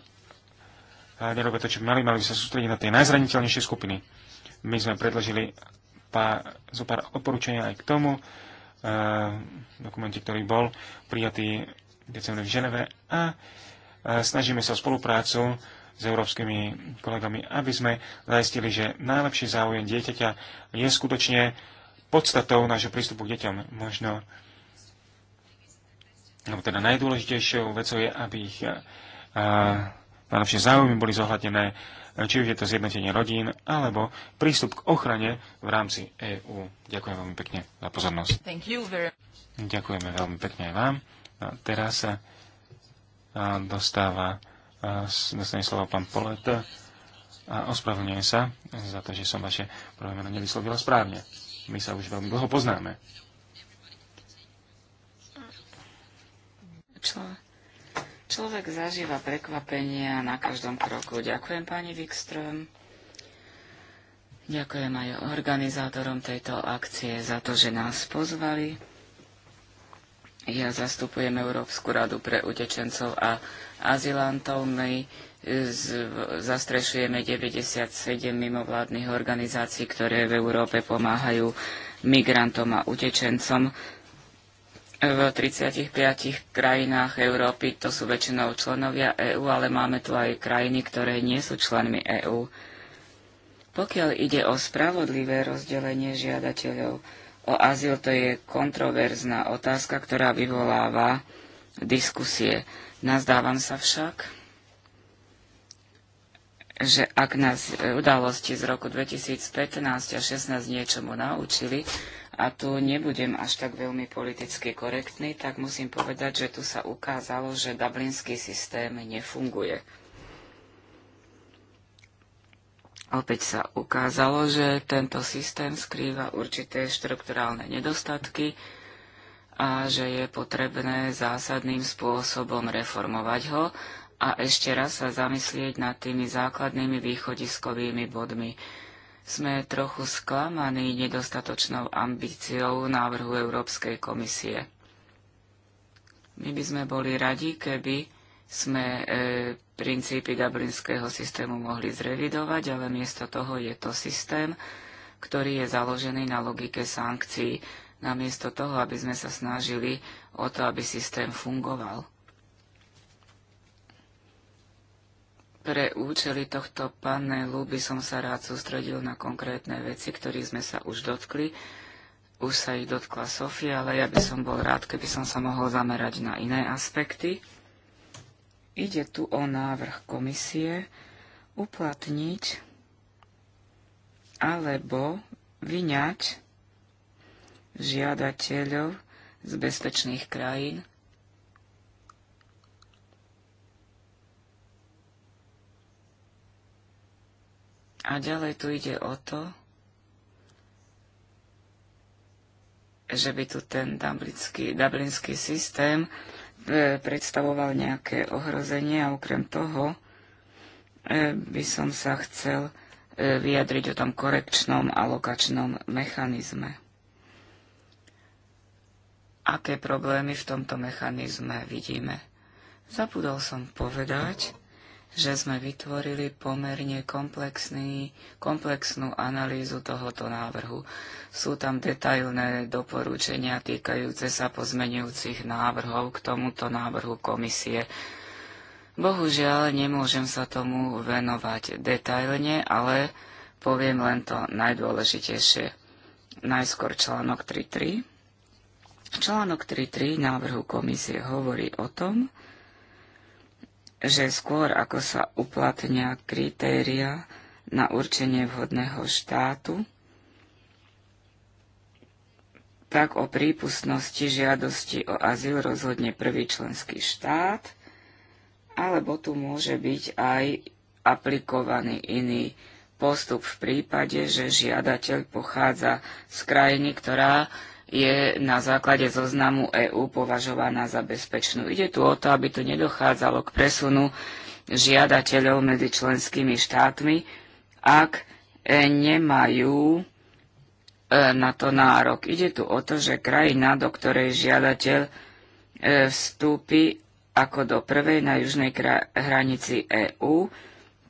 nerobia to, čo by mali, mali by sa sústrediť na tie najzraniteľnejšie skupiny. My sme predložili pár, zo pár odporúčania aj k tomu, v eh, dokumente, ktorý bol prijatý decembre v Ženeve a eh, snažíme sa o spoluprácu s európskymi kolegami, aby sme zaistili, že najlepší záujem dieťaťa je skutočne podstatou nášho prístupu k deťom. Možno no teda najdôležitejšou vecou je, aby ich a, eh, naše záujmy boli zohľadené, či už je to zjednotenie rodín, alebo prístup k ochrane v rámci EÚ. Ďakujem veľmi pekne za pozornosť. Very... Ďakujeme veľmi pekne aj vám. A teraz sa dostáva, dostane slovo pán Polet a ospravedlňujem sa za to, že som vaše prvé meno nevyslovila správne. My sa už veľmi dlho poznáme. Človek Človek zažíva prekvapenia na každom kroku. Ďakujem pani Wikström. Ďakujem aj organizátorom tejto akcie za to, že nás pozvali. Ja zastupujem Európsku radu pre utečencov a azilantov. My e, zastrešujeme 97 mimovládnych organizácií, ktoré v Európe pomáhajú migrantom a utečencom v 35 krajinách Európy, to sú väčšinou členovia EÚ, ale máme tu aj krajiny, ktoré nie sú členmi EÚ. Pokiaľ ide o spravodlivé rozdelenie žiadateľov o azyl, to je kontroverzná otázka, ktorá vyvoláva diskusie. Nazdávam sa však, že ak nás udalosti z roku 2015 a 2016 niečomu naučili, a tu nebudem až tak veľmi politicky korektný, tak musím povedať, že tu sa ukázalo, že dublinský systém nefunguje. Opäť sa ukázalo, že tento systém skrýva určité štrukturálne nedostatky a že je potrebné zásadným spôsobom reformovať ho a ešte raz sa zamyslieť nad tými základnými východiskovými bodmi sme trochu sklamaní nedostatočnou ambíciou návrhu Európskej komisie. My by sme boli radi, keby sme e, princípy dublinského systému mohli zrevidovať, ale miesto toho je to systém, ktorý je založený na logike sankcií, namiesto toho, aby sme sa snažili o to, aby systém fungoval. Pre účely tohto panelu by som sa rád sústredil na konkrétne veci, ktorých sme sa už dotkli. Už sa ich dotkla Sofia, ale ja by som bol rád, keby som sa mohol zamerať na iné aspekty. Ide tu o návrh komisie uplatniť alebo vyňať žiadateľov z bezpečných krajín, A ďalej tu ide o to, že by tu ten dublinský, dublinský systém e, predstavoval nejaké ohrozenie a okrem toho e, by som sa chcel e, vyjadriť o tom korekčnom a lokačnom mechanizme. Aké problémy v tomto mechanizme vidíme? Zabudol som povedať, že sme vytvorili pomerne komplexný, komplexnú analýzu tohoto návrhu. Sú tam detailné doporučenia týkajúce sa pozmenujúcich návrhov k tomuto návrhu komisie. Bohužiaľ, nemôžem sa tomu venovať detailne, ale poviem len to najdôležitejšie. Najskôr článok 3.3. Článok 3.3 návrhu komisie hovorí o tom, že skôr ako sa uplatnia kritéria na určenie vhodného štátu, tak o prípustnosti žiadosti o azyl rozhodne prvý členský štát, alebo tu môže byť aj aplikovaný iný postup v prípade, že žiadateľ pochádza z krajiny, ktorá je na základe zoznamu EÚ považovaná za bezpečnú. Ide tu o to, aby tu nedochádzalo k presunu žiadateľov medzi členskými štátmi, ak e, nemajú e, na to nárok. Ide tu o to, že krajina, do ktorej žiadateľ e, vstúpi ako do prvej na južnej hranici EÚ,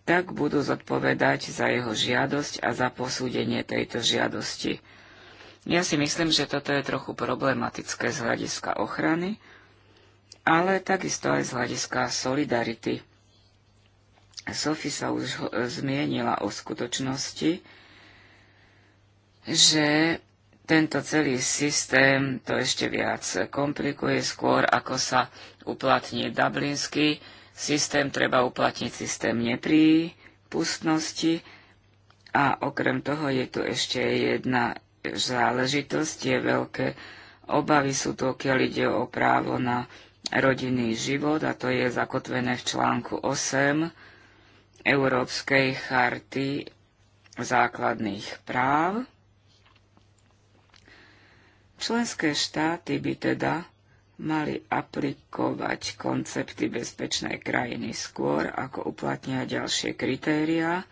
tak budú zodpovedať za jeho žiadosť a za posúdenie tejto žiadosti. Ja si myslím, že toto je trochu problematické z hľadiska ochrany, ale takisto aj z hľadiska solidarity. Sophie sa už zmienila o skutočnosti, že tento celý systém to ešte viac komplikuje skôr, ako sa uplatní dublinský systém, treba uplatniť systém neprípustnosti a okrem toho je tu ešte jedna záležitosť, je veľké obavy sú to, keď ide o právo na rodinný život a to je zakotvené v článku 8 Európskej charty základných práv. Členské štáty by teda mali aplikovať koncepty bezpečnej krajiny skôr, ako uplatnia ďalšie kritériá,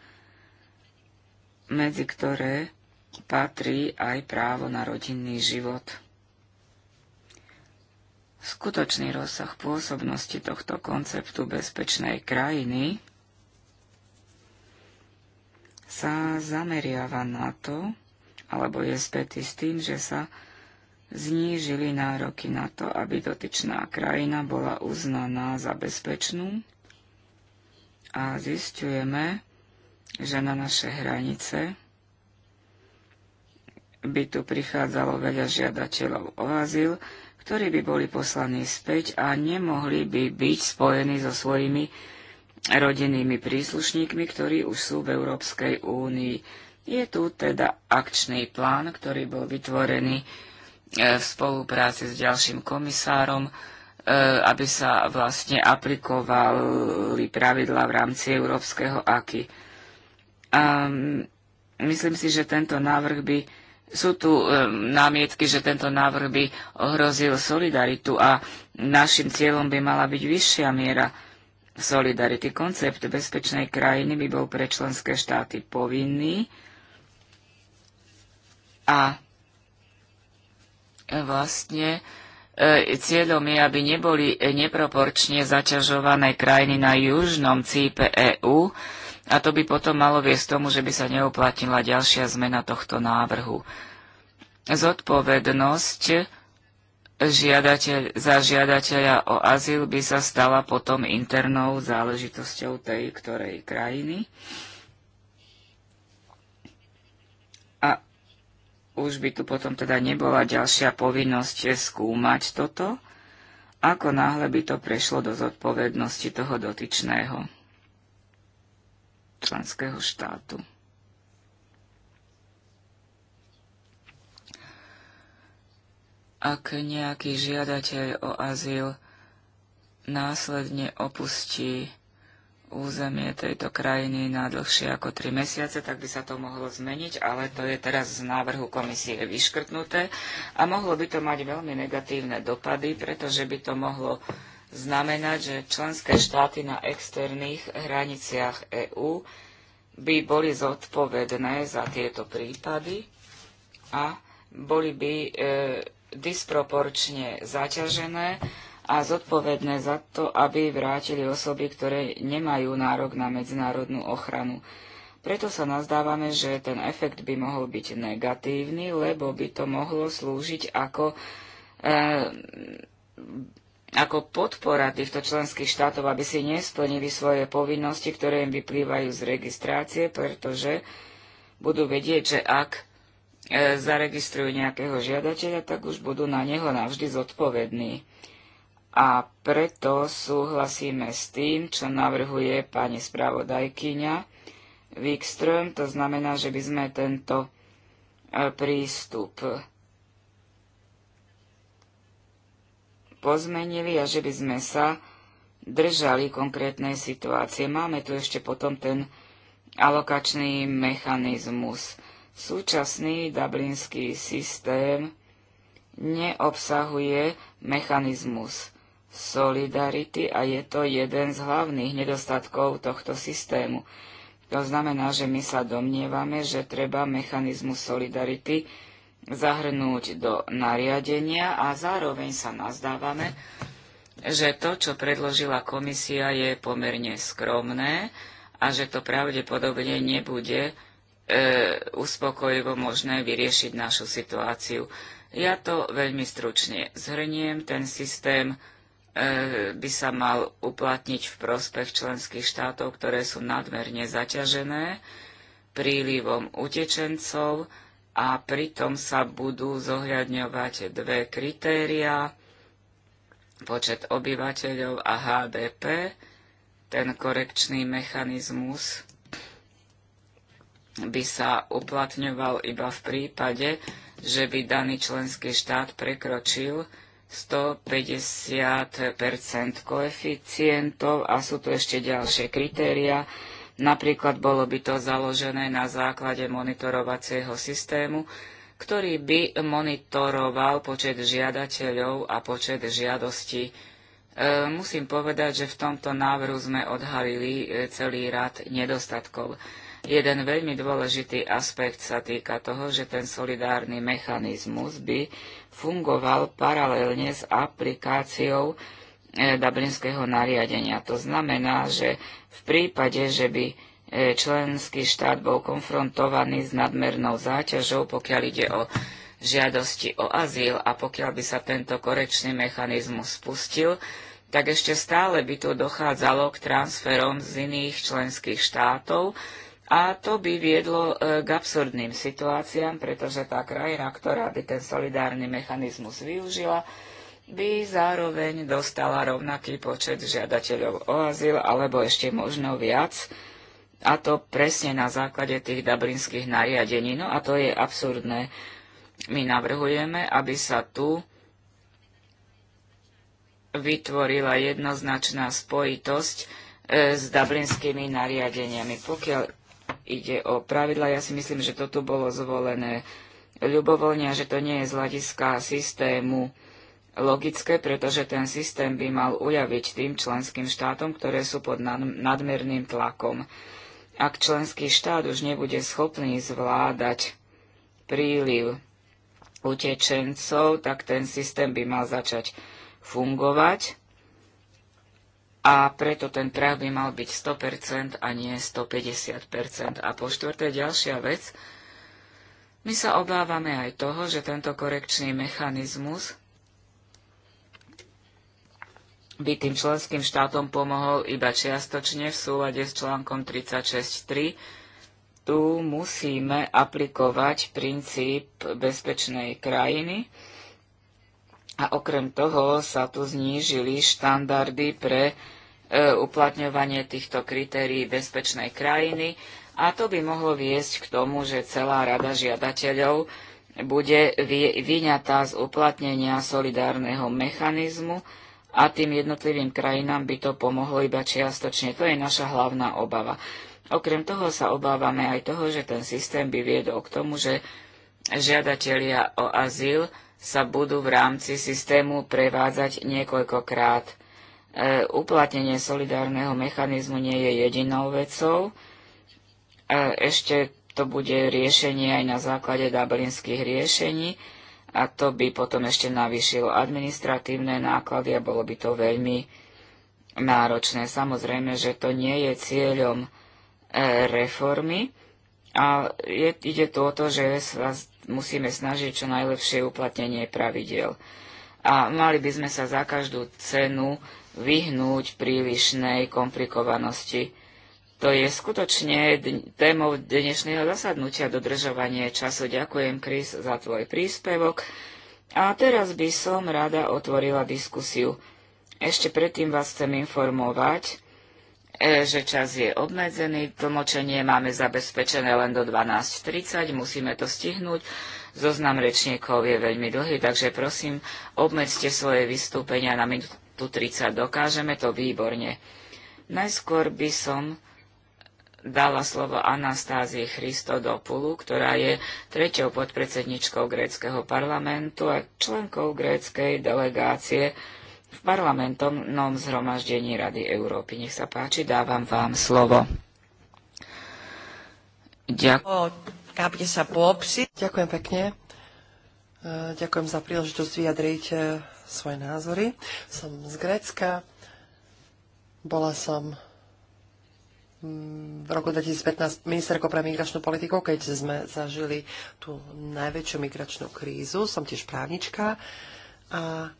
medzi ktoré patrí aj právo na rodinný život. Skutočný rozsah pôsobnosti tohto konceptu bezpečnej krajiny sa zameriava na to, alebo je spätý s tým, že sa znížili nároky na to, aby dotyčná krajina bola uznaná za bezpečnú a zistujeme, že na naše hranice by tu prichádzalo veľa žiadateľov o azyl, ktorí by boli poslaní späť a nemohli by byť spojení so svojimi rodinnými príslušníkmi, ktorí už sú v Európskej únii. Je tu teda akčný plán, ktorý bol vytvorený e, v spolupráci s ďalším komisárom, e, aby sa vlastne aplikovali pravidla v rámci európskeho AKI. A myslím si, že tento návrh by sú tu um, námietky, že tento návrh by ohrozil solidaritu a našim cieľom by mala byť vyššia miera solidarity. Koncept bezpečnej krajiny by bol pre členské štáty povinný a vlastne e, cieľom je, aby neboli neproporčne zaťažované krajiny na južnom cípe EÚ, a to by potom malo viesť tomu, že by sa neoplatila ďalšia zmena tohto návrhu. Zodpovednosť žiadateľ, za žiadateľa o azyl by sa stala potom internou záležitosťou tej ktorej krajiny. A už by tu potom teda nebola ďalšia povinnosť skúmať toto, ako náhle by to prešlo do zodpovednosti toho dotyčného členského štátu. Ak nejaký žiadateľ o azyl následne opustí územie tejto krajiny na dlhšie ako 3 mesiace, tak by sa to mohlo zmeniť, ale to je teraz z návrhu komisie vyškrtnuté a mohlo by to mať veľmi negatívne dopady, pretože by to mohlo znamenať, že členské štáty na externých hraniciach EÚ by boli zodpovedné za tieto prípady a boli by e, disproporčne zaťažené a zodpovedné za to, aby vrátili osoby, ktoré nemajú nárok na medzinárodnú ochranu. Preto sa nazdávame, že ten efekt by mohol byť negatívny, lebo by to mohlo slúžiť ako e, ako podpora týchto členských štátov, aby si nesplnili svoje povinnosti, ktoré im vyplývajú z registrácie, pretože budú vedieť, že ak e, zaregistrujú nejakého žiadateľa, tak už budú na neho navždy zodpovední. A preto súhlasíme s tým, čo navrhuje pani spravodajkyňa Wikström, to znamená, že by sme tento e, prístup pozmenili a že by sme sa držali konkrétnej situácie. Máme tu ešte potom ten alokačný mechanizmus. Súčasný dublinský systém neobsahuje mechanizmus solidarity a je to jeden z hlavných nedostatkov tohto systému. To znamená, že my sa domnievame, že treba mechanizmus solidarity zahrnúť do nariadenia a zároveň sa nazdávame, že to, čo predložila komisia, je pomerne skromné a že to pravdepodobne nebude e, uspokojivo možné vyriešiť našu situáciu. Ja to veľmi stručne zhrniem. Ten systém e, by sa mal uplatniť v prospech členských štátov, ktoré sú nadmerne zaťažené prílivom utečencov, a pritom sa budú zohľadňovať dve kritéria, počet obyvateľov a HDP, ten korekčný mechanizmus by sa uplatňoval iba v prípade, že by daný členský štát prekročil 150 koeficientov a sú tu ešte ďalšie kritéria, Napríklad bolo by to založené na základe monitorovacieho systému, ktorý by monitoroval počet žiadateľov a počet žiadostí. E, musím povedať, že v tomto návrhu sme odhalili e, celý rad nedostatkov. Jeden veľmi dôležitý aspekt sa týka toho, že ten solidárny mechanizmus by fungoval paralelne s aplikáciou E, dublinského nariadenia. To znamená, že v prípade, že by e, členský štát bol konfrontovaný s nadmernou záťažou, pokiaľ ide o žiadosti o azyl a pokiaľ by sa tento korekčný mechanizmus spustil, tak ešte stále by tu dochádzalo k transferom z iných členských štátov a to by viedlo e, k absurdným situáciám, pretože tá krajina, ktorá by ten solidárny mechanizmus využila, by zároveň dostala rovnaký počet žiadateľov o azyl alebo ešte možno viac, a to presne na základe tých dublinských nariadení. No a to je absurdné. My navrhujeme, aby sa tu vytvorila jednoznačná spojitosť e, s dublinskými nariadeniami. Pokiaľ ide o pravidla, ja si myslím, že to tu bolo zvolené ľubovoľne a že to nie je z hľadiska systému logické, pretože ten systém by mal ujaviť tým členským štátom, ktoré sú pod nadmerným tlakom. Ak členský štát už nebude schopný zvládať príliv utečencov, tak ten systém by mal začať fungovať a preto ten prah by mal byť 100% a nie 150%. A po štvrté ďalšia vec, my sa obávame aj toho, že tento korekčný mechanizmus by tým členským štátom pomohol iba čiastočne v súlade s článkom 36.3. Tu musíme aplikovať princíp bezpečnej krajiny a okrem toho sa tu znížili štandardy pre e, uplatňovanie týchto kritérií bezpečnej krajiny a to by mohlo viesť k tomu, že celá rada žiadateľov bude vyňatá z uplatnenia solidárneho mechanizmu, a tým jednotlivým krajinám by to pomohlo iba čiastočne. To je naša hlavná obava. Okrem toho sa obávame aj toho, že ten systém by viedol k tomu, že žiadatelia o azyl sa budú v rámci systému prevádzať niekoľkokrát. E, uplatnenie solidárneho mechanizmu nie je jedinou vecou. E, ešte to bude riešenie aj na základe dublinských riešení a to by potom ešte navýšilo administratívne náklady a bolo by to veľmi náročné. Samozrejme, že to nie je cieľom e, reformy a je, ide tu o to, že sa musíme snažiť čo najlepšie uplatnenie pravidel. A mali by sme sa za každú cenu vyhnúť prílišnej komplikovanosti to je skutočne témou dnešného zasadnutia dodržovanie času. Ďakujem, Chris, za tvoj príspevok. A teraz by som rada otvorila diskusiu. Ešte predtým vás chcem informovať, e, že čas je obmedzený, tlmočenie máme zabezpečené len do 12.30, musíme to stihnúť. Zoznam rečníkov je veľmi dlhý, takže prosím, obmedzte svoje vystúpenia na minútu 30. Dokážeme to výborne. Najskôr by som dala slovo Anastázii Christodopulu, ktorá je treťou podpredsedničkou gréckého parlamentu a členkou gréckej delegácie v parlamentnom zhromaždení Rady Európy. Nech sa páči, dávam vám slovo. Ďakujem. Ďakujem pekne. E, ďakujem za príležitosť vyjadriť e, svoje názory. Som z Grécka. Bola som v roku 2015 ministerko pre migračnú politiku, keď sme zažili tú najväčšiu migračnú krízu. Som tiež právnička a e,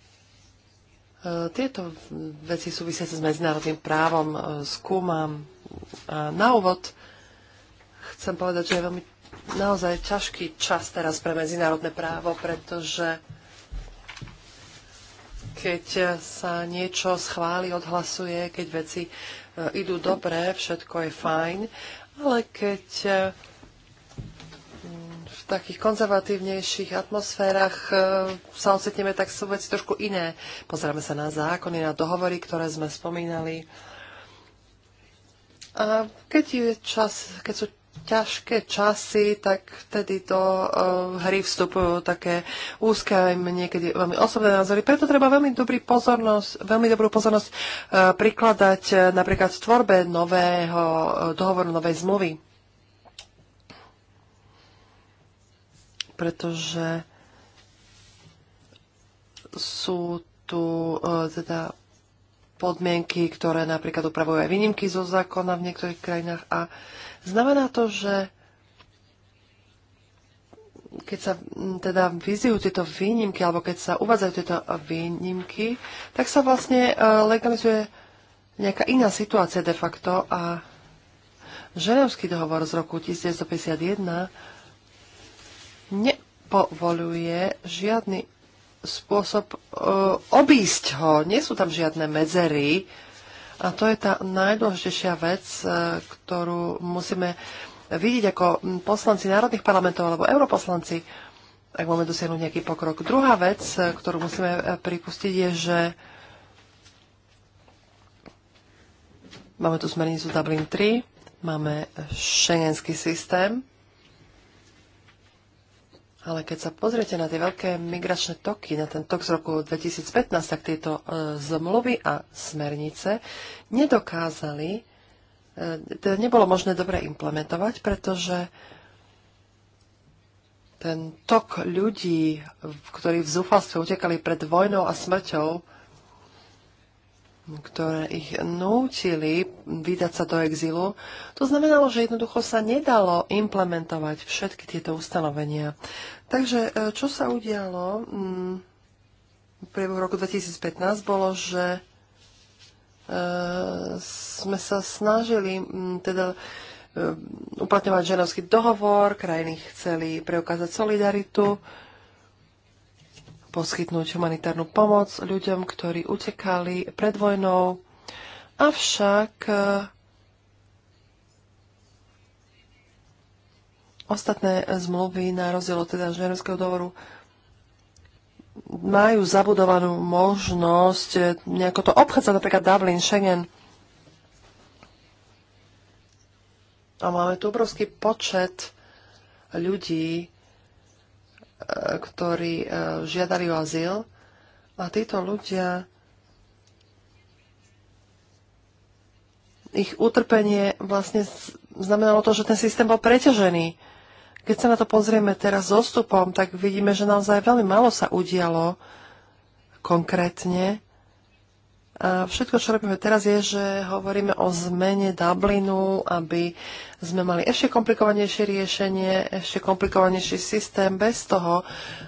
tieto veci súvisia s medzinárodným právom e, skúmam. A na úvod chcem povedať, že je veľmi naozaj ťažký čas teraz pre medzinárodné právo, pretože keď sa niečo schváli, odhlasuje, keď veci E, idú dobre, všetko je fajn, ale keď e, v takých konzervatívnejších atmosférach e, sa ocitneme, tak sú veci trošku iné. Pozeráme sa na zákony, na dohovory, ktoré sme spomínali. A keď, je čas, keď sú ťažké časy, tak vtedy do uh, eh, hry vstupujú také úzke aj niekedy veľmi osobné názory. Preto treba veľmi, dobrý pozornosť, veľmi dobrú pozornosť uh, prikladať uh, napríklad v tvorbe nového uh, dohovoru, novej zmluvy. Pretože sú tu uh, teda podmienky, ktoré napríklad upravujú aj výnimky zo zákona v niektorých krajinách. A znamená to, že keď sa teda vyzývajú tieto výnimky, alebo keď sa uvádzajú tieto výnimky, tak sa vlastne e, legalizuje nejaká iná situácia de facto a Ženevský dohovor z roku 1951 nepovoluje žiadny spôsob uh, obísť ho. Nie sú tam žiadne medzery. A to je tá najdôležitejšia vec, uh, ktorú musíme vidieť ako poslanci národných parlamentov alebo europoslanci, ak máme dosiahnuť nejaký pokrok. Druhá vec, e, ktorú musíme pripustiť, je, že máme tu smernicu Dublin 3, máme šengenský systém, ale keď sa pozriete na tie veľké migračné toky, na ten tok z roku 2015, tak tieto e, zmluvy a smernice nedokázali, e, teda nebolo možné dobre implementovať, pretože ten tok ľudí, ktorí v zúfalstve utekali pred vojnou a smrťou, ktoré ich nútili vydať sa do exilu, to znamenalo, že jednoducho sa nedalo implementovať všetky tieto ustanovenia. Takže e, čo sa udialo mm, v priebehu roku 2015 bolo, že e, sme sa snažili mm, teda e, uplatňovať ženovský dohovor, krajiny chceli preukázať solidaritu, poskytnúť humanitárnu pomoc ľuďom, ktorí utekali pred vojnou. Avšak Ostatné zmluvy, na rozdiel od teda Ženevského dohovoru, majú zabudovanú možnosť eh, nejako to obchádzať, napríklad Dublin, Schengen. A máme tu obrovský počet ľudí, eh, ktorí eh, žiadali o azyl. A títo ľudia, ich utrpenie vlastne znamenalo to, že ten systém bol preťažený. Keď sa na to pozrieme teraz s ostupom, tak vidíme, že naozaj veľmi málo sa udialo konkrétne. A všetko, čo robíme teraz, je, že hovoríme o zmene Dublinu, aby sme mali ešte komplikovanejšie riešenie, ešte komplikovanejší systém bez toho,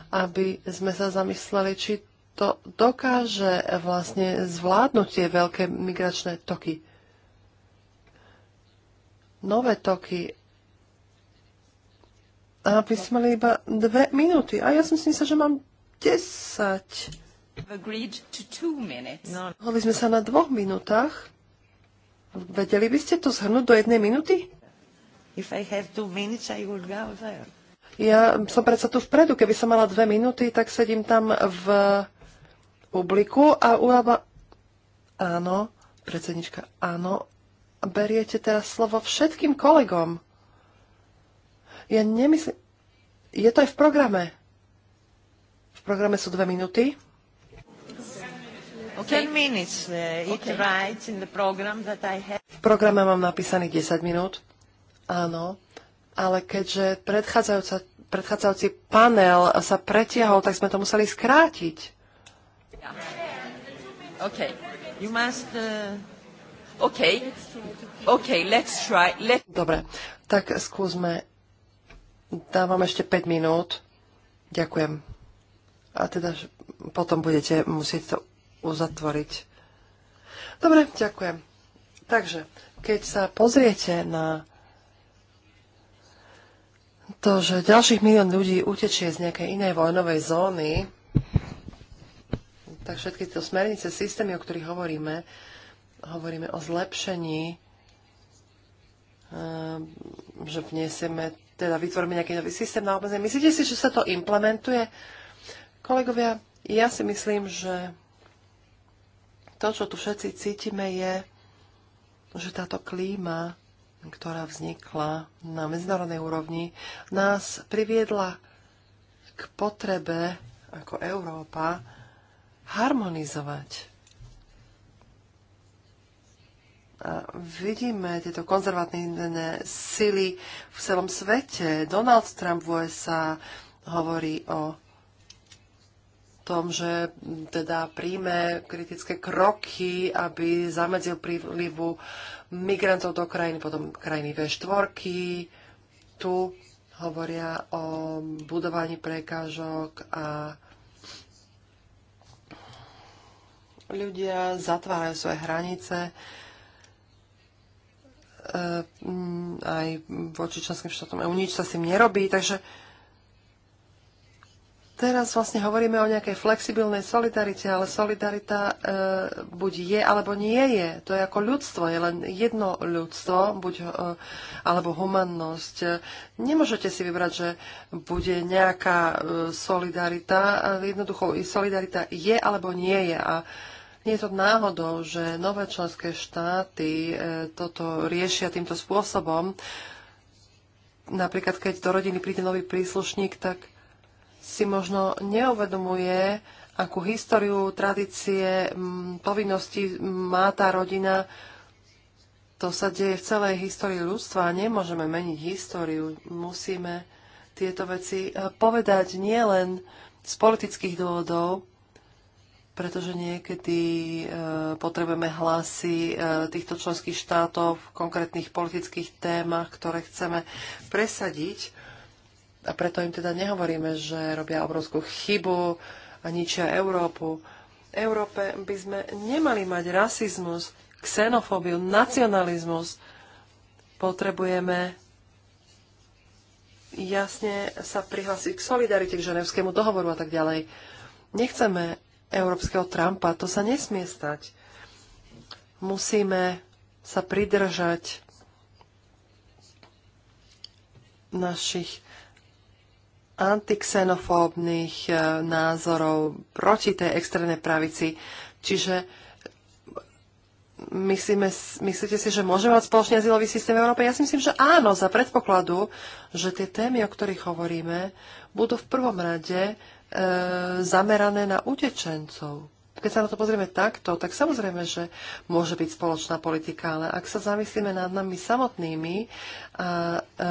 aby sme sa zamysleli, či to dokáže vlastne zvládnuť tie veľké migračné toky. Nové toky a vy ste mali iba dve minúty. A ja som si myslela, že mám desať. Mohli no. sme sa na dvoch minútach. Vedeli by ste to zhrnúť do jednej minúty? Minutes, ja som predsa tu vpredu. Keby som mala dve minúty, tak sedím tam v publiku a uľava... Áno, predsednička, áno. Beriete teraz slovo všetkým kolegom. Ja nemyslím... Je to aj v programe. V programe sú dve minúty. Uh, v programe mám napísaných 10 minút. Áno. Ale keďže predchádzajúca, predchádzajúci panel sa pretiahol, tak sme to museli skrátiť. Yeah. You must, uh, let's try. Dobre, tak skúsme Dávam ešte 5 minút. Ďakujem. A teda potom budete musieť to uzatvoriť. Dobre, ďakujem. Takže, keď sa pozriete na to, že ďalších milión ľudí utečie z nejakej inej vojnovej zóny, tak všetky tie smernice, systémy, o ktorých hovoríme, hovoríme o zlepšení, ehm, že vniesieme teda vytvoríme nejaký nový systém na obmedzenie. Myslíte si, že sa to implementuje? Kolegovia, ja si myslím, že to, čo tu všetci cítime, je, že táto klíma, ktorá vznikla na medzinárodnej úrovni, nás priviedla k potrebe ako Európa harmonizovať vidíme tieto konzervatívne sily v celom svete. Donald Trump v USA hovorí o tom, že teda príjme kritické kroky, aby zamedzil prílivu migrantov do krajiny, potom krajiny V4. Tu hovoria o budovaní prekážok a ľudia zatvárajú svoje hranice E, aj voči členským štátom EU nič sa s tým nerobí, takže teraz vlastne hovoríme o nejakej flexibilnej solidarite, ale solidarita e, buď je, alebo nie je. To je ako ľudstvo, je len jedno ľudstvo, buď, e, alebo humannosť. Nemôžete si vybrať, že bude nejaká e, solidarita. E, jednoducho, solidarita je, alebo nie je. A e, nie je to náhodou, že nové členské štáty e, toto riešia týmto spôsobom. Napríklad, keď do rodiny príde nový príslušník, tak si možno neuvedomuje, akú históriu, tradície, povinnosti má tá rodina. To sa deje v celej histórii ľudstva a nemôžeme meniť históriu. Musíme tieto veci e, povedať nielen z politických dôvodov, pretože niekedy e, potrebujeme hlasy e, týchto členských štátov v konkrétnych politických témach, ktoré chceme presadiť. A preto im teda nehovoríme, že robia obrovskú chybu a ničia Európu. V Európe by sme nemali mať rasizmus, xenofóbiu, nacionalizmus. Potrebujeme jasne sa prihlásiť k solidarite, k ženevskému dohovoru a tak ďalej. Nechceme európskeho Trumpa. To sa nesmie stať. Musíme sa pridržať našich antiksenofóbnych e, názorov proti tej extrémnej pravici. Čiže myslíme, myslíte si, že môžeme mať spoločný azylový systém v Európe? Ja si myslím, že áno, za predpokladu, že tie témy, o ktorých hovoríme, budú v prvom rade E, zamerané na utečencov. Keď sa na to pozrieme takto, tak samozrejme, že môže byť spoločná politika, ale ak sa zamyslíme nad nami samotnými a e,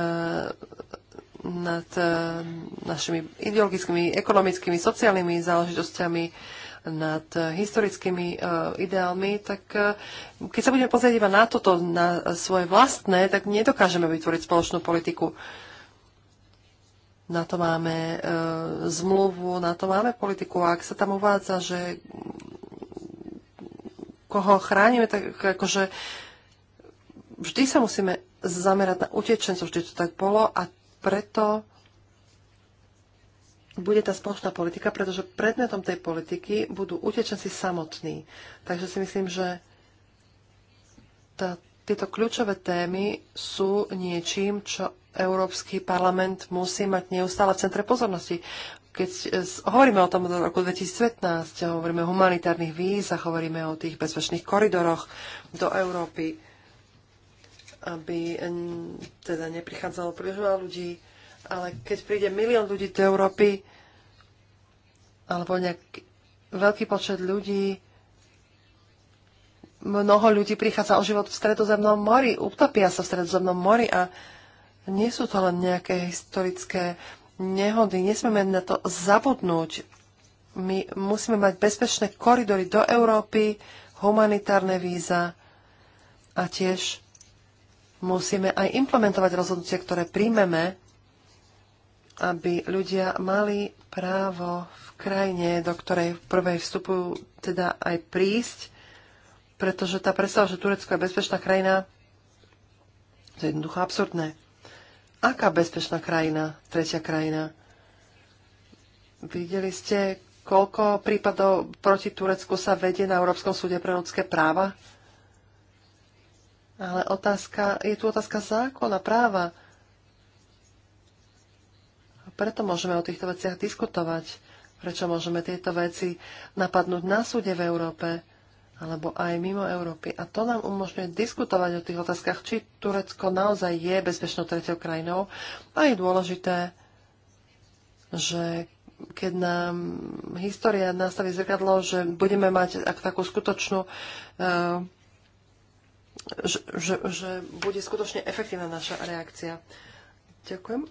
nad e, našimi ideologickými, ekonomickými, sociálnymi záležitostiami, nad historickými ideálmi, tak keď sa budeme pozrieť iba na toto, na svoje vlastné, tak nedokážeme vytvoriť spoločnú politiku na to máme e, zmluvu, na to máme politiku. A ak sa tam uvádza, že koho chránime, tak akože vždy sa musíme zamerať na utečencov, vždy to tak bolo a preto bude tá spoločná politika, pretože predmetom tej politiky budú utečenci samotní. Takže si myslím, že tá, tieto kľúčové témy sú niečím, čo Európsky parlament musí mať neustále v centre pozornosti. Keď hovoríme o tom do roku 2015, hovoríme o humanitárnych vízach, hovoríme o tých bezpečných koridoroch do Európy, aby teda neprichádzalo príliš veľa ľudí, ale keď príde milión ľudí do Európy, alebo nejaký veľký počet ľudí, mnoho ľudí prichádza o život v stredozemnom mori, utopia sa v stredozemnom mori a nie sú to len nejaké historické nehody. Nesmieme na to zabudnúť. My musíme mať bezpečné koridory do Európy, humanitárne víza a tiež musíme aj implementovať rozhodnutie, ktoré príjmeme, aby ľudia mali právo v krajine, do ktorej v prvej vstupujú, teda aj prísť, pretože tá predstava, že Turecko je bezpečná krajina, to je jednoducho absurdné. Aká bezpečná krajina, tretia krajina? Videli ste, koľko prípadov proti Turecku sa vedie na Európskom súde pre ľudské práva? Ale otázka, je tu otázka zákona, práva. A preto môžeme o týchto veciach diskutovať. Prečo môžeme tieto veci napadnúť na súde v Európe? alebo aj mimo Európy. A to nám umožňuje diskutovať o tých otázkach, či Turecko naozaj je bezpečnou tretiou krajinou. A je dôležité, že keď nám história nastaví zrkadlo, že budeme mať takú skutočnú uh, že, že, že bude skutočne efektívna naša reakcia. Ďakujem.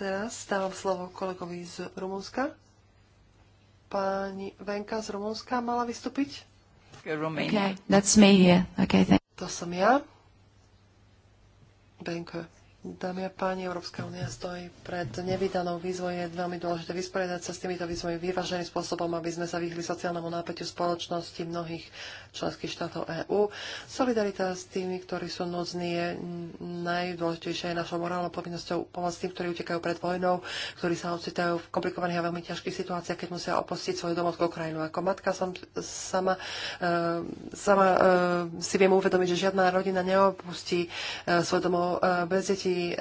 Teraz dávam slovo kolegovi z Rumunska. Pani Venka z Rumunska mala vystúpiť? Okay, that's me here. Okay, thank To som ja. Venka. Dámy a páni, Európska únia stojí pred nevydanou výzvou. Je veľmi dôležité vysporiadať sa s týmito výzvami vyváženým spôsobom, aby sme sa vyhli sociálnemu nápeťu spoločnosti mnohých členských štátov EÚ. Solidarita s tými, ktorí sú núdzni, je najdôležitejšia je našou morálnou povinnosťou pomôcť tým, ktorí utekajú pred vojnou, ktorí sa ocitajú v komplikovaných a veľmi ťažkých situáciách, keď musia opustiť svoju domovskú krajinu. Ako matka som sama, e, sama e, si viem uvedomiť, že žiadna rodina neopustí e, svoj domov bez detí Eh,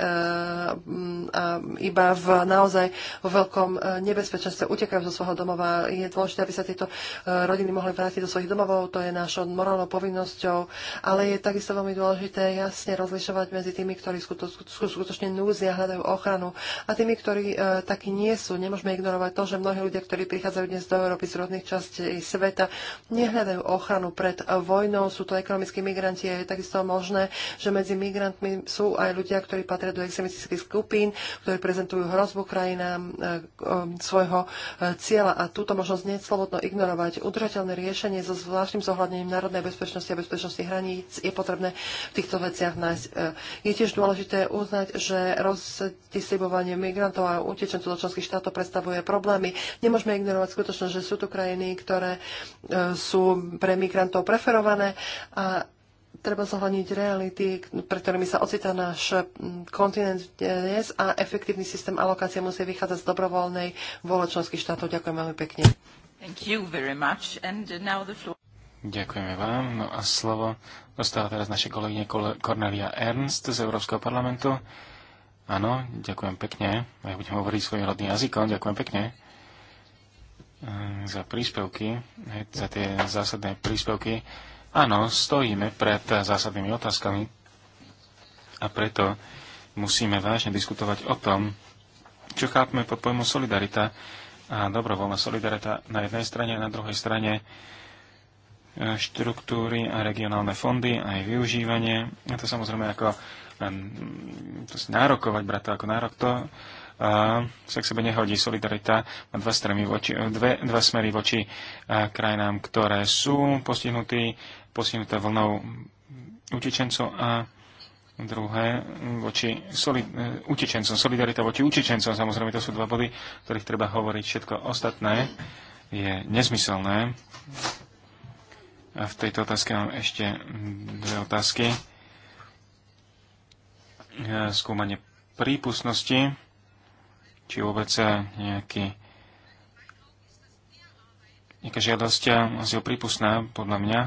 mm, iba v naozaj vo veľkom eh, nebezpečenstve utekajú zo svojho domova. Je dôležité, aby sa tieto eh, rodiny mohli vrátiť do svojich domovov, to je našou morálnou povinnosťou, ale je takisto veľmi dôležité jasne rozlišovať medzi tými, ktorí skutočne núzia, hľadajú ochranu a tými, ktorí takí nie sú. Nemôžeme ignorovať to, že mnohí ľudia, ktorí prichádzajú dnes do Európy z rôznych častí sveta, nehľadajú ochranu pred vojnou, sú to ekonomickí migranti a je takisto možné, že medzi migrantmi sú aj ľudia, ktorí ktorí patria do extremistických skupín, ktorí prezentujú hrozbu krajinám eh, eh, svojho eh, cieľa. A túto možnosť neslobodno ignorovať. Udržateľné riešenie so zvláštnym zohľadnením národnej bezpečnosti a bezpečnosti hraníc je potrebné v týchto veciach nájsť. Je tiež dôležité uznať, že rozdistribovanie migrantov a utečencov do členských štátov predstavuje problémy. Nemôžeme ignorovať skutočnosť, že sú tu krajiny, ktoré sú pre migrantov preferované a treba zohľadniť reality, pre ktorými sa ocitá náš mm, kontinent dnes a efektívny systém alokácie musí vychádzať z dobrovoľnej vôle štátov. Ďakujem veľmi pekne. Ďakujeme vám. No a slovo dostáva teraz naša kolegyne Cornelia Ernst z Európskeho parlamentu. Áno, ďakujem pekne. Ja budem hovoriť svojim rodným jazykom. Ďakujem pekne eh, za príspevky, eh, za tie zásadné príspevky Áno, stojíme pred zásadnými otázkami a preto musíme vážne diskutovať o tom, čo chápeme pod pojmom solidarita a dobrovoľná solidarita na jednej strane a na druhej strane e, štruktúry a regionálne fondy a aj využívanie. A to samozrejme ako to nárokovať, brať to ako nárok, to sa k sebe nehodí. Solidarita má dva, voči, dve, dva smery voči krajinám, ktoré sú postihnutí, postihnuté vlnou utečencov a druhé voči soli, e, utečencom. Solidarita voči utečencom, samozrejme, to sú dva body, o ktorých treba hovoriť. Všetko ostatné je nezmyselné. A v tejto otázke mám ešte dve otázky. E, skúmanie prípustnosti či vôbec e, nejaký, nejaká žiadosť e, asi o prípustná, podľa mňa.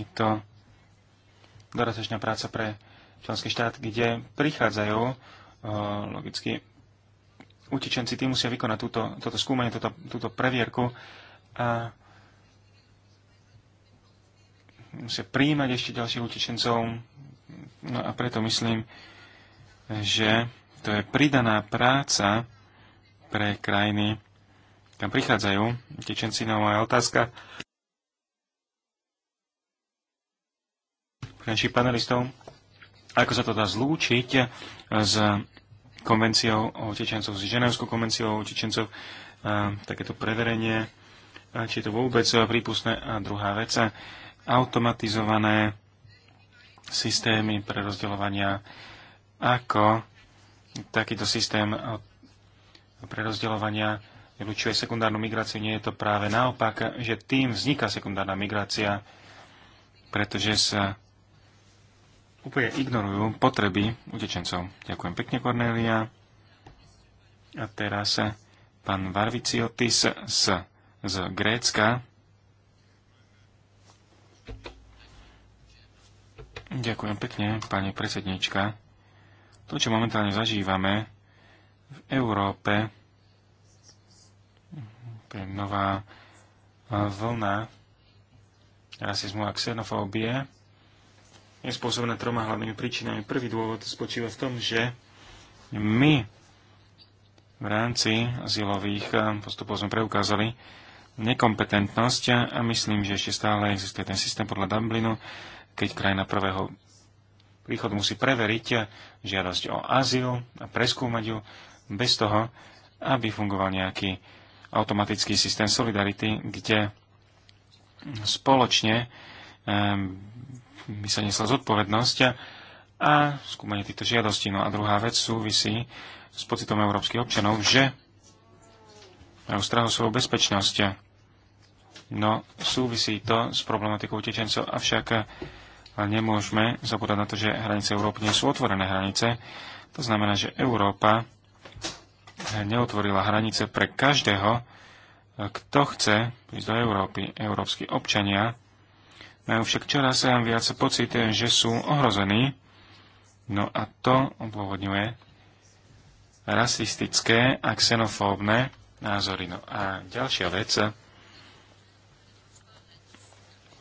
Je to dodatočná práca pre členský štát, kde prichádzajú e, logicky utečenci, tí musia vykonať túto, toto skúmanie, túto, túto previerku a musia prijímať ešte ďalších utečencov. No a preto myslím, že to je pridaná práca pre krajiny, kam prichádzajú tečenci. na no, moja otázka našich panelistov, ako sa to dá zlúčiť s konvenciou o tečencov, s ženevskou konvenciou o tečencov, takéto preverenie, či je to vôbec prípustné. A druhá vec, automatizované systémy rozdeľovania ako takýto systém eh, prerozdeľovania vylučuje sekundárnu migráciu. Nie je to práve naopak, že tým vzniká sekundárna migrácia, pretože sa úplne ignorujú potreby utečencov. Ďakujem pekne, Cornelia. A teraz eh, pán Varviciotis z, z Grécka. Ďakujem pekne, pani predsednička. To, čo momentálne zažívame v Európe, je nová vlna rasizmu a xenofóbie, je spôsobená troma hlavnými príčinami. Prvý dôvod spočíva v tom, že my v rámci azylových postupov sme preukázali nekompetentnosť a myslím, že ešte stále existuje ten systém podľa Dublinu, keď krajina prvého príchod musí preveriť žiadosť o azyl a preskúmať ju bez toho, aby fungoval nejaký automatický systém solidarity, kde spoločne ehm, by sa nesla zodpovednosť a skúmanie týchto žiadostí. No a druhá vec súvisí s pocitom európskych občanov, že majú strahu svojho bezpečnosť. No, súvisí to s problematikou utečencov, avšak ale nemôžeme zabúdať na to, že hranice Európy nie sú otvorené hranice. To znamená, že Európa neotvorila hranice pre každého, kto chce prísť do Európy. Európsky občania majú však čoraz viac pocit, že sú ohrození. No a to obôvodňuje rasistické a xenofóbne názory. No a ďalšia vec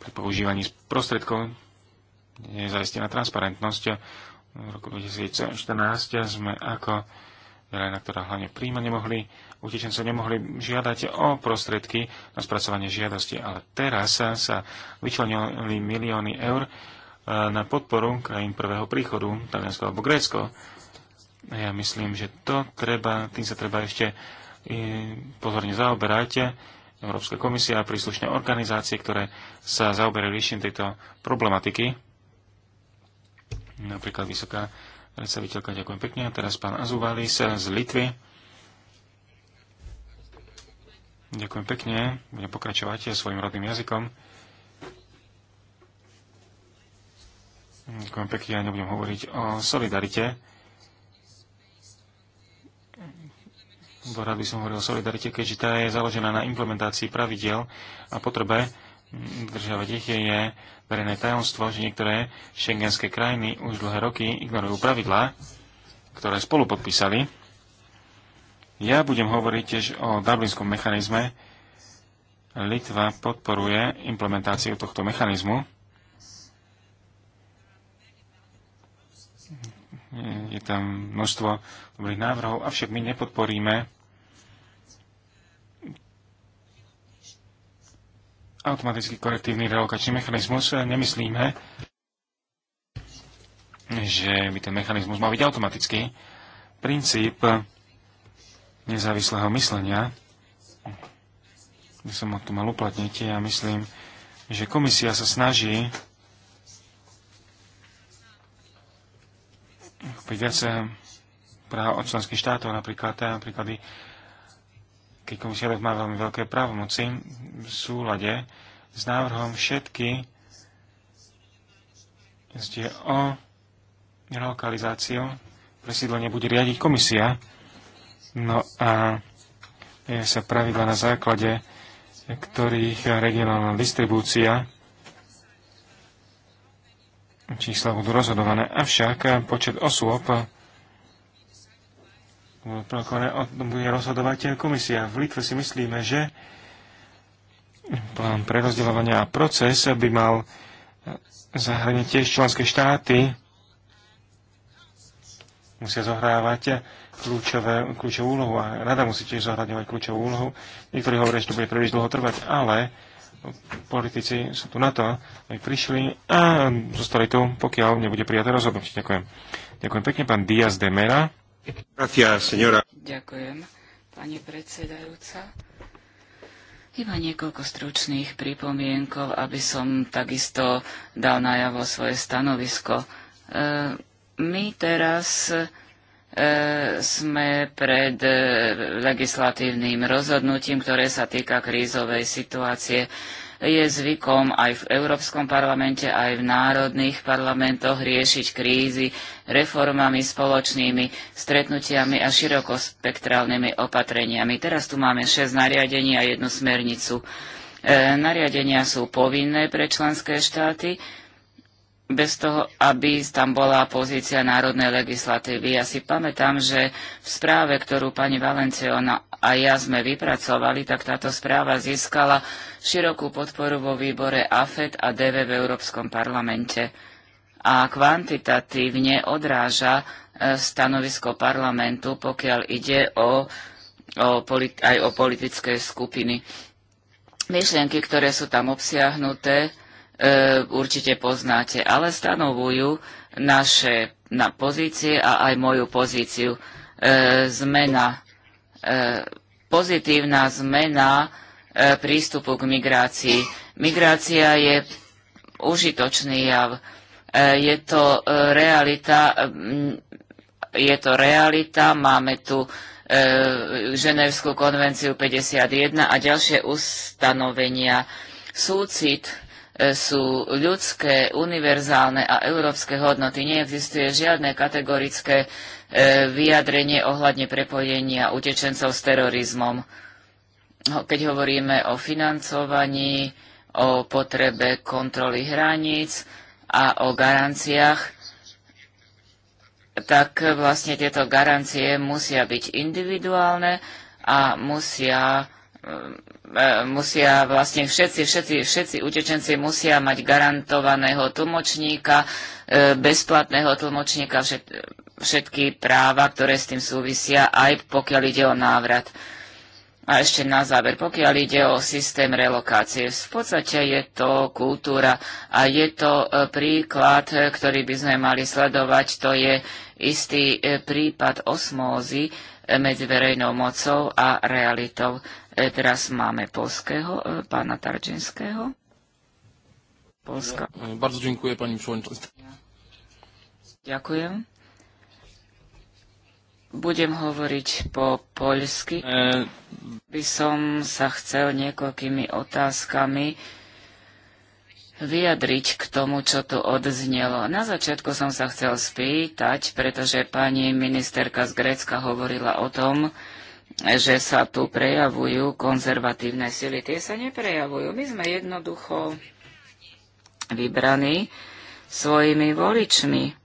pri používaní prostriedkov je zaistená transparentnosť. V roku 2014 sme ako krajina, ktorá hlavne príjma nemohli, utečencov nemohli žiadať o prostriedky na spracovanie žiadosti, ale teraz sa, sa vyčlenili milióny eur e, na podporu krajín prvého príchodu, Taliansko alebo Grécko. ja myslím, že to treba, tým sa treba ešte e, pozorne zaoberať. Európska komisia a príslušné organizácie, ktoré sa zaoberajú riešením tejto problematiky napríklad vysoká predstaviteľka. Ďakujem pekne. A teraz pán Azuvalis z Litvy. Ďakujem pekne. Budem pokračovať ja svojim rodným jazykom. Ďakujem pekne. Ja nebudem hovoriť o solidarite. Rád by som hovoril o solidarite, keďže tá je založená na implementácii pravidel a potrebe udržiavať ich, je verejné tajomstvo, že niektoré šengenské krajiny už dlhé roky ignorujú pravidlá, ktoré spolu podpísali. Ja budem hovoriť tiež o dublinskom mechanizme. Litva podporuje implementáciu tohto mechanizmu. Je tam množstvo dobrých návrhov, avšak my nepodporíme automatický korektívny relokačný mechanizmus, nemyslíme, že by ten mechanizmus mal byť automatický. Princíp nezávislého myslenia, by som ho tu mal uplatniť, ja myslím, že komisia sa snaží viac práv od členských štátov, napríklad napríklad keď komisárov má veľmi veľké právomoci v súlade s návrhom všetky zde o lokalizáciu presídlenie bude riadiť komisia. No a je sa pravidla na základe ktorých regionálna distribúcia čísla budú rozhodované. Avšak počet osôb o tom bude rozhodovať komisia. V Litve si myslíme, že plán prerozdeľovania a proces by mal zahrniť tiež členské štáty. Musia zohrávať kľúčové, kľúčovú úlohu a rada musí tiež zohľadňovať kľúčovú úlohu. Niektorí hovoria, že to bude príliš dlho trvať, ale politici sú tu na to, aby prišli a zostali tu, pokiaľ nebude prijaté rozhodnutie. Ďakujem. Ďakujem pekne, pán Diaz de Mera. Ďakujem, pani predsedajúca. Iba niekoľko stručných pripomienkov, aby som takisto dal najavo svoje stanovisko. E, my teraz e, sme pred e, legislatívnym rozhodnutím, ktoré sa týka krízovej situácie je zvykom aj v Európskom parlamente, aj v národných parlamentoch riešiť krízy reformami, spoločnými stretnutiami a širokospektrálnymi opatreniami. Teraz tu máme 6 nariadení a jednu smernicu. E, nariadenia sú povinné pre členské štáty, bez toho, aby tam bola pozícia národnej legislatívy. Ja si pamätám, že v správe, ktorú pani Valenciona a ja sme vypracovali, tak táto správa získala širokú podporu vo výbore AFED a DV v Európskom parlamente a kvantitatívne odráža e, stanovisko parlamentu, pokiaľ ide o, o aj o politické skupiny. Myšlienky, ktoré sú tam obsiahnuté, E, určite poznáte, ale stanovujú naše na pozície a aj moju pozíciu. E, zmena, e, pozitívna zmena prístupu k migrácii. Migrácia je užitočný jav. Je to realita, je to realita máme tu Ženevskú konvenciu 51 a ďalšie ustanovenia. Súcit E, sú ľudské, univerzálne a európske hodnoty. Neexistuje žiadne kategorické e, vyjadrenie ohľadne prepojenia utečencov s terorizmom. Keď hovoríme o financovaní, o potrebe kontroly hraníc a o garanciách, tak vlastne tieto garancie musia byť individuálne a musia E, musia vlastne všetci, všetci, všetci utečenci musia mať garantovaného tlmočníka, e, bezplatného tlmočníka, všetky práva, ktoré s tým súvisia, aj pokiaľ ide o návrat. A ešte na záver, pokiaľ ide o systém relokácie, v podstate je to kultúra a je to e, príklad, ktorý by sme mali sledovať, to je istý prípad osmózy medzi verejnou mocou a realitou. E, teraz máme polského e, pána Tarczyńskiego. Polska. E, bardzo dziękuję pani przewodnicząca. Ďakujem. Budem hovoriť po poľsky. By som sa chcel niekoľkými otázkami vyjadriť k tomu, čo tu odznelo. Na začiatku som sa chcel spýtať, pretože pani ministerka z Grécka hovorila o tom, že sa tu prejavujú konzervatívne sily. Tie sa neprejavujú. My sme jednoducho vybraní svojimi voličmi.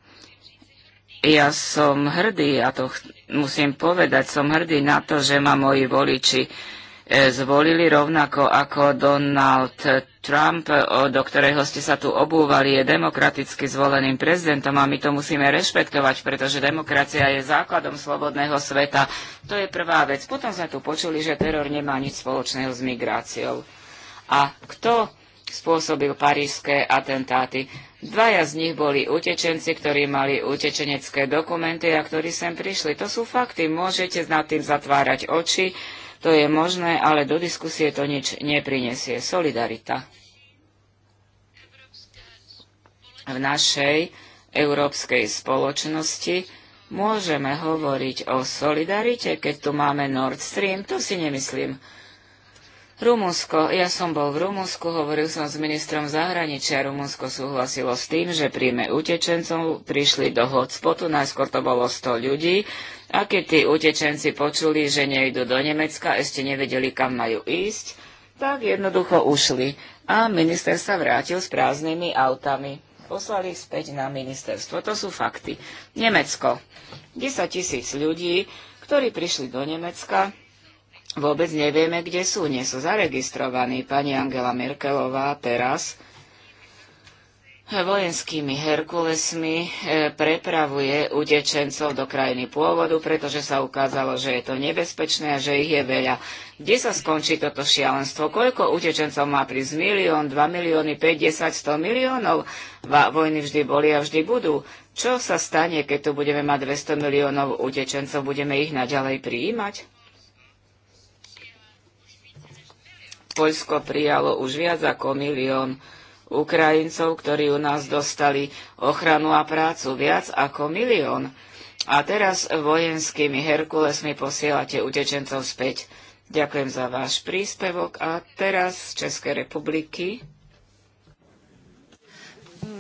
Ja som hrdý, a to musím povedať, som hrdý na to, že ma moji voliči E, zvolili, rovnako ako Donald Trump, e, do ktorého ste sa tu obúvali, je demokraticky zvoleným prezidentom a my to musíme rešpektovať, pretože demokracia je základom slobodného sveta. To je prvá vec. Potom sme tu počuli, že teror nemá nič spoločného s migráciou. A kto spôsobil parížské atentáty? Dvaja z nich boli utečenci, ktorí mali utečenecké dokumenty a ktorí sem prišli. To sú fakty. Môžete nad tým zatvárať oči to je možné, ale do diskusie to nič neprinesie. Solidarita. V našej európskej spoločnosti môžeme hovoriť o solidarite, keď tu máme Nord Stream, to si nemyslím. Rumunsko. Ja som bol v Rumunsku, hovoril som s ministrom zahraničia. Rumunsko súhlasilo s tým, že príjme utečencov, prišli do hotspotu, najskôr to bolo 100 ľudí, a keď tí utečenci počuli, že nejdu do Nemecka, ešte nevedeli, kam majú ísť, tak jednoducho ušli. A minister sa vrátil s prázdnymi autami. Poslali ich späť na ministerstvo. To sú fakty. Nemecko. 10 tisíc ľudí, ktorí prišli do Nemecka, vôbec nevieme, kde sú. Nie sú zaregistrovaní. Pani Angela Merkelová teraz vojenskými Herkulesmi e, prepravuje utečencov do krajiny pôvodu, pretože sa ukázalo, že je to nebezpečné a že ich je veľa. Kde sa skončí toto šialenstvo? Koľko utečencov má prísť? Milión, dva milióny, 5, desať, 100 miliónov? Vojny vždy boli a vždy budú. Čo sa stane, keď tu budeme mať 200 miliónov utečencov? Budeme ich naďalej prijímať? Poľsko prijalo už viac ako milión utečencov Ukrajincov, ktorí u nás dostali ochranu a prácu viac ako milión. A teraz vojenskými Herkulesmi posielate utečencov späť. Ďakujem za váš príspevok a teraz z Českej republiky.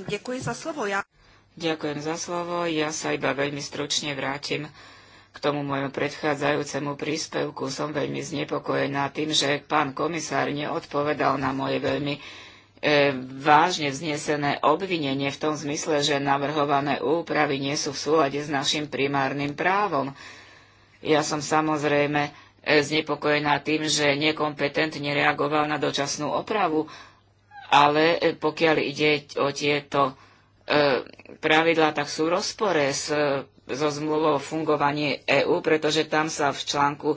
Ďakujem za slovo. Ja... Ďakujem za slovo. Ja sa iba veľmi stručne vrátim k tomu môjmu predchádzajúcemu príspevku. Som veľmi znepokojená tým, že pán komisár neodpovedal na moje veľmi E, vážne vznesené obvinenie v tom zmysle, že navrhované úpravy nie sú v súlade s našim primárnym právom. Ja som samozrejme e, znepokojená tým, že nekompetentne reagoval na dočasnú opravu, ale e, pokiaľ ide o tieto pravidlá, tak sú rozpore s so zmluvou o fungovaní EÚ, pretože tam sa v článku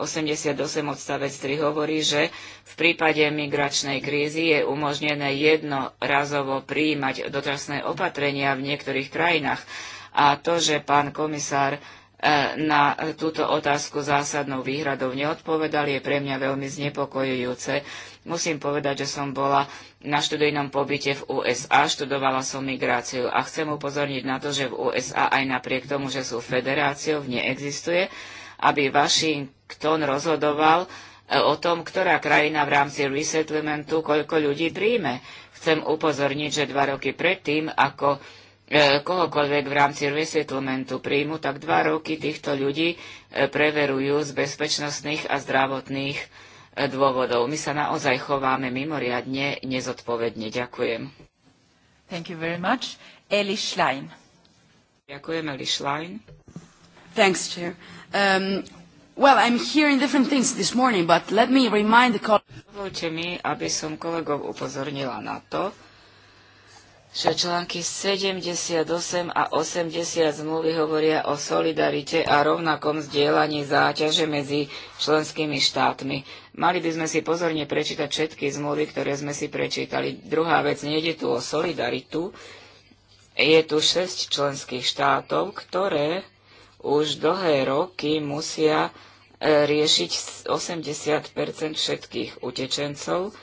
88 odstavec 3 hovorí, že v prípade migračnej krízy je umožnené jednorazovo prijímať dočasné opatrenia v niektorých krajinách. A to, že pán komisár E, na túto otázku zásadnou výhradou neodpovedal, je pre mňa veľmi znepokojujúce. Musím povedať, že som bola na študijnom pobyte v USA, študovala som migráciu a chcem upozorniť na to, že v USA aj napriek tomu, že sú federáciou, neexistuje, aby Washington rozhodoval e, o tom, ktorá krajina v rámci resettlementu koľko ľudí príjme. Chcem upozorniť, že dva roky predtým, ako E, kohokoľvek v rámci resettlementu príjmu, tak dva roky týchto ľudí e, preverujú z bezpečnostných a zdravotných e, dôvodov. My sa naozaj chováme mimoriadne nezodpovedne. Ďakujem. Thank you very much. Eli Schlein. Ďakujem, Eli Schlein. Thanks, Chair. Um, well, I'm hearing different things this morning, but let me remind the colleagues... Dovolte mi, aby som kolegov upozornila na to, že články 78 a 80 zmluvy hovoria o solidarite a rovnakom zdieľaní záťaže medzi členskými štátmi. Mali by sme si pozorne prečítať všetky zmluvy, ktoré sme si prečítali. Druhá vec, nejde tu o solidaritu. Je tu 6 členských štátov, ktoré už dlhé roky musia e, riešiť 80 všetkých utečencov,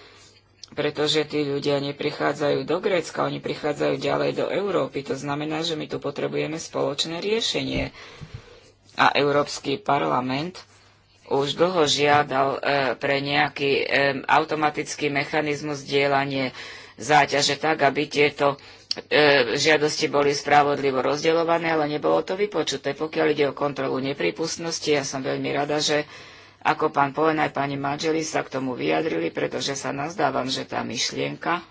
pretože tí ľudia neprichádzajú do Grécka, oni prichádzajú ďalej do Európy. To znamená, že my tu potrebujeme spoločné riešenie. A Európsky parlament už dlho žiadal e, pre nejaký e, automatický mechanizmus dielanie záťaže tak, aby tieto e, žiadosti boli spravodlivo rozdeľované, ale nebolo to vypočuté. Pokiaľ ide o kontrolu nepripustnosti, ja som veľmi rada, že ako pán Poen aj pani Madželi sa k tomu vyjadrili, pretože sa nazdávam, že tá myšlienka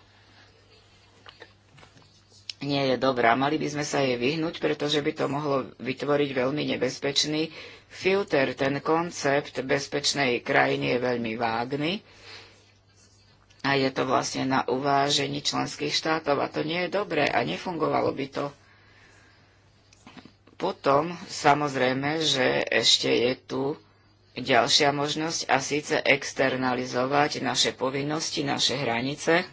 nie je dobrá. Mali by sme sa jej vyhnúť, pretože by to mohlo vytvoriť veľmi nebezpečný filter. Ten koncept bezpečnej krajiny je veľmi vágny a je to vlastne na uvážení členských štátov a to nie je dobré a nefungovalo by to. Potom samozrejme, že ešte je tu ďalšia možnosť a síce externalizovať naše povinnosti, naše hranice.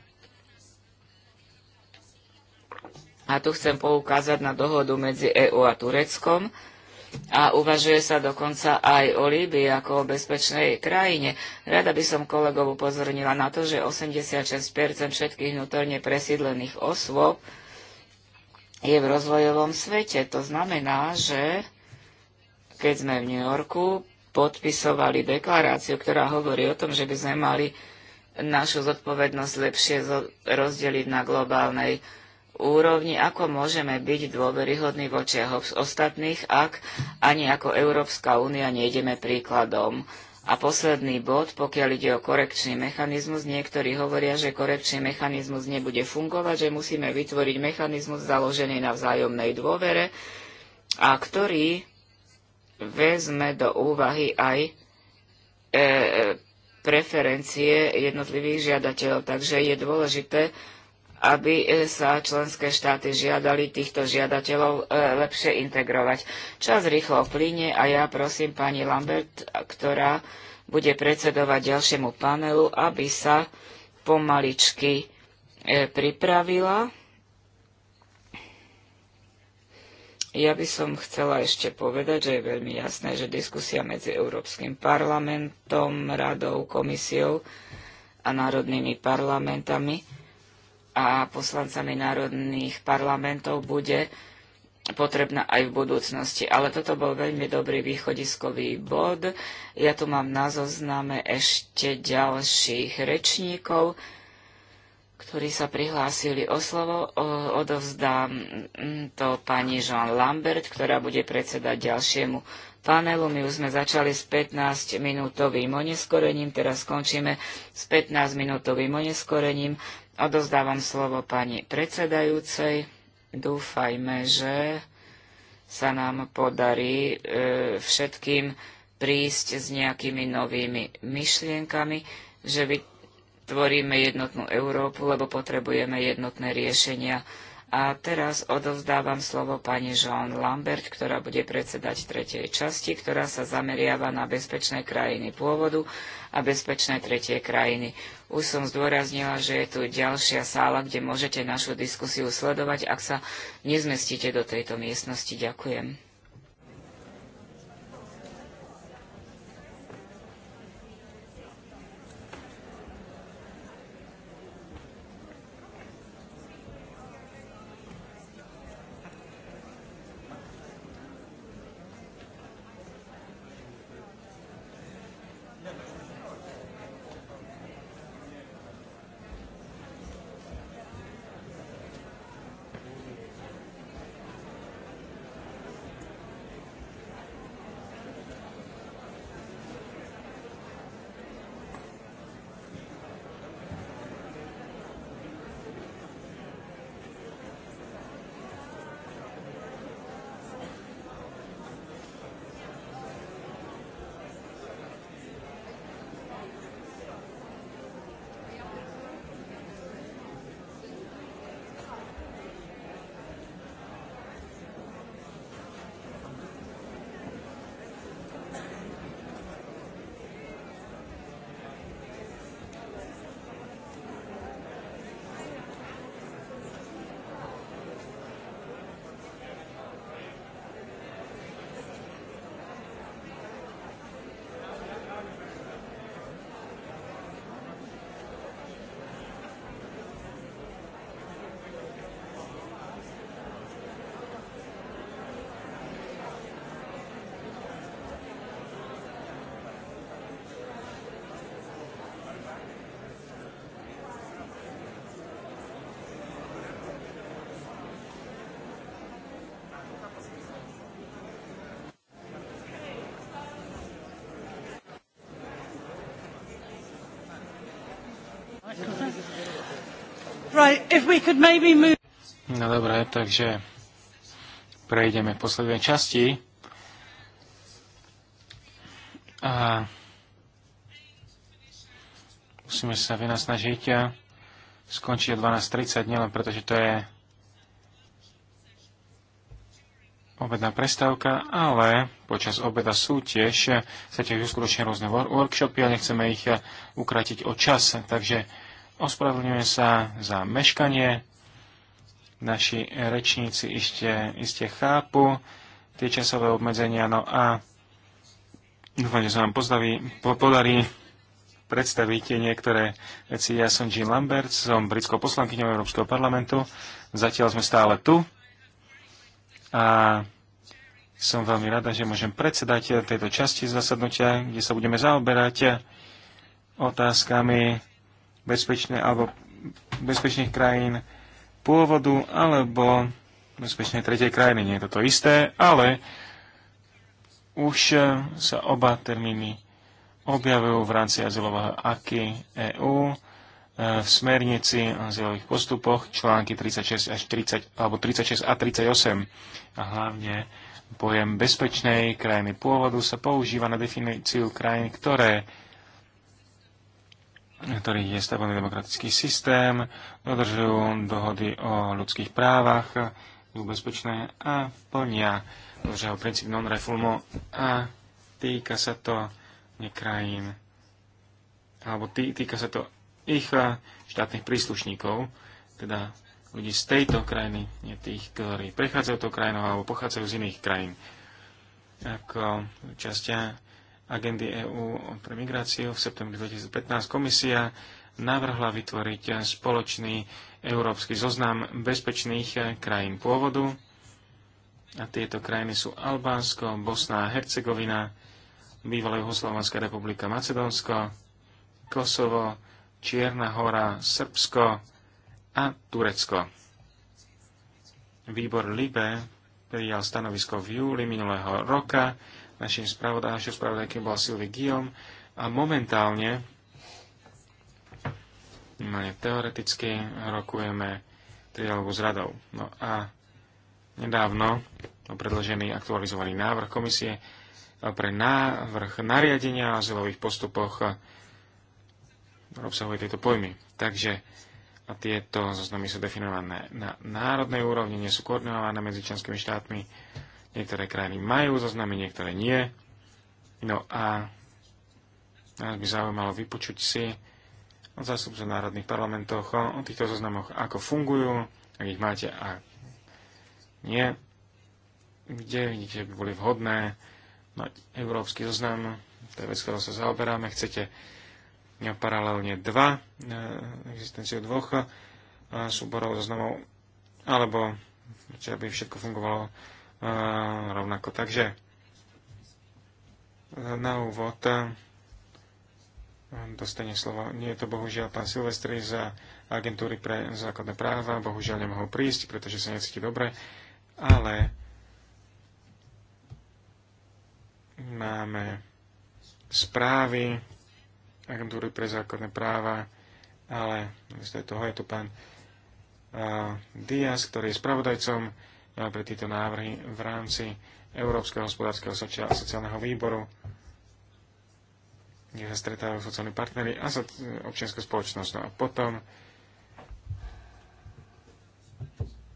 A tu chcem poukázať na dohodu medzi EÚ a Tureckom a uvažuje sa dokonca aj o Líbii ako o bezpečnej krajine. Rada by som kolegov upozornila na to, že 86 všetkých vnútorne presídlených osôb je v rozvojovom svete. To znamená, že keď sme v New Yorku, podpisovali deklaráciu, ktorá hovorí o tom, že by sme mali našu zodpovednosť lepšie rozdeliť na globálnej úrovni, ako môžeme byť dôveryhodní voči ostatných, ak ani ako Európska únia nejdeme príkladom. A posledný bod, pokiaľ ide o korekčný mechanizmus, niektorí hovoria, že korekčný mechanizmus nebude fungovať, že musíme vytvoriť mechanizmus založený na vzájomnej dôvere a ktorý vezme do úvahy aj e, e, preferencie jednotlivých žiadateľov. Takže je dôležité, aby e, sa členské štáty žiadali týchto žiadateľov e, lepšie integrovať. Čas rýchlo plyne a ja prosím pani Lambert, ktorá bude predsedovať ďalšiemu panelu, aby sa pomaličky pripravila. Ja by som chcela ešte povedať, že je veľmi jasné, že diskusia medzi Európskym parlamentom, radou, komisiou a národnými parlamentami a poslancami národných parlamentov bude potrebná aj v budúcnosti. Ale toto bol veľmi dobrý východiskový bod. Ja tu mám na zozname ešte ďalších rečníkov ktorí sa prihlásili o slovo. O, odovzdám to pani Jean Lambert, ktorá bude predsedať ďalšiemu panelu. My už sme začali s 15-minútovým oneskorením, teraz skončíme s 15-minútovým oneskorením. Odozdávam slovo pani predsedajúcej. Dúfajme, že sa nám podarí e, všetkým prísť s nejakými novými myšlienkami, že vy tvoríme jednotnú Európu, lebo potrebujeme jednotné riešenia. A teraz odovzdávam slovo pani Jean Lambert, ktorá bude predsedať tretej časti, ktorá sa zameriava na bezpečné krajiny pôvodu a bezpečné tretie krajiny. Už som zdôraznila, že je tu ďalšia sála, kde môžete našu diskusiu sledovať, ak sa nezmestíte do tejto miestnosti. Ďakujem. Right, if we could maybe move... No dobré, takže prejdeme k poslednej časti. A musíme sa vynasnažiť a skončiť o 12.30, nielen pretože to je obedná prestávka, ale počas obeda sú tiež, sa tiež uskutočne rôzne workshopy a nechceme ich ukratiť o čas, takže Ospravedlňuje sa za meškanie. Naši rečníci ešte iste chápu tie časové obmedzenia. No a dúfam, že sa vám pozdaví, po, podarí predstaviť niektoré veci. Ja som Jean Lambert, som britskou poslankyňou Európskeho parlamentu. Zatiaľ sme stále tu. A som veľmi rada, že môžem predsedať tejto časti zasadnutia, kde sa budeme zaoberať otázkami bezpečné, alebo bezpečných krajín pôvodu alebo bezpečnej tretej krajiny. Nie je to to isté, ale už eh, sa oba termíny objavujú v rámci azylového aky EU eh, v smernici azylových postupoch články 36 až 30, alebo 36 a 38 a hlavne pojem bezpečnej krajiny pôvodu sa používa na definíciu krajín, ktoré ktorých je stabilný demokratický systém, dodržujú dohody o ľudských právach, sú bezpečné a plnia dodržiavajú princíp non-reformu a týka sa to nekrajín alebo tý, týka sa to ich eh, štátnych príslušníkov, teda ľudí z tejto krajiny, nie tých, ktorí prechádzajú to krajinou alebo pochádzajú z iných krajín. Ako časťa agendy EÚ pre migráciu v septembri 2015 komisia navrhla vytvoriť spoločný európsky zoznam bezpečných eh, krajín pôvodu. A tieto krajiny sú Albánsko, Bosná a Hercegovina, bývalá Juhoslovanská republika Macedónsko, Kosovo, Čierna hora, Srbsko a Turecko. Výbor Libe prijal stanovisko v júli minulého roka Našim spravodaj, našou spravodajkým bola Sylvie Guillaume a momentálne no, teoreticky rokujeme trialogu s radou. No a nedávno predložený aktualizovaný návrh komisie pre návrh nariadenia o azylových postupoch obsahuje tieto pojmy. Takže a tieto zoznamy sú definované na národnej úrovni, nie sú koordinované medzi členskými štátmi Niektoré krajiny majú zoznamy, niektoré nie. No a nás by zaujímalo vypočuť si od zástupcov národných parlamentov o týchto zoznamoch, ako fungujú, ak ich máte a nie, kde vidíte, by boli vhodné mať európsky zoznam, to je vec, ktorou sa zaoberáme, chcete paralelne dva, e, existenciu dvoch e, súborov zoznamov, alebo aby všetko fungovalo rovnako. Takže e, na úvod e, dostane slovo. Nie je to bohužiaľ pán Silvestri za agentúry pre základné práva. Bohužiaľ nemohol prísť, pretože sa necíti dobre, ale máme správy agentúry pre základné práva, ale z toho je tu pán e, Diaz, ktorý je spravodajcom pre tieto návrhy v rámci Európskeho hospodárskeho sociálneho výboru, kde sa stretávajú sociálni partnery a občianská spoločnosť. No a potom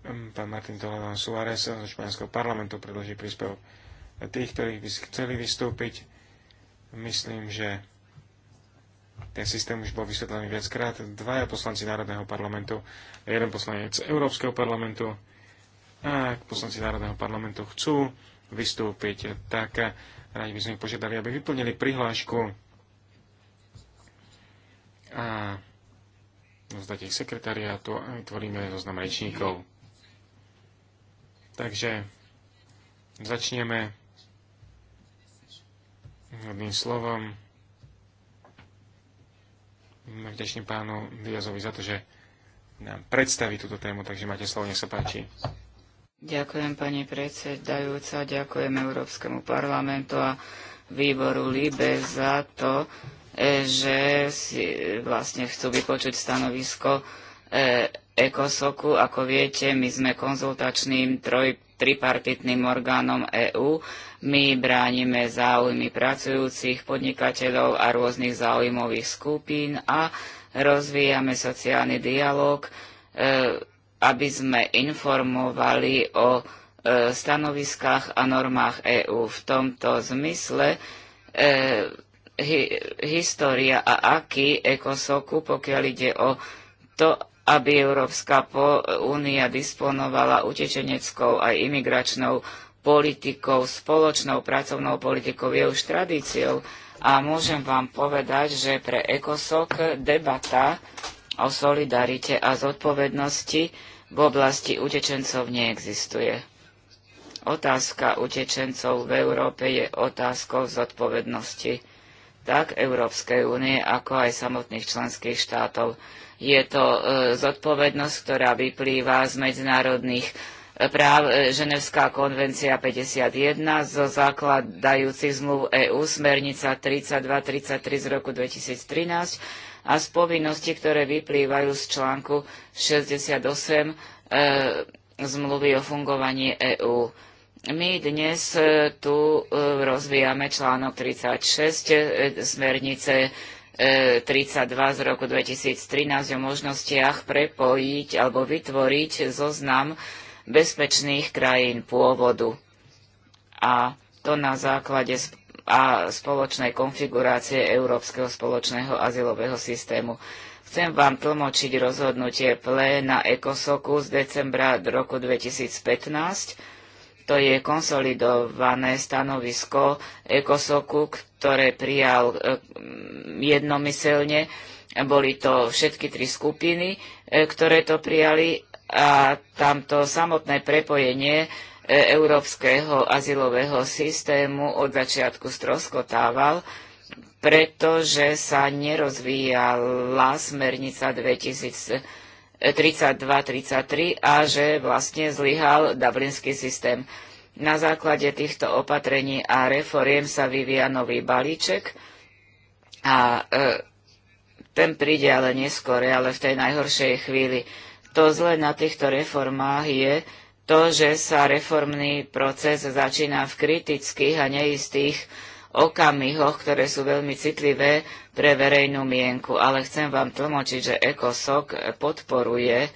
mm, pán Martin Toledo Suárez zo Španielského parlamentu predloží príspevok tých, ktorí by chceli vystúpiť. Myslím, že ten systém už bol vysvetlený viackrát. Dvaja poslanci Národného parlamentu a jeden poslanec Európskeho parlamentu a ak poslanci Národného parlamentu chcú vystúpiť, tak radi by sme ich požiadali, aby vyplnili prihlášku a zdať ich sekretariátu a vytvoríme zoznam rečníkov. Takže začneme jedným slovom. Vďačný pánu Diazovi za to, že nám predstaví túto tému, takže máte slovo, nech sa páči. Ďakujem pani predsedajúca, ďakujem Európskemu parlamentu a výboru LIBE za to, e, že si vlastne chcú vypočuť stanovisko ECOSOKu. Ako viete, my sme konzultačným troj, tripartitným orgánom EÚ. My bránime záujmy pracujúcich, podnikateľov a rôznych záujmových skupín a rozvíjame sociálny dialog e, aby sme informovali o e, stanoviskách a normách EÚ. V tomto zmysle e, hi, história a aký ekosoku, pokiaľ ide o to, aby Európska únia disponovala utečeneckou aj imigračnou politikou, spoločnou pracovnou politikou, je už tradíciou. A môžem vám povedať, že pre EKOSOK debata o solidarite a zodpovednosti v oblasti utečencov neexistuje. Otázka utečencov v Európe je otázkou zodpovednosti tak Európskej únie, ako aj samotných členských štátov. Je to e, zodpovednosť, ktorá vyplýva z medzinárodných e, práv e, Ženevská konvencia 51 zo základajúcich zmluv EÚ, smernica 32-33 z roku 2013 a z povinností, ktoré vyplývajú z článku 68 e, zmluvy o fungovaní EÚ. My dnes e, tu e, rozvíjame článok 36 e, smernice 32 z roku 2013 o možnostiach prepojiť alebo vytvoriť zoznam bezpečných krajín pôvodu. A to na základe a spoločnej konfigurácie Európskeho spoločného azylového systému. Chcem vám tlmočiť rozhodnutie pléna ECOSOKu z decembra roku 2015. To je konsolidované stanovisko ECOSOKu, ktoré prijal e, jednomyselne. Boli to všetky tri skupiny, e, ktoré to prijali a tamto samotné prepojenie E, európskeho azylového systému od začiatku stroskotával, pretože sa nerozvíjala smernica 2032-33 e, a že vlastne zlyhal dublinský systém. Na základe týchto opatrení a reforiem sa vyvíja nový balíček a e, ten príde ale neskore, ale v tej najhoršej chvíli. To zle na týchto reformách je, to, že sa reformný proces začína v kritických a neistých okamihoch, ktoré sú veľmi citlivé pre verejnú mienku. Ale chcem vám tlmočiť, že ECOSOC podporuje e,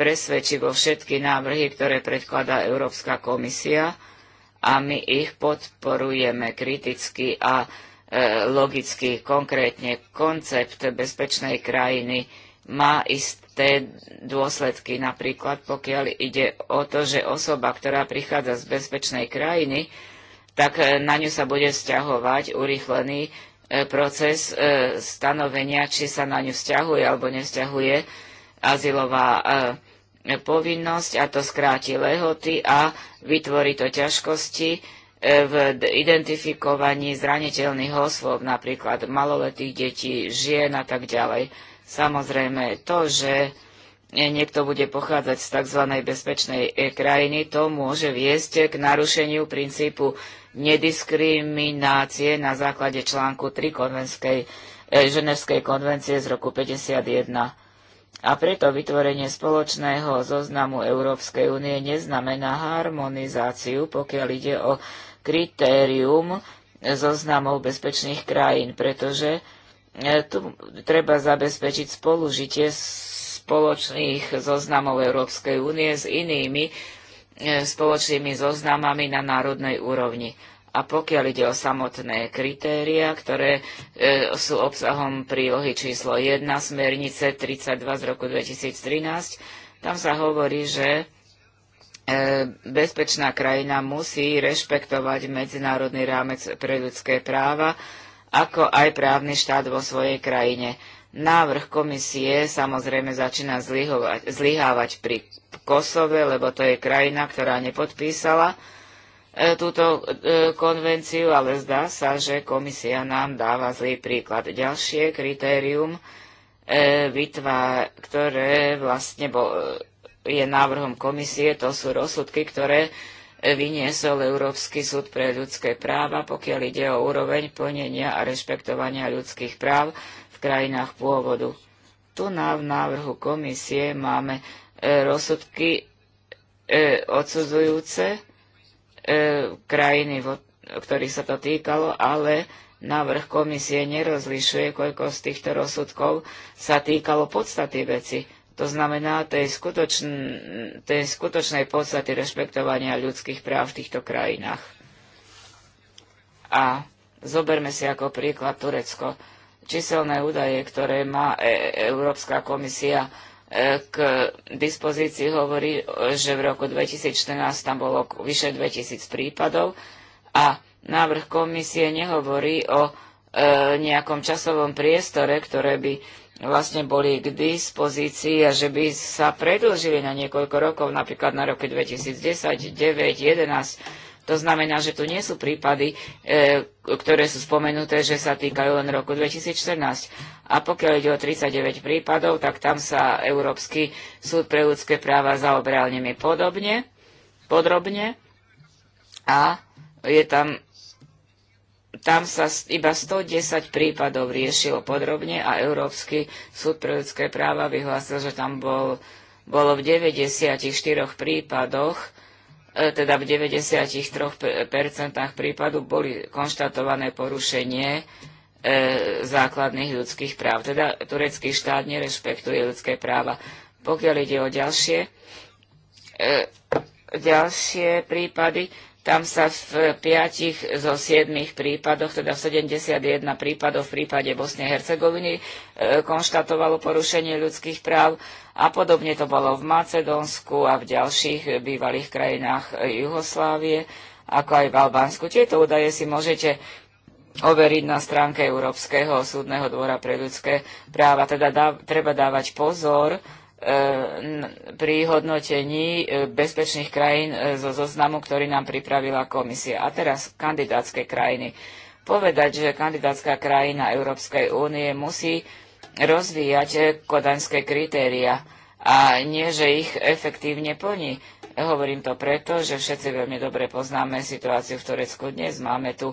presvedčivo všetky návrhy, ktoré predkladá Európska komisia a my ich podporujeme kriticky a e, logicky. Konkrétne koncept bezpečnej krajiny má isté isté dôsledky. Napríklad, pokiaľ ide o to, že osoba, ktorá prichádza z bezpečnej krajiny, tak e, na ňu sa bude vzťahovať urýchlený e, proces e, stanovenia, či sa na ňu vzťahuje alebo nevzťahuje azylová povinnosť a to skráti lehoty a vytvorí to ťažkosti v identifikovaní zraniteľných osôb, napríklad maloletých detí, žien a tak ďalej. Samozrejme, to, že niekto bude pochádzať z tzv. bezpečnej eh, krajiny, to môže viesť k narušeniu princípu nediskriminácie na základe článku 3 konvenskej, eh, Ženevskej konvencie z roku 51. A preto vytvorenie spoločného zoznamu Európskej únie neznamená harmonizáciu, pokiaľ ide o kritérium zoznamov bezpečných krajín, pretože E, tu treba zabezpečiť spolužitie spoločných zoznamov Európskej únie s inými e, spoločnými zoznamami na národnej úrovni. A pokiaľ ide o samotné kritéria, ktoré e, sú obsahom prílohy číslo 1 smernice 32 z roku 2013, tam sa hovorí, že bezpečná krajina musí rešpektovať medzinárodný rámec pre ľudské práva, ako aj právny štát vo svojej krajine. Návrh komisie samozrejme začína zlyhovať, zlyhávať pri Kosove, lebo to je krajina, ktorá nepodpísala e, túto e, konvenciu, ale zdá sa, že komisia nám dáva zlý príklad. Ďalšie kritérium, e, vytvá, ktoré vlastne bol, e, je návrhom komisie, to sú rozsudky, ktoré vyniesol Európsky súd pre ľudské práva, pokiaľ ide o úroveň plnenia a rešpektovania ľudských práv v krajinách pôvodu. Tu na v návrhu komisie máme e, rozsudky e, odsudzujúce e, krajiny, ktorých sa to týkalo, ale návrh komisie nerozlišuje, koľko z týchto rozsudkov sa týkalo podstaty veci to znamená tej, skutočn- tej skutočnej podstaty rešpektovania ľudských práv v týchto krajinách. A zoberme si ako príklad Turecko. Číselné údaje, ktoré má e- Európska komisia e- k dispozícii, hovorí, že v roku 2014 tam bolo vyše 2000 prípadov a návrh komisie nehovorí o e- nejakom časovom priestore, ktoré by vlastne boli k dispozícii a že by sa predlžili na niekoľko rokov, napríklad na roky 2010, 2009, 2011. To znamená, že tu nie sú prípady, e, ktoré sú spomenuté, že sa týkajú len roku 2014. A pokiaľ ide o 39 prípadov, tak tam sa Európsky súd pre ľudské práva zaoberal nimi podobne, podrobne a je tam tam sa iba 110 prípadov riešilo podrobne a Európsky súd pre ľudské práva vyhlásil, že tam bol, bolo v 94 prípadoch, e, teda v 93% prípadu boli konštatované porušenie e, základných ľudských práv. Teda turecký štát nerešpektuje ľudské práva. Pokiaľ ide o ďalšie, e, ďalšie prípady, tam sa v 5 zo 7 prípadoch, teda v 71 prípadoch v prípade Bosnej Hercegoviny e, konštatovalo porušenie ľudských práv a podobne to bolo v Macedónsku a v ďalších bývalých krajinách e, Juhoslávie, ako aj v Albánsku. Tieto údaje si môžete overiť na stránke Európskeho súdneho dvora pre ľudské práva. Teda dá, treba dávať pozor, Eh, pri hodnotení eh, bezpečných krajín eh, zo zoznamu, ktorý nám pripravila komisia. A teraz kandidátske krajiny. Povedať, že kandidátska krajina Európskej únie musí rozvíjať kodaňské kritéria a nie, že ich efektívne plní. Hovorím to preto, že všetci veľmi dobre poznáme situáciu v Turecku dnes. Máme tu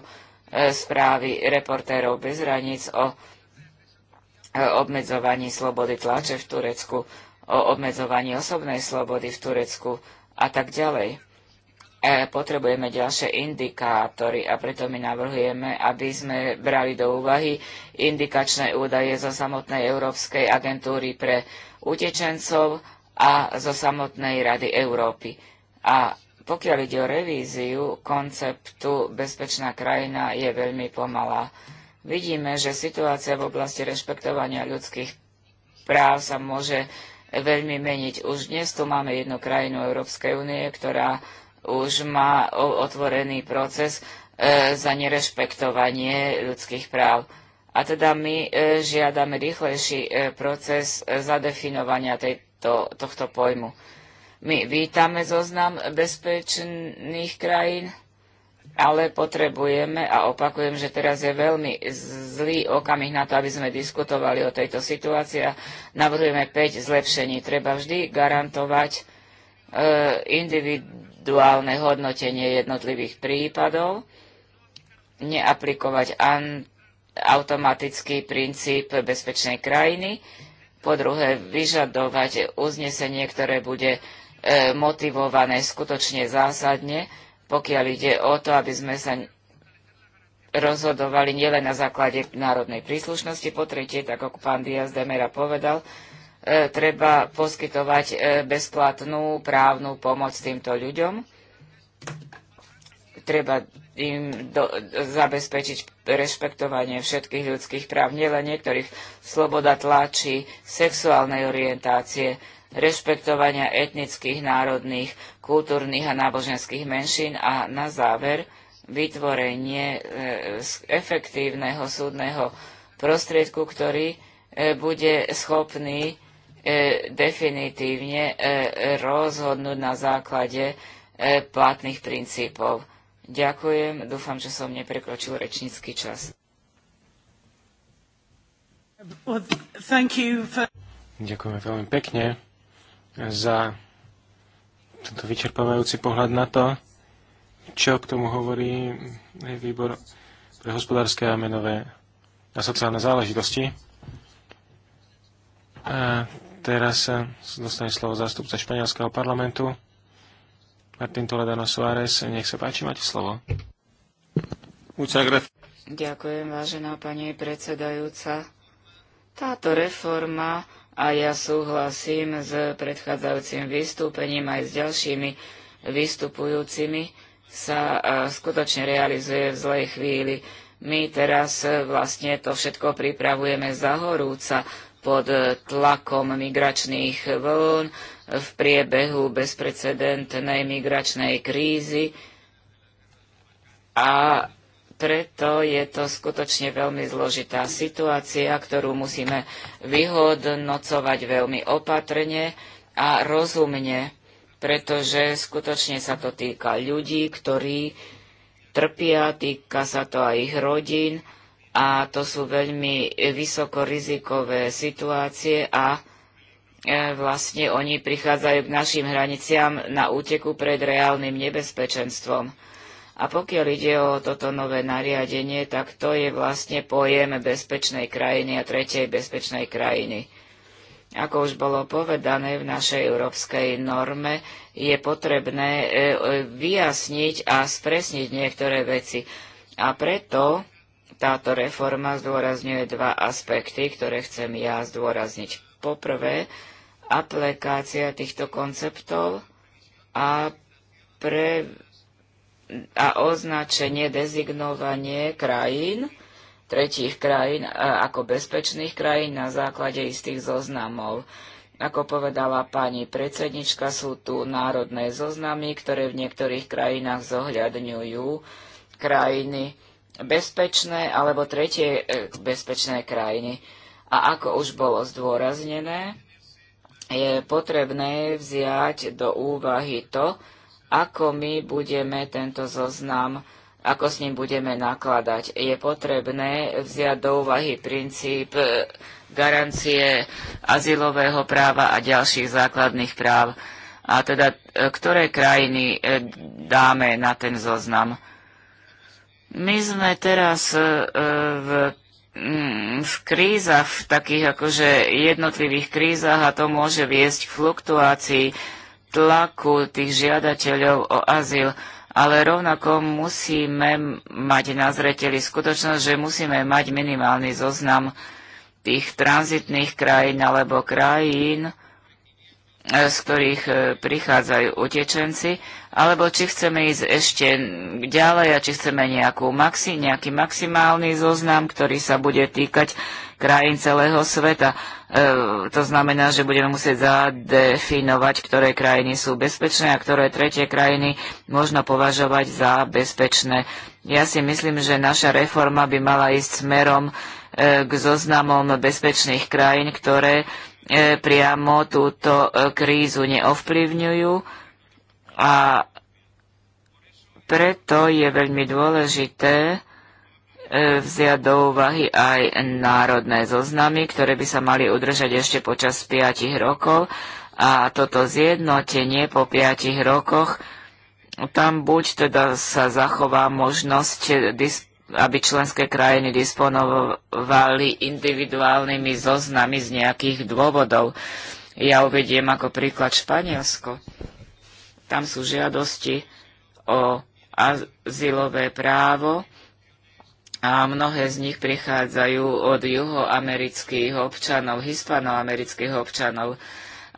správy reportérov bez hraníc o obmedzovaní slobody tlače v Turecku o obmedzovaní osobnej slobody v Turecku a tak ďalej. E, potrebujeme ďalšie indikátory a preto my navrhujeme, aby sme brali do úvahy indikačné údaje zo samotnej Európskej agentúry pre utečencov a zo samotnej Rady Európy. A pokiaľ ide o revíziu konceptu bezpečná krajina je veľmi pomalá. Vidíme, že situácia v oblasti rešpektovania ľudských práv sa môže veľmi meniť. Už dnes tu máme jednu krajinu Európskej únie, ktorá už má otvorený proces e, za nerešpektovanie ľudských práv. A teda my e, žiadame rýchlejší e, proces zadefinovania tejto, tohto pojmu. My vítame zoznam bezpečných krajín, ale potrebujeme, a opakujem, že teraz je veľmi zlý okamih na to, aby sme diskutovali o tejto situácii a navrhujeme 5 zlepšení. Treba vždy garantovať e, individuálne hodnotenie jednotlivých prípadov, neaplikovať an, automatický princíp bezpečnej krajiny, po druhé vyžadovať uznesenie, ktoré bude e, motivované skutočne zásadne, pokiaľ ide o to, aby sme sa rozhodovali nielen na základe národnej príslušnosti. Po tretie, tak ako pán Diaz Demera povedal, e, treba poskytovať e, bezplatnú právnu pomoc týmto ľuďom. Treba im do, zabezpečiť rešpektovanie všetkých ľudských práv, nielen niektorých, sloboda tlači, sexuálnej orientácie, rešpektovania etnických, národných, kultúrnych a náboženských menšín a na záver vytvorenie e, efektívneho súdneho prostriedku, ktorý e, bude schopný e, definitívne rozhodnúť na základe platných princípov. Ďakujem, dúfam, že som neprekročil rečnícky čas. Ďakujeme veľmi pekne za tento vyčerpávajúci pohľad na to, čo k tomu hovorí výbor pre hospodárske a menové a sociálne záležitosti. A teraz dostane slovo zástupca španielského parlamentu. Martin Toledano Suárez, nech sa páči, máte slovo. Ďakujem, vážená pani predsedajúca. Táto reforma a ja súhlasím s predchádzajúcim vystúpením aj s ďalšími vystupujúcimi, sa skutočne realizuje v zlej chvíli. My teraz e, vlastne to všetko pripravujeme za horúca pod e, tlakom migračných vln v priebehu bezprecedentnej migračnej krízy a preto je to skutočne veľmi zložitá situácia, ktorú musíme vyhodnocovať veľmi opatrne a rozumne, pretože skutočne sa to týka ľudí, ktorí trpia, týka sa to aj ich rodín a to sú veľmi vysokorizikové situácie a e, vlastne oni prichádzajú k našim hraniciam na úteku pred reálnym nebezpečenstvom. A pokiaľ ide o toto nové nariadenie, tak to je vlastne pojem bezpečnej krajiny a tretej bezpečnej krajiny. Ako už bolo povedané v našej európskej norme, je potrebné e, e, vyjasniť a spresniť niektoré veci. A preto táto reforma zdôrazňuje dva aspekty, ktoré chcem ja zdôrazniť. Poprvé, aplikácia týchto konceptov a pre a označenie, dezignovanie krajín, tretích krajín ako bezpečných krajín na základe istých zoznamov. Ako povedala pani predsednička, sú tu národné zoznamy, ktoré v niektorých krajinách zohľadňujú krajiny bezpečné alebo tretie e, bezpečné krajiny. A ako už bolo zdôraznené, je potrebné vziať do úvahy to, ako my budeme tento zoznam, ako s ním budeme nakladať. Je potrebné vziať do úvahy princíp e, garancie azylového práva a ďalších základných práv. A teda, e, ktoré krajiny e, dáme na ten zoznam? My sme teraz v mm, v krízach, v takých akože jednotlivých krízach a to môže viesť k fluktuácii tlaku tých žiadateľov o azyl, ale rovnako musíme mať na zreteli skutočnosť, že musíme mať minimálny zoznam tých tranzitných krajín alebo krajín, e, z ktorých e, prichádzajú utečenci, alebo či chceme ísť ešte ďalej a či chceme nejakú maxi, nejaký maximálny zoznam, ktorý sa bude týkať krajín celého sveta. E, to znamená, že budeme musieť zadefinovať, ktoré krajiny sú bezpečné a ktoré tretie krajiny možno považovať za bezpečné. Ja si myslím, že naša reforma by mala ísť smerom e, k zoznamom bezpečných krajín, ktoré e, priamo túto krízu neovplyvňujú a preto je veľmi dôležité, E, vziať do úvahy aj národné zoznamy, ktoré by sa mali udržať ešte počas 5 rokov a toto zjednotenie po 5 rokoch tam buď teda sa zachová možnosť, e, aby členské krajiny disponovali individuálnymi zoznami z nejakých dôvodov. Ja uvediem ako príklad Španielsko. Tam sú žiadosti o azylové právo a mnohé z nich prichádzajú od juhoamerických občanov, hispanoamerických občanov.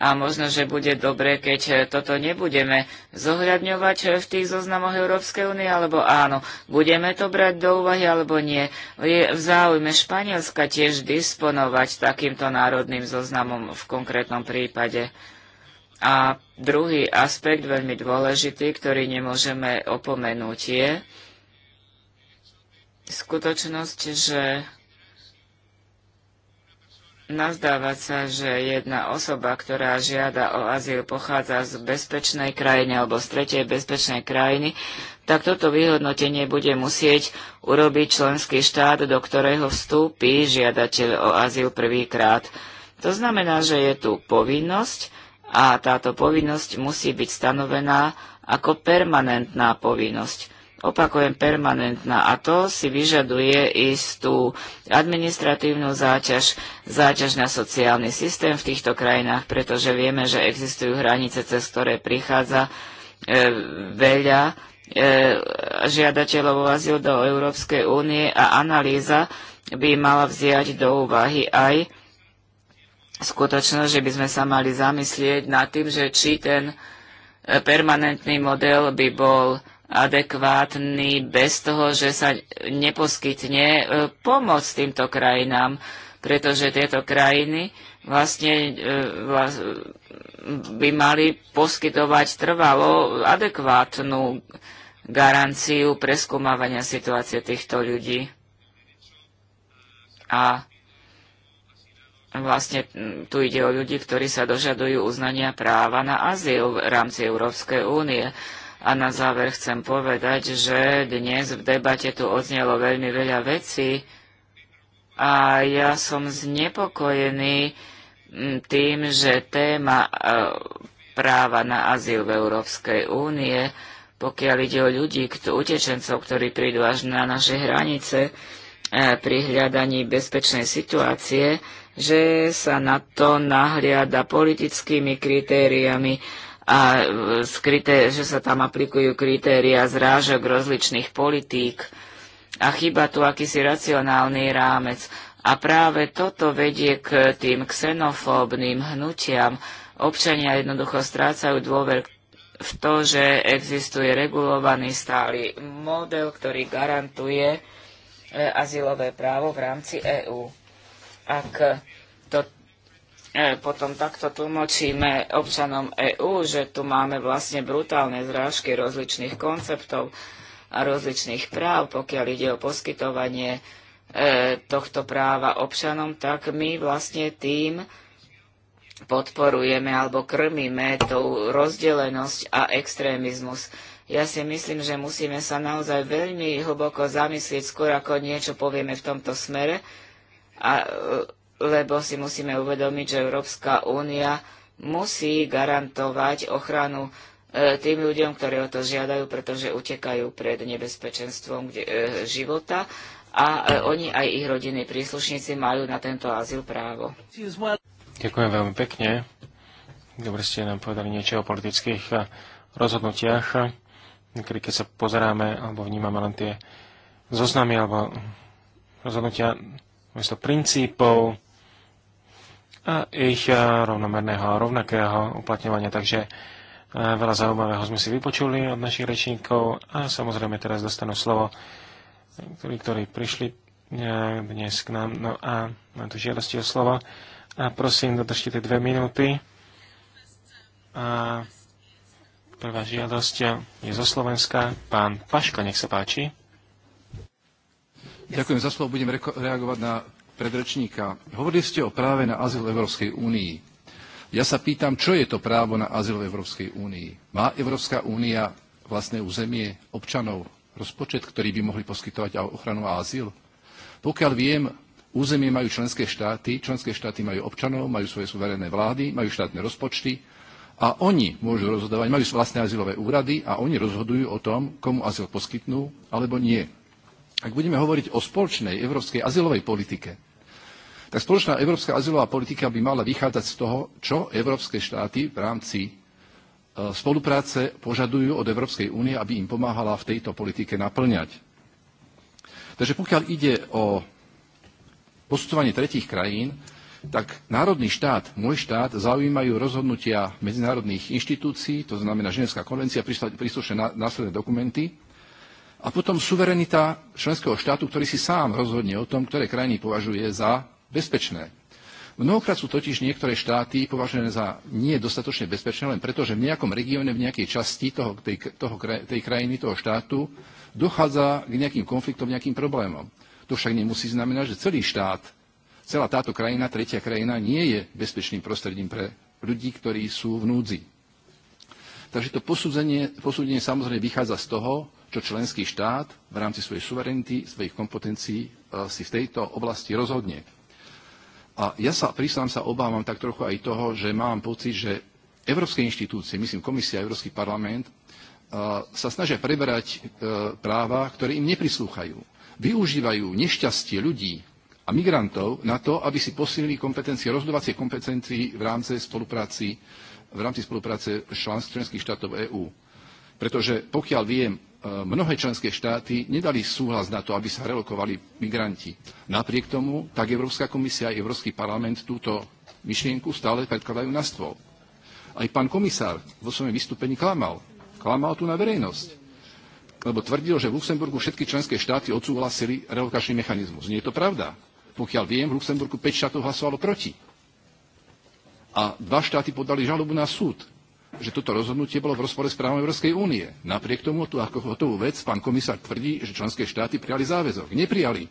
A možno, že bude dobre, keď toto nebudeme zohľadňovať v tých zoznamoch Európskej únie, alebo áno, budeme to brať do úvahy, alebo nie. Je v záujme Španielska tiež disponovať takýmto národným zoznamom v konkrétnom prípade. A druhý aspekt, veľmi dôležitý, ktorý nemôžeme opomenúť, je, skutočnosť, že nazdávať sa, že jedna osoba, ktorá žiada o azyl, pochádza z bezpečnej krajiny alebo z tretej bezpečnej krajiny, tak toto vyhodnotenie bude musieť urobiť členský štát, do ktorého vstúpi žiadateľ o azyl prvýkrát. To znamená, že je tu povinnosť a táto povinnosť musí byť stanovená ako permanentná povinnosť opakujem, permanentná. A to si vyžaduje istú administratívnu záťaž, záťaž na sociálny systém v týchto krajinách, pretože vieme, že existujú hranice, cez ktoré prichádza e, veľa e, žiadateľov o azyl do Európskej únie a analýza by mala vziať do úvahy aj skutočnosť, že by sme sa mali zamyslieť nad tým, že či ten e, permanentný model by bol adekvátny bez toho, že sa neposkytne e, pomoc týmto krajinám, pretože tieto krajiny vlastne e, by mali poskytovať trvalo adekvátnu garanciu preskúmavania situácie týchto ľudí. A vlastne tu ide o ľudí, ktorí sa dožadujú uznania práva na azyl v rámci Európskej únie. A na záver chcem povedať, že dnes v debate tu odznelo veľmi veľa vecí a ja som znepokojený mm, tým, že téma e, práva na azyl v Európskej únie, pokiaľ ide o ľudí, utečencov, ktorí prídu až na naše hranice e, pri hľadaní bezpečnej situácie, že sa na to nahliada politickými kritériami, a e, skryté, že sa tam aplikujú kritéria zrážok rozličných politík a chyba tu akýsi racionálny rámec. A práve toto vedie k tým xenofóbnym hnutiam. Občania jednoducho strácajú dôver v to, že existuje regulovaný stály model, ktorý garantuje e, azylové právo v rámci EÚ. Ak E, potom takto tlmočíme občanom EÚ, že tu máme vlastne brutálne zrážky rozličných konceptov a rozličných práv, pokiaľ ide o poskytovanie e, tohto práva občanom, tak my vlastne tým podporujeme alebo krmíme tú rozdelenosť a extrémizmus. Ja si myslím, že musíme sa naozaj veľmi hlboko zamyslieť, skôr ako niečo povieme v tomto smere. A e, lebo si musíme uvedomiť, že Európska únia musí garantovať ochranu e, tým ľuďom, ktorí o to žiadajú, pretože utekajú pred nebezpečenstvom e, života a e, oni aj ich rodiny príslušníci majú na tento azyl právo. Ďakujem veľmi pekne. Dobre ste nám povedali niečo o politických rozhodnutiach. Niekedy, keď sa pozeráme alebo vnímame len tie zoznamy alebo rozhodnutia mesto princípov, ich eh, rovnomerného a rovnakého uplatňovania. Takže eh, veľa zaujímavého sme si vypočuli od našich rečníkov a samozrejme teraz dostanú slovo, ktorí, ktorí prišli eh, dnes k nám. No a mám tu žiadosti o slovo. A prosím, dodržte tie dve minúty. A prvá žiadosť je zo Slovenska. Pán Paško, nech sa páči. Ďakujem za slovo. Budem reagovať na predrečníka. Hovorili ste o práve na azyl Európskej únii. Ja sa pýtam, čo je to právo na azyl v Európskej únii? Má Európska únia vlastné územie občanov, rozpočet, ktorý by mohli poskytovať ochranu a azyl? Pokiaľ viem, územie majú členské štáty, členské štáty majú občanov, majú svoje suverénne vlády, majú štátne rozpočty a oni môžu rozhodovať, majú vlastné azylové úrady a oni rozhodujú o tom, komu azyl poskytnú alebo nie. Ak budeme hovoriť o spoločnej európskej azylovej politike, tak spoločná európska azylová politika by mala vychádzať z toho, čo európske štáty v rámci e, spolupráce požadujú od Európskej únie, aby im pomáhala v tejto politike naplňať. Takže pokiaľ ide o posudzovanie tretích krajín, tak národný štát, môj štát, zaujímajú rozhodnutia medzinárodných inštitúcií, to znamená Ženevská konvencia, príslušné následné dokumenty, a potom suverenita členského štátu, ktorý si sám rozhodne o tom, ktoré krajiny považuje za bezpečné. Mnohokrát sú totiž niektoré štáty považované za nedostatočne bezpečné len preto, že v nejakom regióne, v nejakej časti toho, tej, toho, tej krajiny, toho štátu dochádza k nejakým konfliktom, nejakým problémom. To však nemusí znamenať, že celý štát, celá táto krajina, tretia krajina nie je bezpečným prostredím pre ľudí, ktorí sú v núdzi. Takže to posúdenie, posúdenie samozrejme vychádza z toho, čo členský štát v rámci svojej suverenity, svojich kompetencií e, si v tejto oblasti rozhodne. A ja sa, prísam sa, obávam tak trochu aj toho, že mám pocit, že európske inštitúcie, myslím komisia a Európsky parlament, e, sa snažia preberať e, práva, ktoré im neprislúchajú. Využívajú nešťastie ľudí a migrantov na to, aby si posilili kompetencie, rozhodovacie kompetencie v rámci spolupráci v rámci spolupráce členských štátov EÚ. Pretože pokiaľ viem, E, mnohé členské štáty nedali súhlas na to, aby sa relokovali migranti. Napriek tomu, tak Európska komisia a Európsky parlament túto myšlienku stále predkladajú na stôl. Aj pán komisár vo svojom vystúpení klamal. Klamal tu na verejnosť. Lebo tvrdil, že v Luxemburgu všetky členské štáty odsúhlasili relokačný mechanizmus. Nie je to pravda. Pokiaľ viem, v Luxemburgu 5 štátov hlasovalo proti. A dva štáty podali žalobu na súd že toto rozhodnutie bolo v rozpore s právom Európskej únie. Napriek tomu tu ako hotovú vec pán komisár tvrdí, že členské štáty prijali záväzok. Neprijali.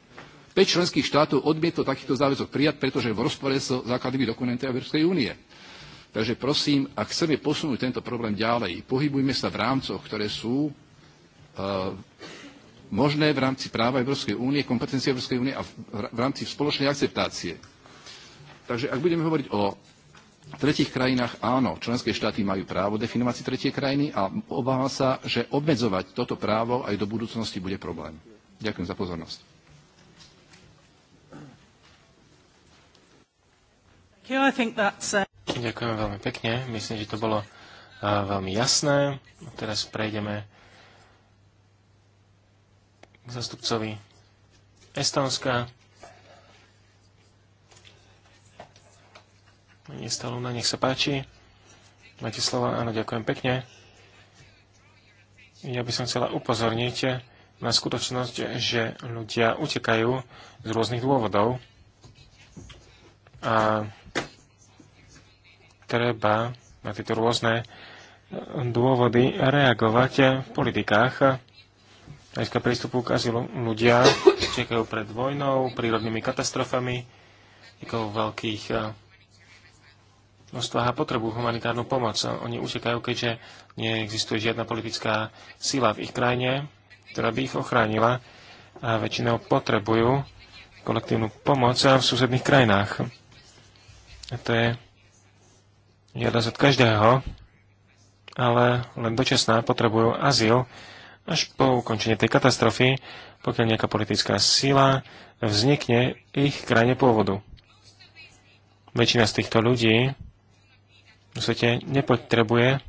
5 členských štátov odmietlo takýto záväzok prijať, pretože je v rozpore so základnými dokumenty Európskej únie. Takže prosím, ak chceme posunúť tento problém ďalej, pohybujme sa v rámcoch, ktoré sú eh, možné v rámci práva Európskej únie, kompetencie Európskej únie a v rámci spoločnej akceptácie. Takže ak budeme hovoriť o v tretich krajinách áno, členské štáty majú právo definovať si tretie krajiny a obávam sa, že obmedzovať toto právo aj do budúcnosti bude problém. Ďakujem za pozornosť. Uh, Ďakujem veľmi pekne. Myslím, že to bolo uh, veľmi jasné. Teraz prejdeme k zastupcovi Estonska. Pani Luna, nech sa páči. Máte slovo, áno, ďakujem pekne. Ja by som chcela upozorniť na skutočnosť, že ľudia utekajú z rôznych dôvodov a treba na tieto rôzne dôvody reagovať v politikách hľadiska prístupu k azylu. Ľudia utekajú pred vojnou, prírodnými katastrofami, veľkých množstva potrebu humanitárnu pomoc. Oni utekajú, keďže neexistuje žiadna politická sila v ich krajine, ktorá by ich ochránila a väčšinou potrebujú kolektívnu pomoc v susedných krajinách. A to je jedna od každého, ale len dočasná potrebujú azyl až po ukončení tej katastrofy, pokiaľ nejaká politická sila vznikne ich krajine pôvodu. Väčšina z týchto ľudí v svete nepotrebuje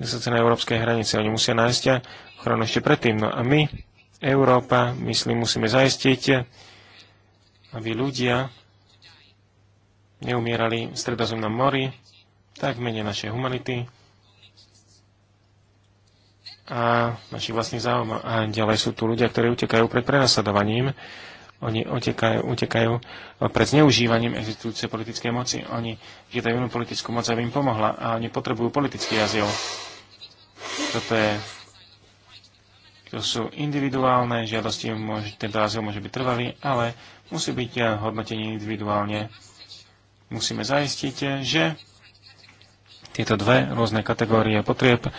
dokonca na európskej hranice. Oni musia nájsť ochranu ešte predtým. No a my, Európa, myslím, musíme zaistiť, aby ľudia neumierali v stredozemnom mori, tak v mene našej humanity a našich vlastných záujmov. A ďalej sú tu ľudia, ktorí utekajú pred prenasledovaním oni utekajú, utekajú pred zneužívaním existujúcej politickej moci. Oni žiadajú inú politickú moc, aby im pomohla a oni potrebujú politický azyl. Toto je, to sú individuálne žiadosti, môže, tento azyl môže byť trvalý, ale musí byť eh, hodnotený individuálne. Musíme zaistiť, eh, že tieto dve rôzne kategórie potrieb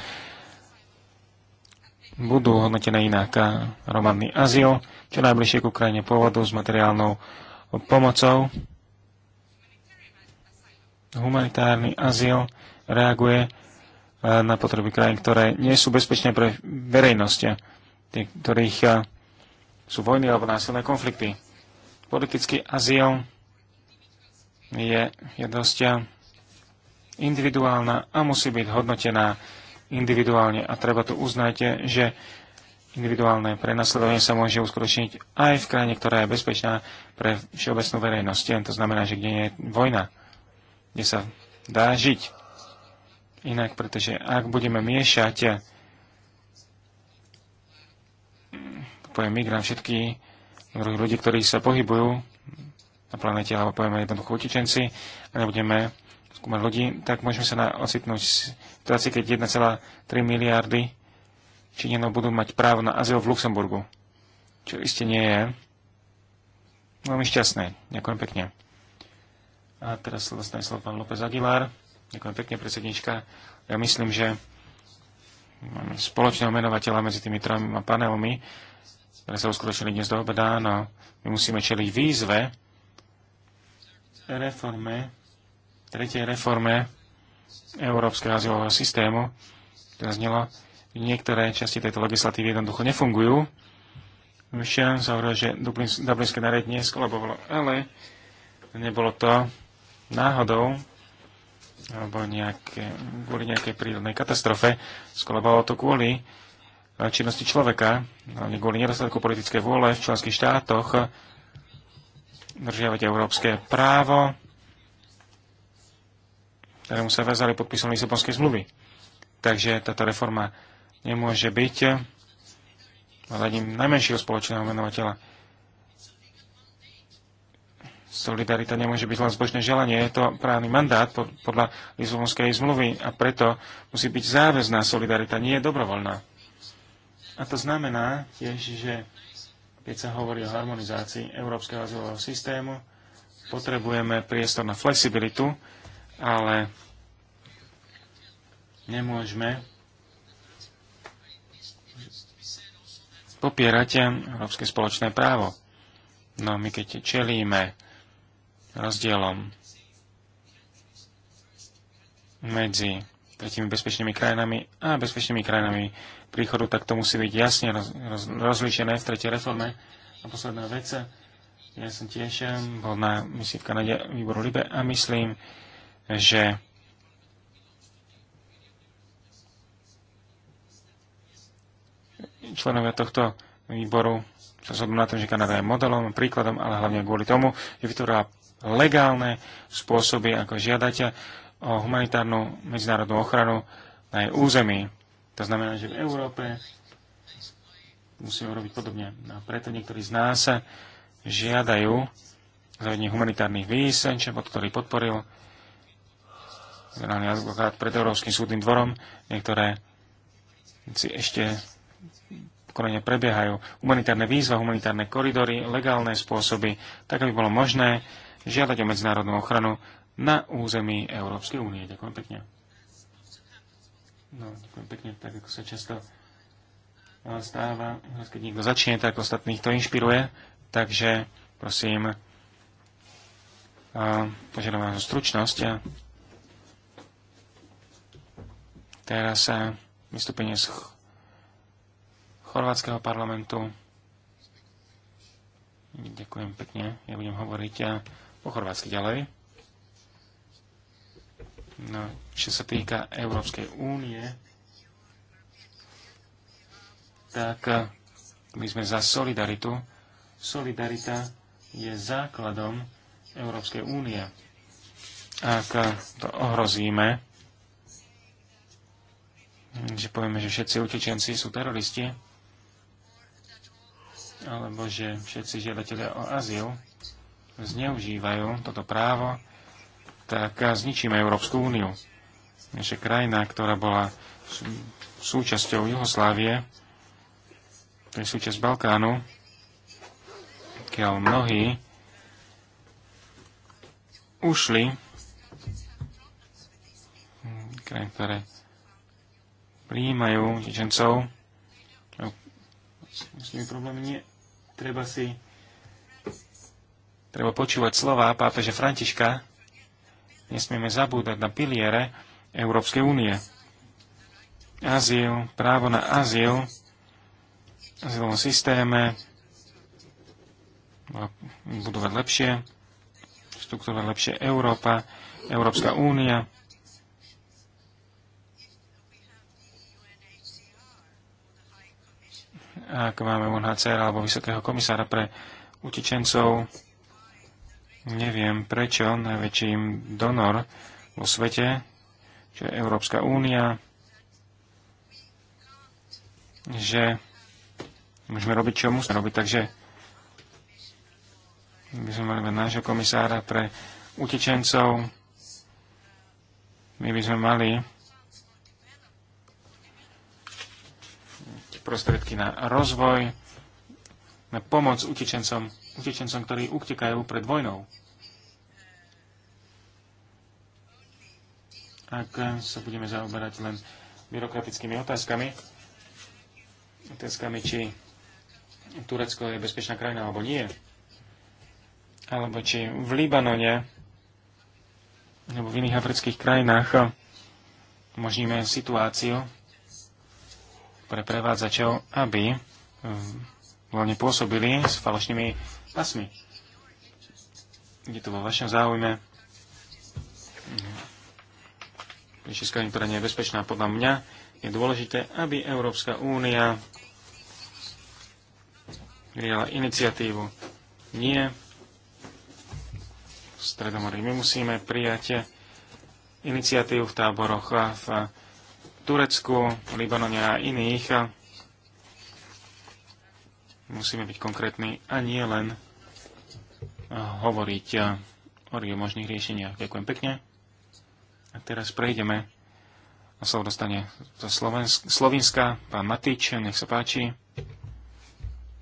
budú hodnotené inak. Romanný azyl, čo najbližšie k Ukrajine pôvodu s materiálnou pomocou. Humanitárny azyl reaguje e, na potreby krajín, ktoré nie sú bezpečné pre verejnosť, tých, ktorých e, sú vojny alebo násilné konflikty. Politický azyl je, je dosť e, individuálna a musí byť hodnotená individuálne. A treba tu uznať, že individuálne prenasledovanie sa môže uskutočniť aj v krajine, ktorá je bezpečná pre všeobecnú verejnosť. To znamená, že kde nie je vojna, kde sa dá žiť. Inak, pretože ak budeme miešať pojem migrant všetky druhých ľudí, ktorí sa pohybujú na planete, alebo povieme jednoducho utečenci, a nebudeme skúmať ľudí, tak môžeme sa na, ocitnúť situácii, keď 1,3 miliardy Číňanov budú mať právo na azyl v Luxemburgu. Čo iste nie je veľmi šťastné. Ďakujem pekne. A teraz vlastné slovo pán López Aguilar. Ďakujem pekne, predsednička. Ja myslím, že máme spoločného menovateľa medzi tými troma panelmi, ktoré sa uskutočnili dnes do obeda. No, my musíme čeliť výzve reforme, tretej reforme európskeho azylového systému, ktorá znela, niektoré časti tejto legislatívy jednoducho nefungujú. sa zavrel, že Dublinské nariadenie skolabovalo, ale nebolo to náhodou alebo nejaké, kvôli nejakej prírodnej katastrofe. Skolabovalo to kvôli eh, činnosti človeka, ale kvôli nedostatku politické vôle v členských štátoch držiavať európske právo, ktorému sa vezali podpisom Lisabonskej zmluvy. Takže táto reforma nemôže byť hľadím najmenšieho spoločného menovateľa. Solidarita nemôže byť len zbožné želanie, je to právny mandát podľa Lisabonskej zmluvy a preto musí byť záväzná solidarita, nie je dobrovoľná. A to znamená tiež, že keď sa hovorí o harmonizácii európskeho azylového systému, potrebujeme priestor na flexibilitu ale nemôžeme popierať európske spoločné právo. No my keď čelíme rozdielom medzi tretimi bezpečnými krajinami a bezpečnými krajinami príchodu, tak to musí byť jasne roz, roz, rozlišené v tretej reforme. A posledná vec, ja som tiež eh, bol na misiách v Kanade výboru Libe a myslím, že členovia tohto výboru sa zhodnú na tom, že Kanada je modelom, príkladom, ale hlavne kvôli tomu, že vytvorila legálne spôsoby, ako žiadať o humanitárnu medzinárodnú ochranu na jej území. To znamená, že v Európe musíme robiť podobne. No a preto niektorí z nás žiadajú zavedenie humanitárnych víz, čo pod ktorý podporil generálny advokát pred Európskym súdnym dvorom. Niektoré si ešte konania prebiehajú. Humanitárne výzva, humanitárne koridory, legálne spôsoby, tak aby bolo možné žiadať o medzinárodnú ochranu na území Európskej únie. Ďakujem pekne. No, ďakujem pekne, tak ako sa často stáva, keď niekto začne, tak ostatných to inšpiruje. Takže, prosím, požiadam vás o stručnosť. Teraz sa vystúpenie z chorvátskeho parlamentu. Ďakujem pekne. Ja budem hovoriť ja eh, po chorvátsky ďalej. No, čo sa týka Európskej únie, tak eh, my sme za solidaritu. Solidarita je základom Európskej únie. Ak eh, to ohrozíme, Hm, že povieme, že všetci utečenci sú teroristi, alebo že všetci žiadatelia o azyl zneužívajú toto právo, tak zničíme Európsku úniu. Naša krajina, ktorá bola súčasťou Juhoslávie, to je súčasť Balkánu, keď mnohí ušli, hm, krajín, ktoré prijímajú utečencov no, s tými problémy nie. Treba si treba počúvať slova pápeže Františka. Nesmieme zabúdať na piliere Európskej únie. Azyl, právo na azyl, azylovom systéme, no, budovať lepšie, štruktúrovať lepšie Európa, Európska únia, Ak máme UNHCR alebo Vysokého komisára pre utečencov, neviem prečo najväčší donor vo svete, čo je Európska únia, že môžeme robiť, čo musíme robiť. Takže by sme mali mať nášho komisára pre utečencov. My by sme mali prostriedky na rozvoj, na pomoc utečencom, utečencom, ktorí utekajú pred vojnou. Ak sa budeme zaoberať len byrokratickými otázkami, otázkami, či Turecko je bezpečná krajina alebo nie, alebo či v Libanone alebo v iných afrických krajinách umožníme situáciu, pre prevádzačov, aby mm, hlavne pôsobili s falošnými pasmi. Je to vo vašom záujme. Prišiska, ktorá nie je bezpečná podľa mňa, je dôležité, aby Európska únia vyjala iniciatívu. Nie v Stredomorí. My musíme prijať iniciatívu v táboroch a v Turecku, Libanone a iných. Musíme byť konkrétni a nie len hovoriť o možných riešeniach. Ďakujem pekne. A teraz prejdeme a slovo dostane zo Slovensk- Slovenska pán Matič, nech sa páči.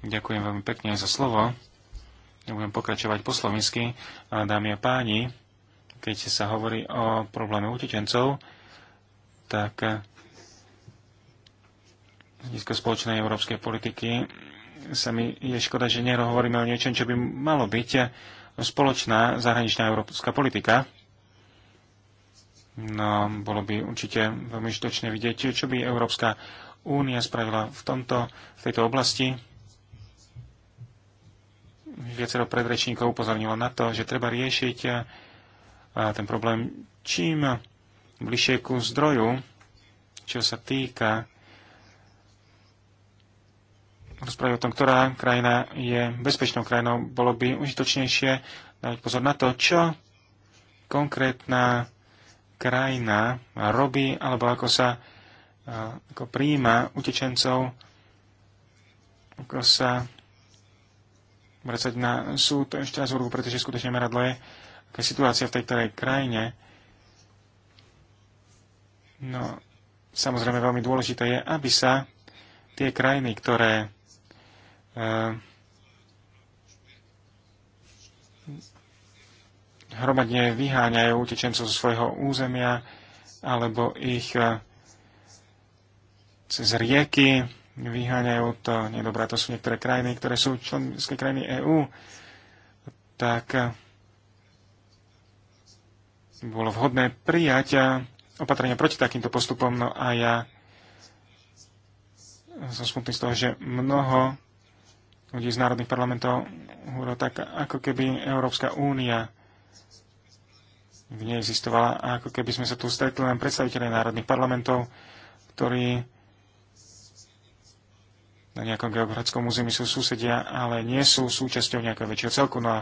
Ďakujem veľmi pekne za slovo. Ja budem pokračovať po slovensky. Dámy a páni, keď sa hovorí o probléme utečencov, tak hľadiska spoločnej európskej politiky sa mi je škoda, že nerohovoríme o niečom, čo by malo byť spoločná zahraničná európska politika. No, bolo by určite veľmi štočné vidieť, čo by Európska únia spravila v, tomto, v tejto oblasti. Viacero predrečníkov upozornilo na to, že treba riešiť ten problém čím bližšie ku zdroju, čo sa týka rozprávať o tom, ktorá krajina je bezpečnou krajinou, bolo by užitočnejšie dať pozor na to, čo konkrétna krajina robí, alebo ako sa ako príjima utečencov, ako sa vracať na súd v Štrasburgu, pretože skutočne meradlo je, aká situácia v tej ktorej krajine. No, samozrejme veľmi dôležité je, aby sa tie krajiny, ktoré hromadne vyháňajú utečencov zo svojho územia alebo ich e, cez rieky vyháňajú to nedobrá. To sú niektoré krajiny, ktoré sú členské krajiny EÚ. Tak e, bolo vhodné prijať e, opatrenia proti takýmto postupom. No a ja som smutný z toho, že mnoho ľudí z národných parlamentov hovoril tak, ako keby Európska únia neexistovala a ako keby sme sa tu stretli len predstaviteľe národných parlamentov, ktorí na nejakom geografickom území sú susedia, ale nie sú súčasťou nejakého väčšieho celku. No a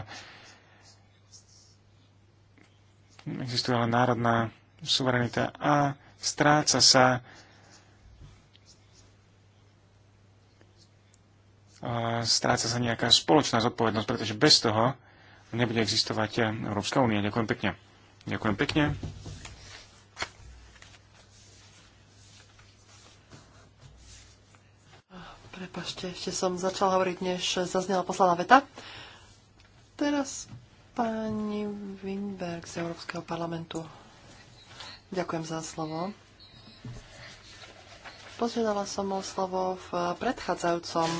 existuje len národná suverenita a stráca sa stráca sa nejaká spoločná zodpovednosť, pretože bez toho nebude existovať eh, Európska únia. Ďakujem pekne. Ďakujem pekne. Prepašte, ešte som začal hovoriť, než zaznela posledná veta. Teraz pani Winberg z Európskeho parlamentu. Ďakujem za slovo. Pozvedala som o slovo v predchádzajúcom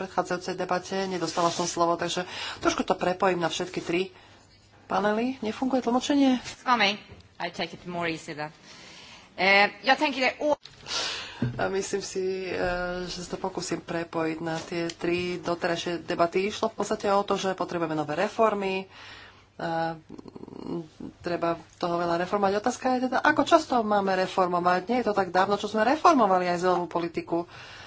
predchádzajúcej debate, nedostala som slovo, takže trošku to prepojím na všetky tri panely. Nefunguje tlmočenie? Eh, myslím si, eh, že sa to pokúsim prepojiť na tie tri doterajšie debaty. Išlo v podstate o to, že potrebujeme nové reformy, mm, treba toho veľa reformovať. Otázka je teda, ako často máme reformovať? Nie je to tak dávno, čo sme reformovali aj zelovú politiku. Uh,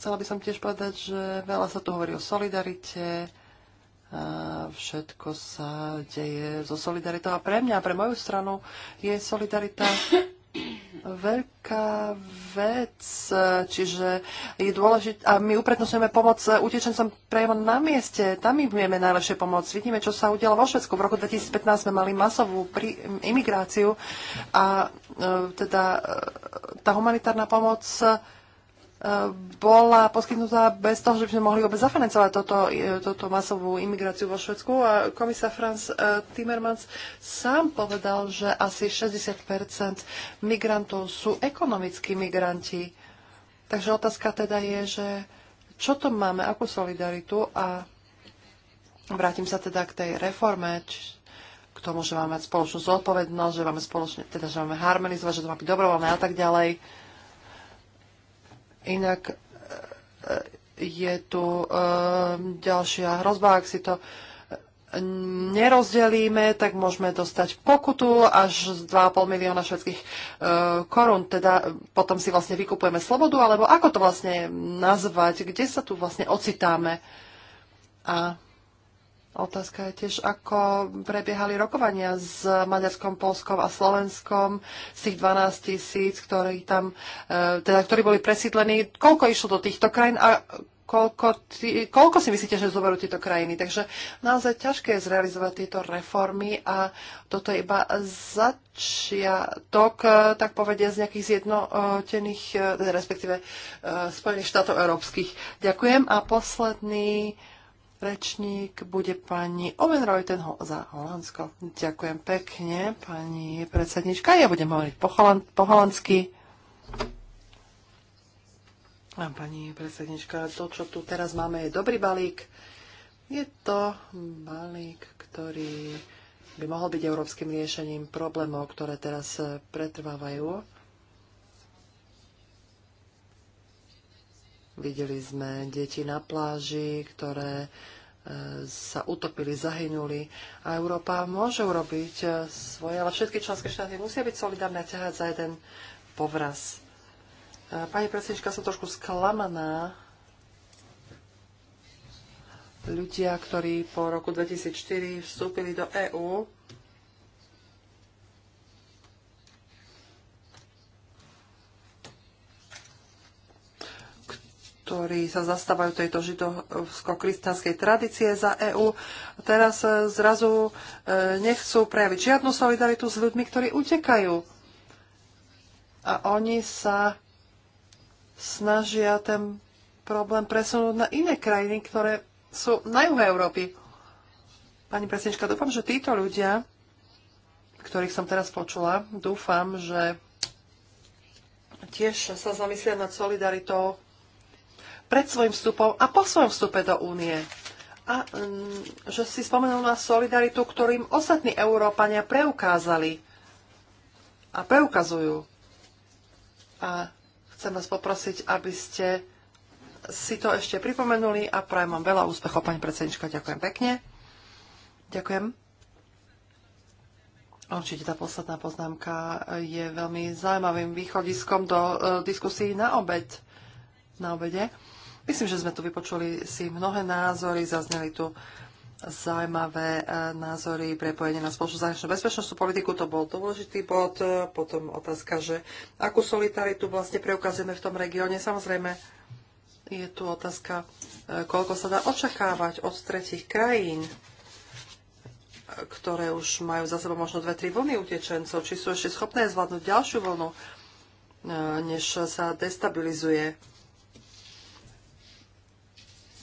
Chcela by som tiež povedať, že veľa sa tu hovorí o solidarite, a všetko sa deje so solidaritou. A pre mňa, a pre moju stranu je solidarita veľká vec, čiže je dôležité, a my uprednostňujeme pomoc utečencom priamo na mieste, tam im vieme najlepšie pomoc. Vidíme, čo sa udialo vo Švedsku. V roku 2015 sme mali masovú pri, imigráciu a e, teda e, tá humanitárna pomoc bola poskytnutá bez toho, že by sme mohli vôbec zafinancovať toto, e, toto masovú imigráciu vo Švedsku. A komisár Franz e, Timmermans sám povedal, že asi 60 migrantov sú ekonomickí migranti. Takže otázka teda je, že čo to máme, akú solidaritu a vrátim sa teda k tej reforme, či, k tomu, že máme spoločnú zodpovednosť, že máme spoločne, teda, že máme harmonizovať, že to má byť dobrovoľné a tak ďalej Inak e, je tu e, ďalšia hrozba, ak si to nerozdelíme, tak môžeme dostať pokutu až z 2,5 milióna švedských e, korún. Teda potom si vlastne vykupujeme slobodu, alebo ako to vlastne nazvať, kde sa tu vlastne ocitáme. A Otázka je tiež, ako prebiehali rokovania s Maďarskom, Polskom a Slovenskom z tých 12 tisíc, ktorí tam, e, teda, ktorí boli presídlení. Koľko išlo do týchto krajín a koľko, tý, koľko si myslíte, že zoberú tieto krajiny? Takže naozaj ťažké je zrealizovať tieto reformy a toto je iba začiatok, e, tak povedia, z nejakých zjednotených, e, respektíve Spojených štátov európskych. Ďakujem a posledný rečník bude pani Owen Reuten za Holandsko. Ďakujem pekne, pani predsednička. Ja budem hovoriť po, holand- po holandsky. A pani predsednička, to, čo tu teraz máme, je dobrý balík. Je to balík, ktorý by mohol byť európskym riešením problémov, ktoré teraz pretrvávajú Videli sme deti na pláži, ktoré e, sa utopili, zahynuli. A Európa môže urobiť e, svoje, ale všetky členské štáty musia byť solidárne a ťahať za jeden povraz. E, pani predsednička, som trošku sklamaná. Ľudia, ktorí po roku 2004 vstúpili do EÚ, ktorí sa zastávajú tejto židovsko kristianskej tradície za EÚ, teraz e, zrazu e, nechcú prejaviť žiadnu solidaritu s ľuďmi, ktorí utekajú. A oni sa snažia ten problém presunúť na iné krajiny, ktoré sú na juhu Európy. Pani presnička, dúfam, že títo ľudia, ktorých som teraz počula, dúfam, že tiež sa zamyslia nad solidaritou pred svojim vstupom a po svojom vstupe do únie. A mm, že si spomenul na solidaritu, ktorým ostatní Európania preukázali a preukazujú. A chcem vás poprosiť, aby ste si to ešte pripomenuli a prajem vám veľa úspechov, pani predsednička. Ďakujem pekne. Ďakujem. Určite tá posledná poznámka je veľmi zaujímavým východiskom do e, diskusí na obed. Na obede. Myslím, že sme tu vypočuli si mnohé názory, zazneli tu zaujímavé e, názory, prepojenie na spoločnú zahraničnú bezpečnostnú politiku, to bol dôležitý bod. E, potom otázka, že akú solidaritu vlastne preukazujeme v tom regióne. Samozrejme, je tu otázka, e, koľko sa dá očakávať od tretich krajín, ktoré už majú za sebou možno dve, tri vlny utečencov, či sú ešte schopné zvládnuť ďalšiu vlnu, než sa destabilizuje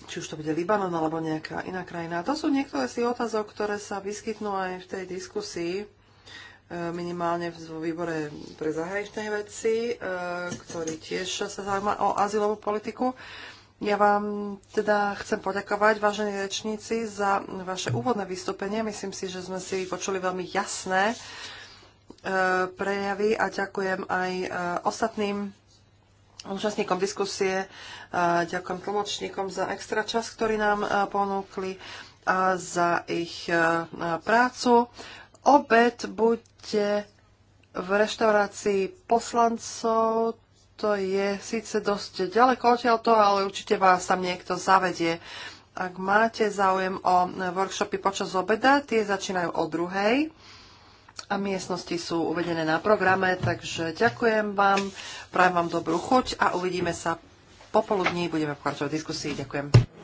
či už to bude Libanon alebo nejaká iná krajina. To sú niektoré z tých otázok, ktoré sa vyskytnú aj v tej diskusii, e, minimálne v výbore pre zahraničné veci, e, ktorý tiež sa zaujíma o azylovú politiku. Ja vám teda chcem poďakovať, vážení rečníci, za vaše úvodné vystúpenie. Myslím si, že sme si počuli veľmi jasné e, prejavy a ďakujem aj ostatným účastníkom diskusie, ďakujem tlmočníkom za extra čas, ktorý nám ponúkli a za ich prácu. Obed bude v reštaurácii poslancov, to je síce dosť ďaleko odtiaľ to, ale určite vás tam niekto zavedie. Ak máte záujem o workshopy počas obeda, tie začínajú o druhej a miestnosti sú uvedené na programe, takže ďakujem vám, prajem vám dobrú chuť a uvidíme sa popoludní, budeme pokračovať v diskusii. Ďakujem.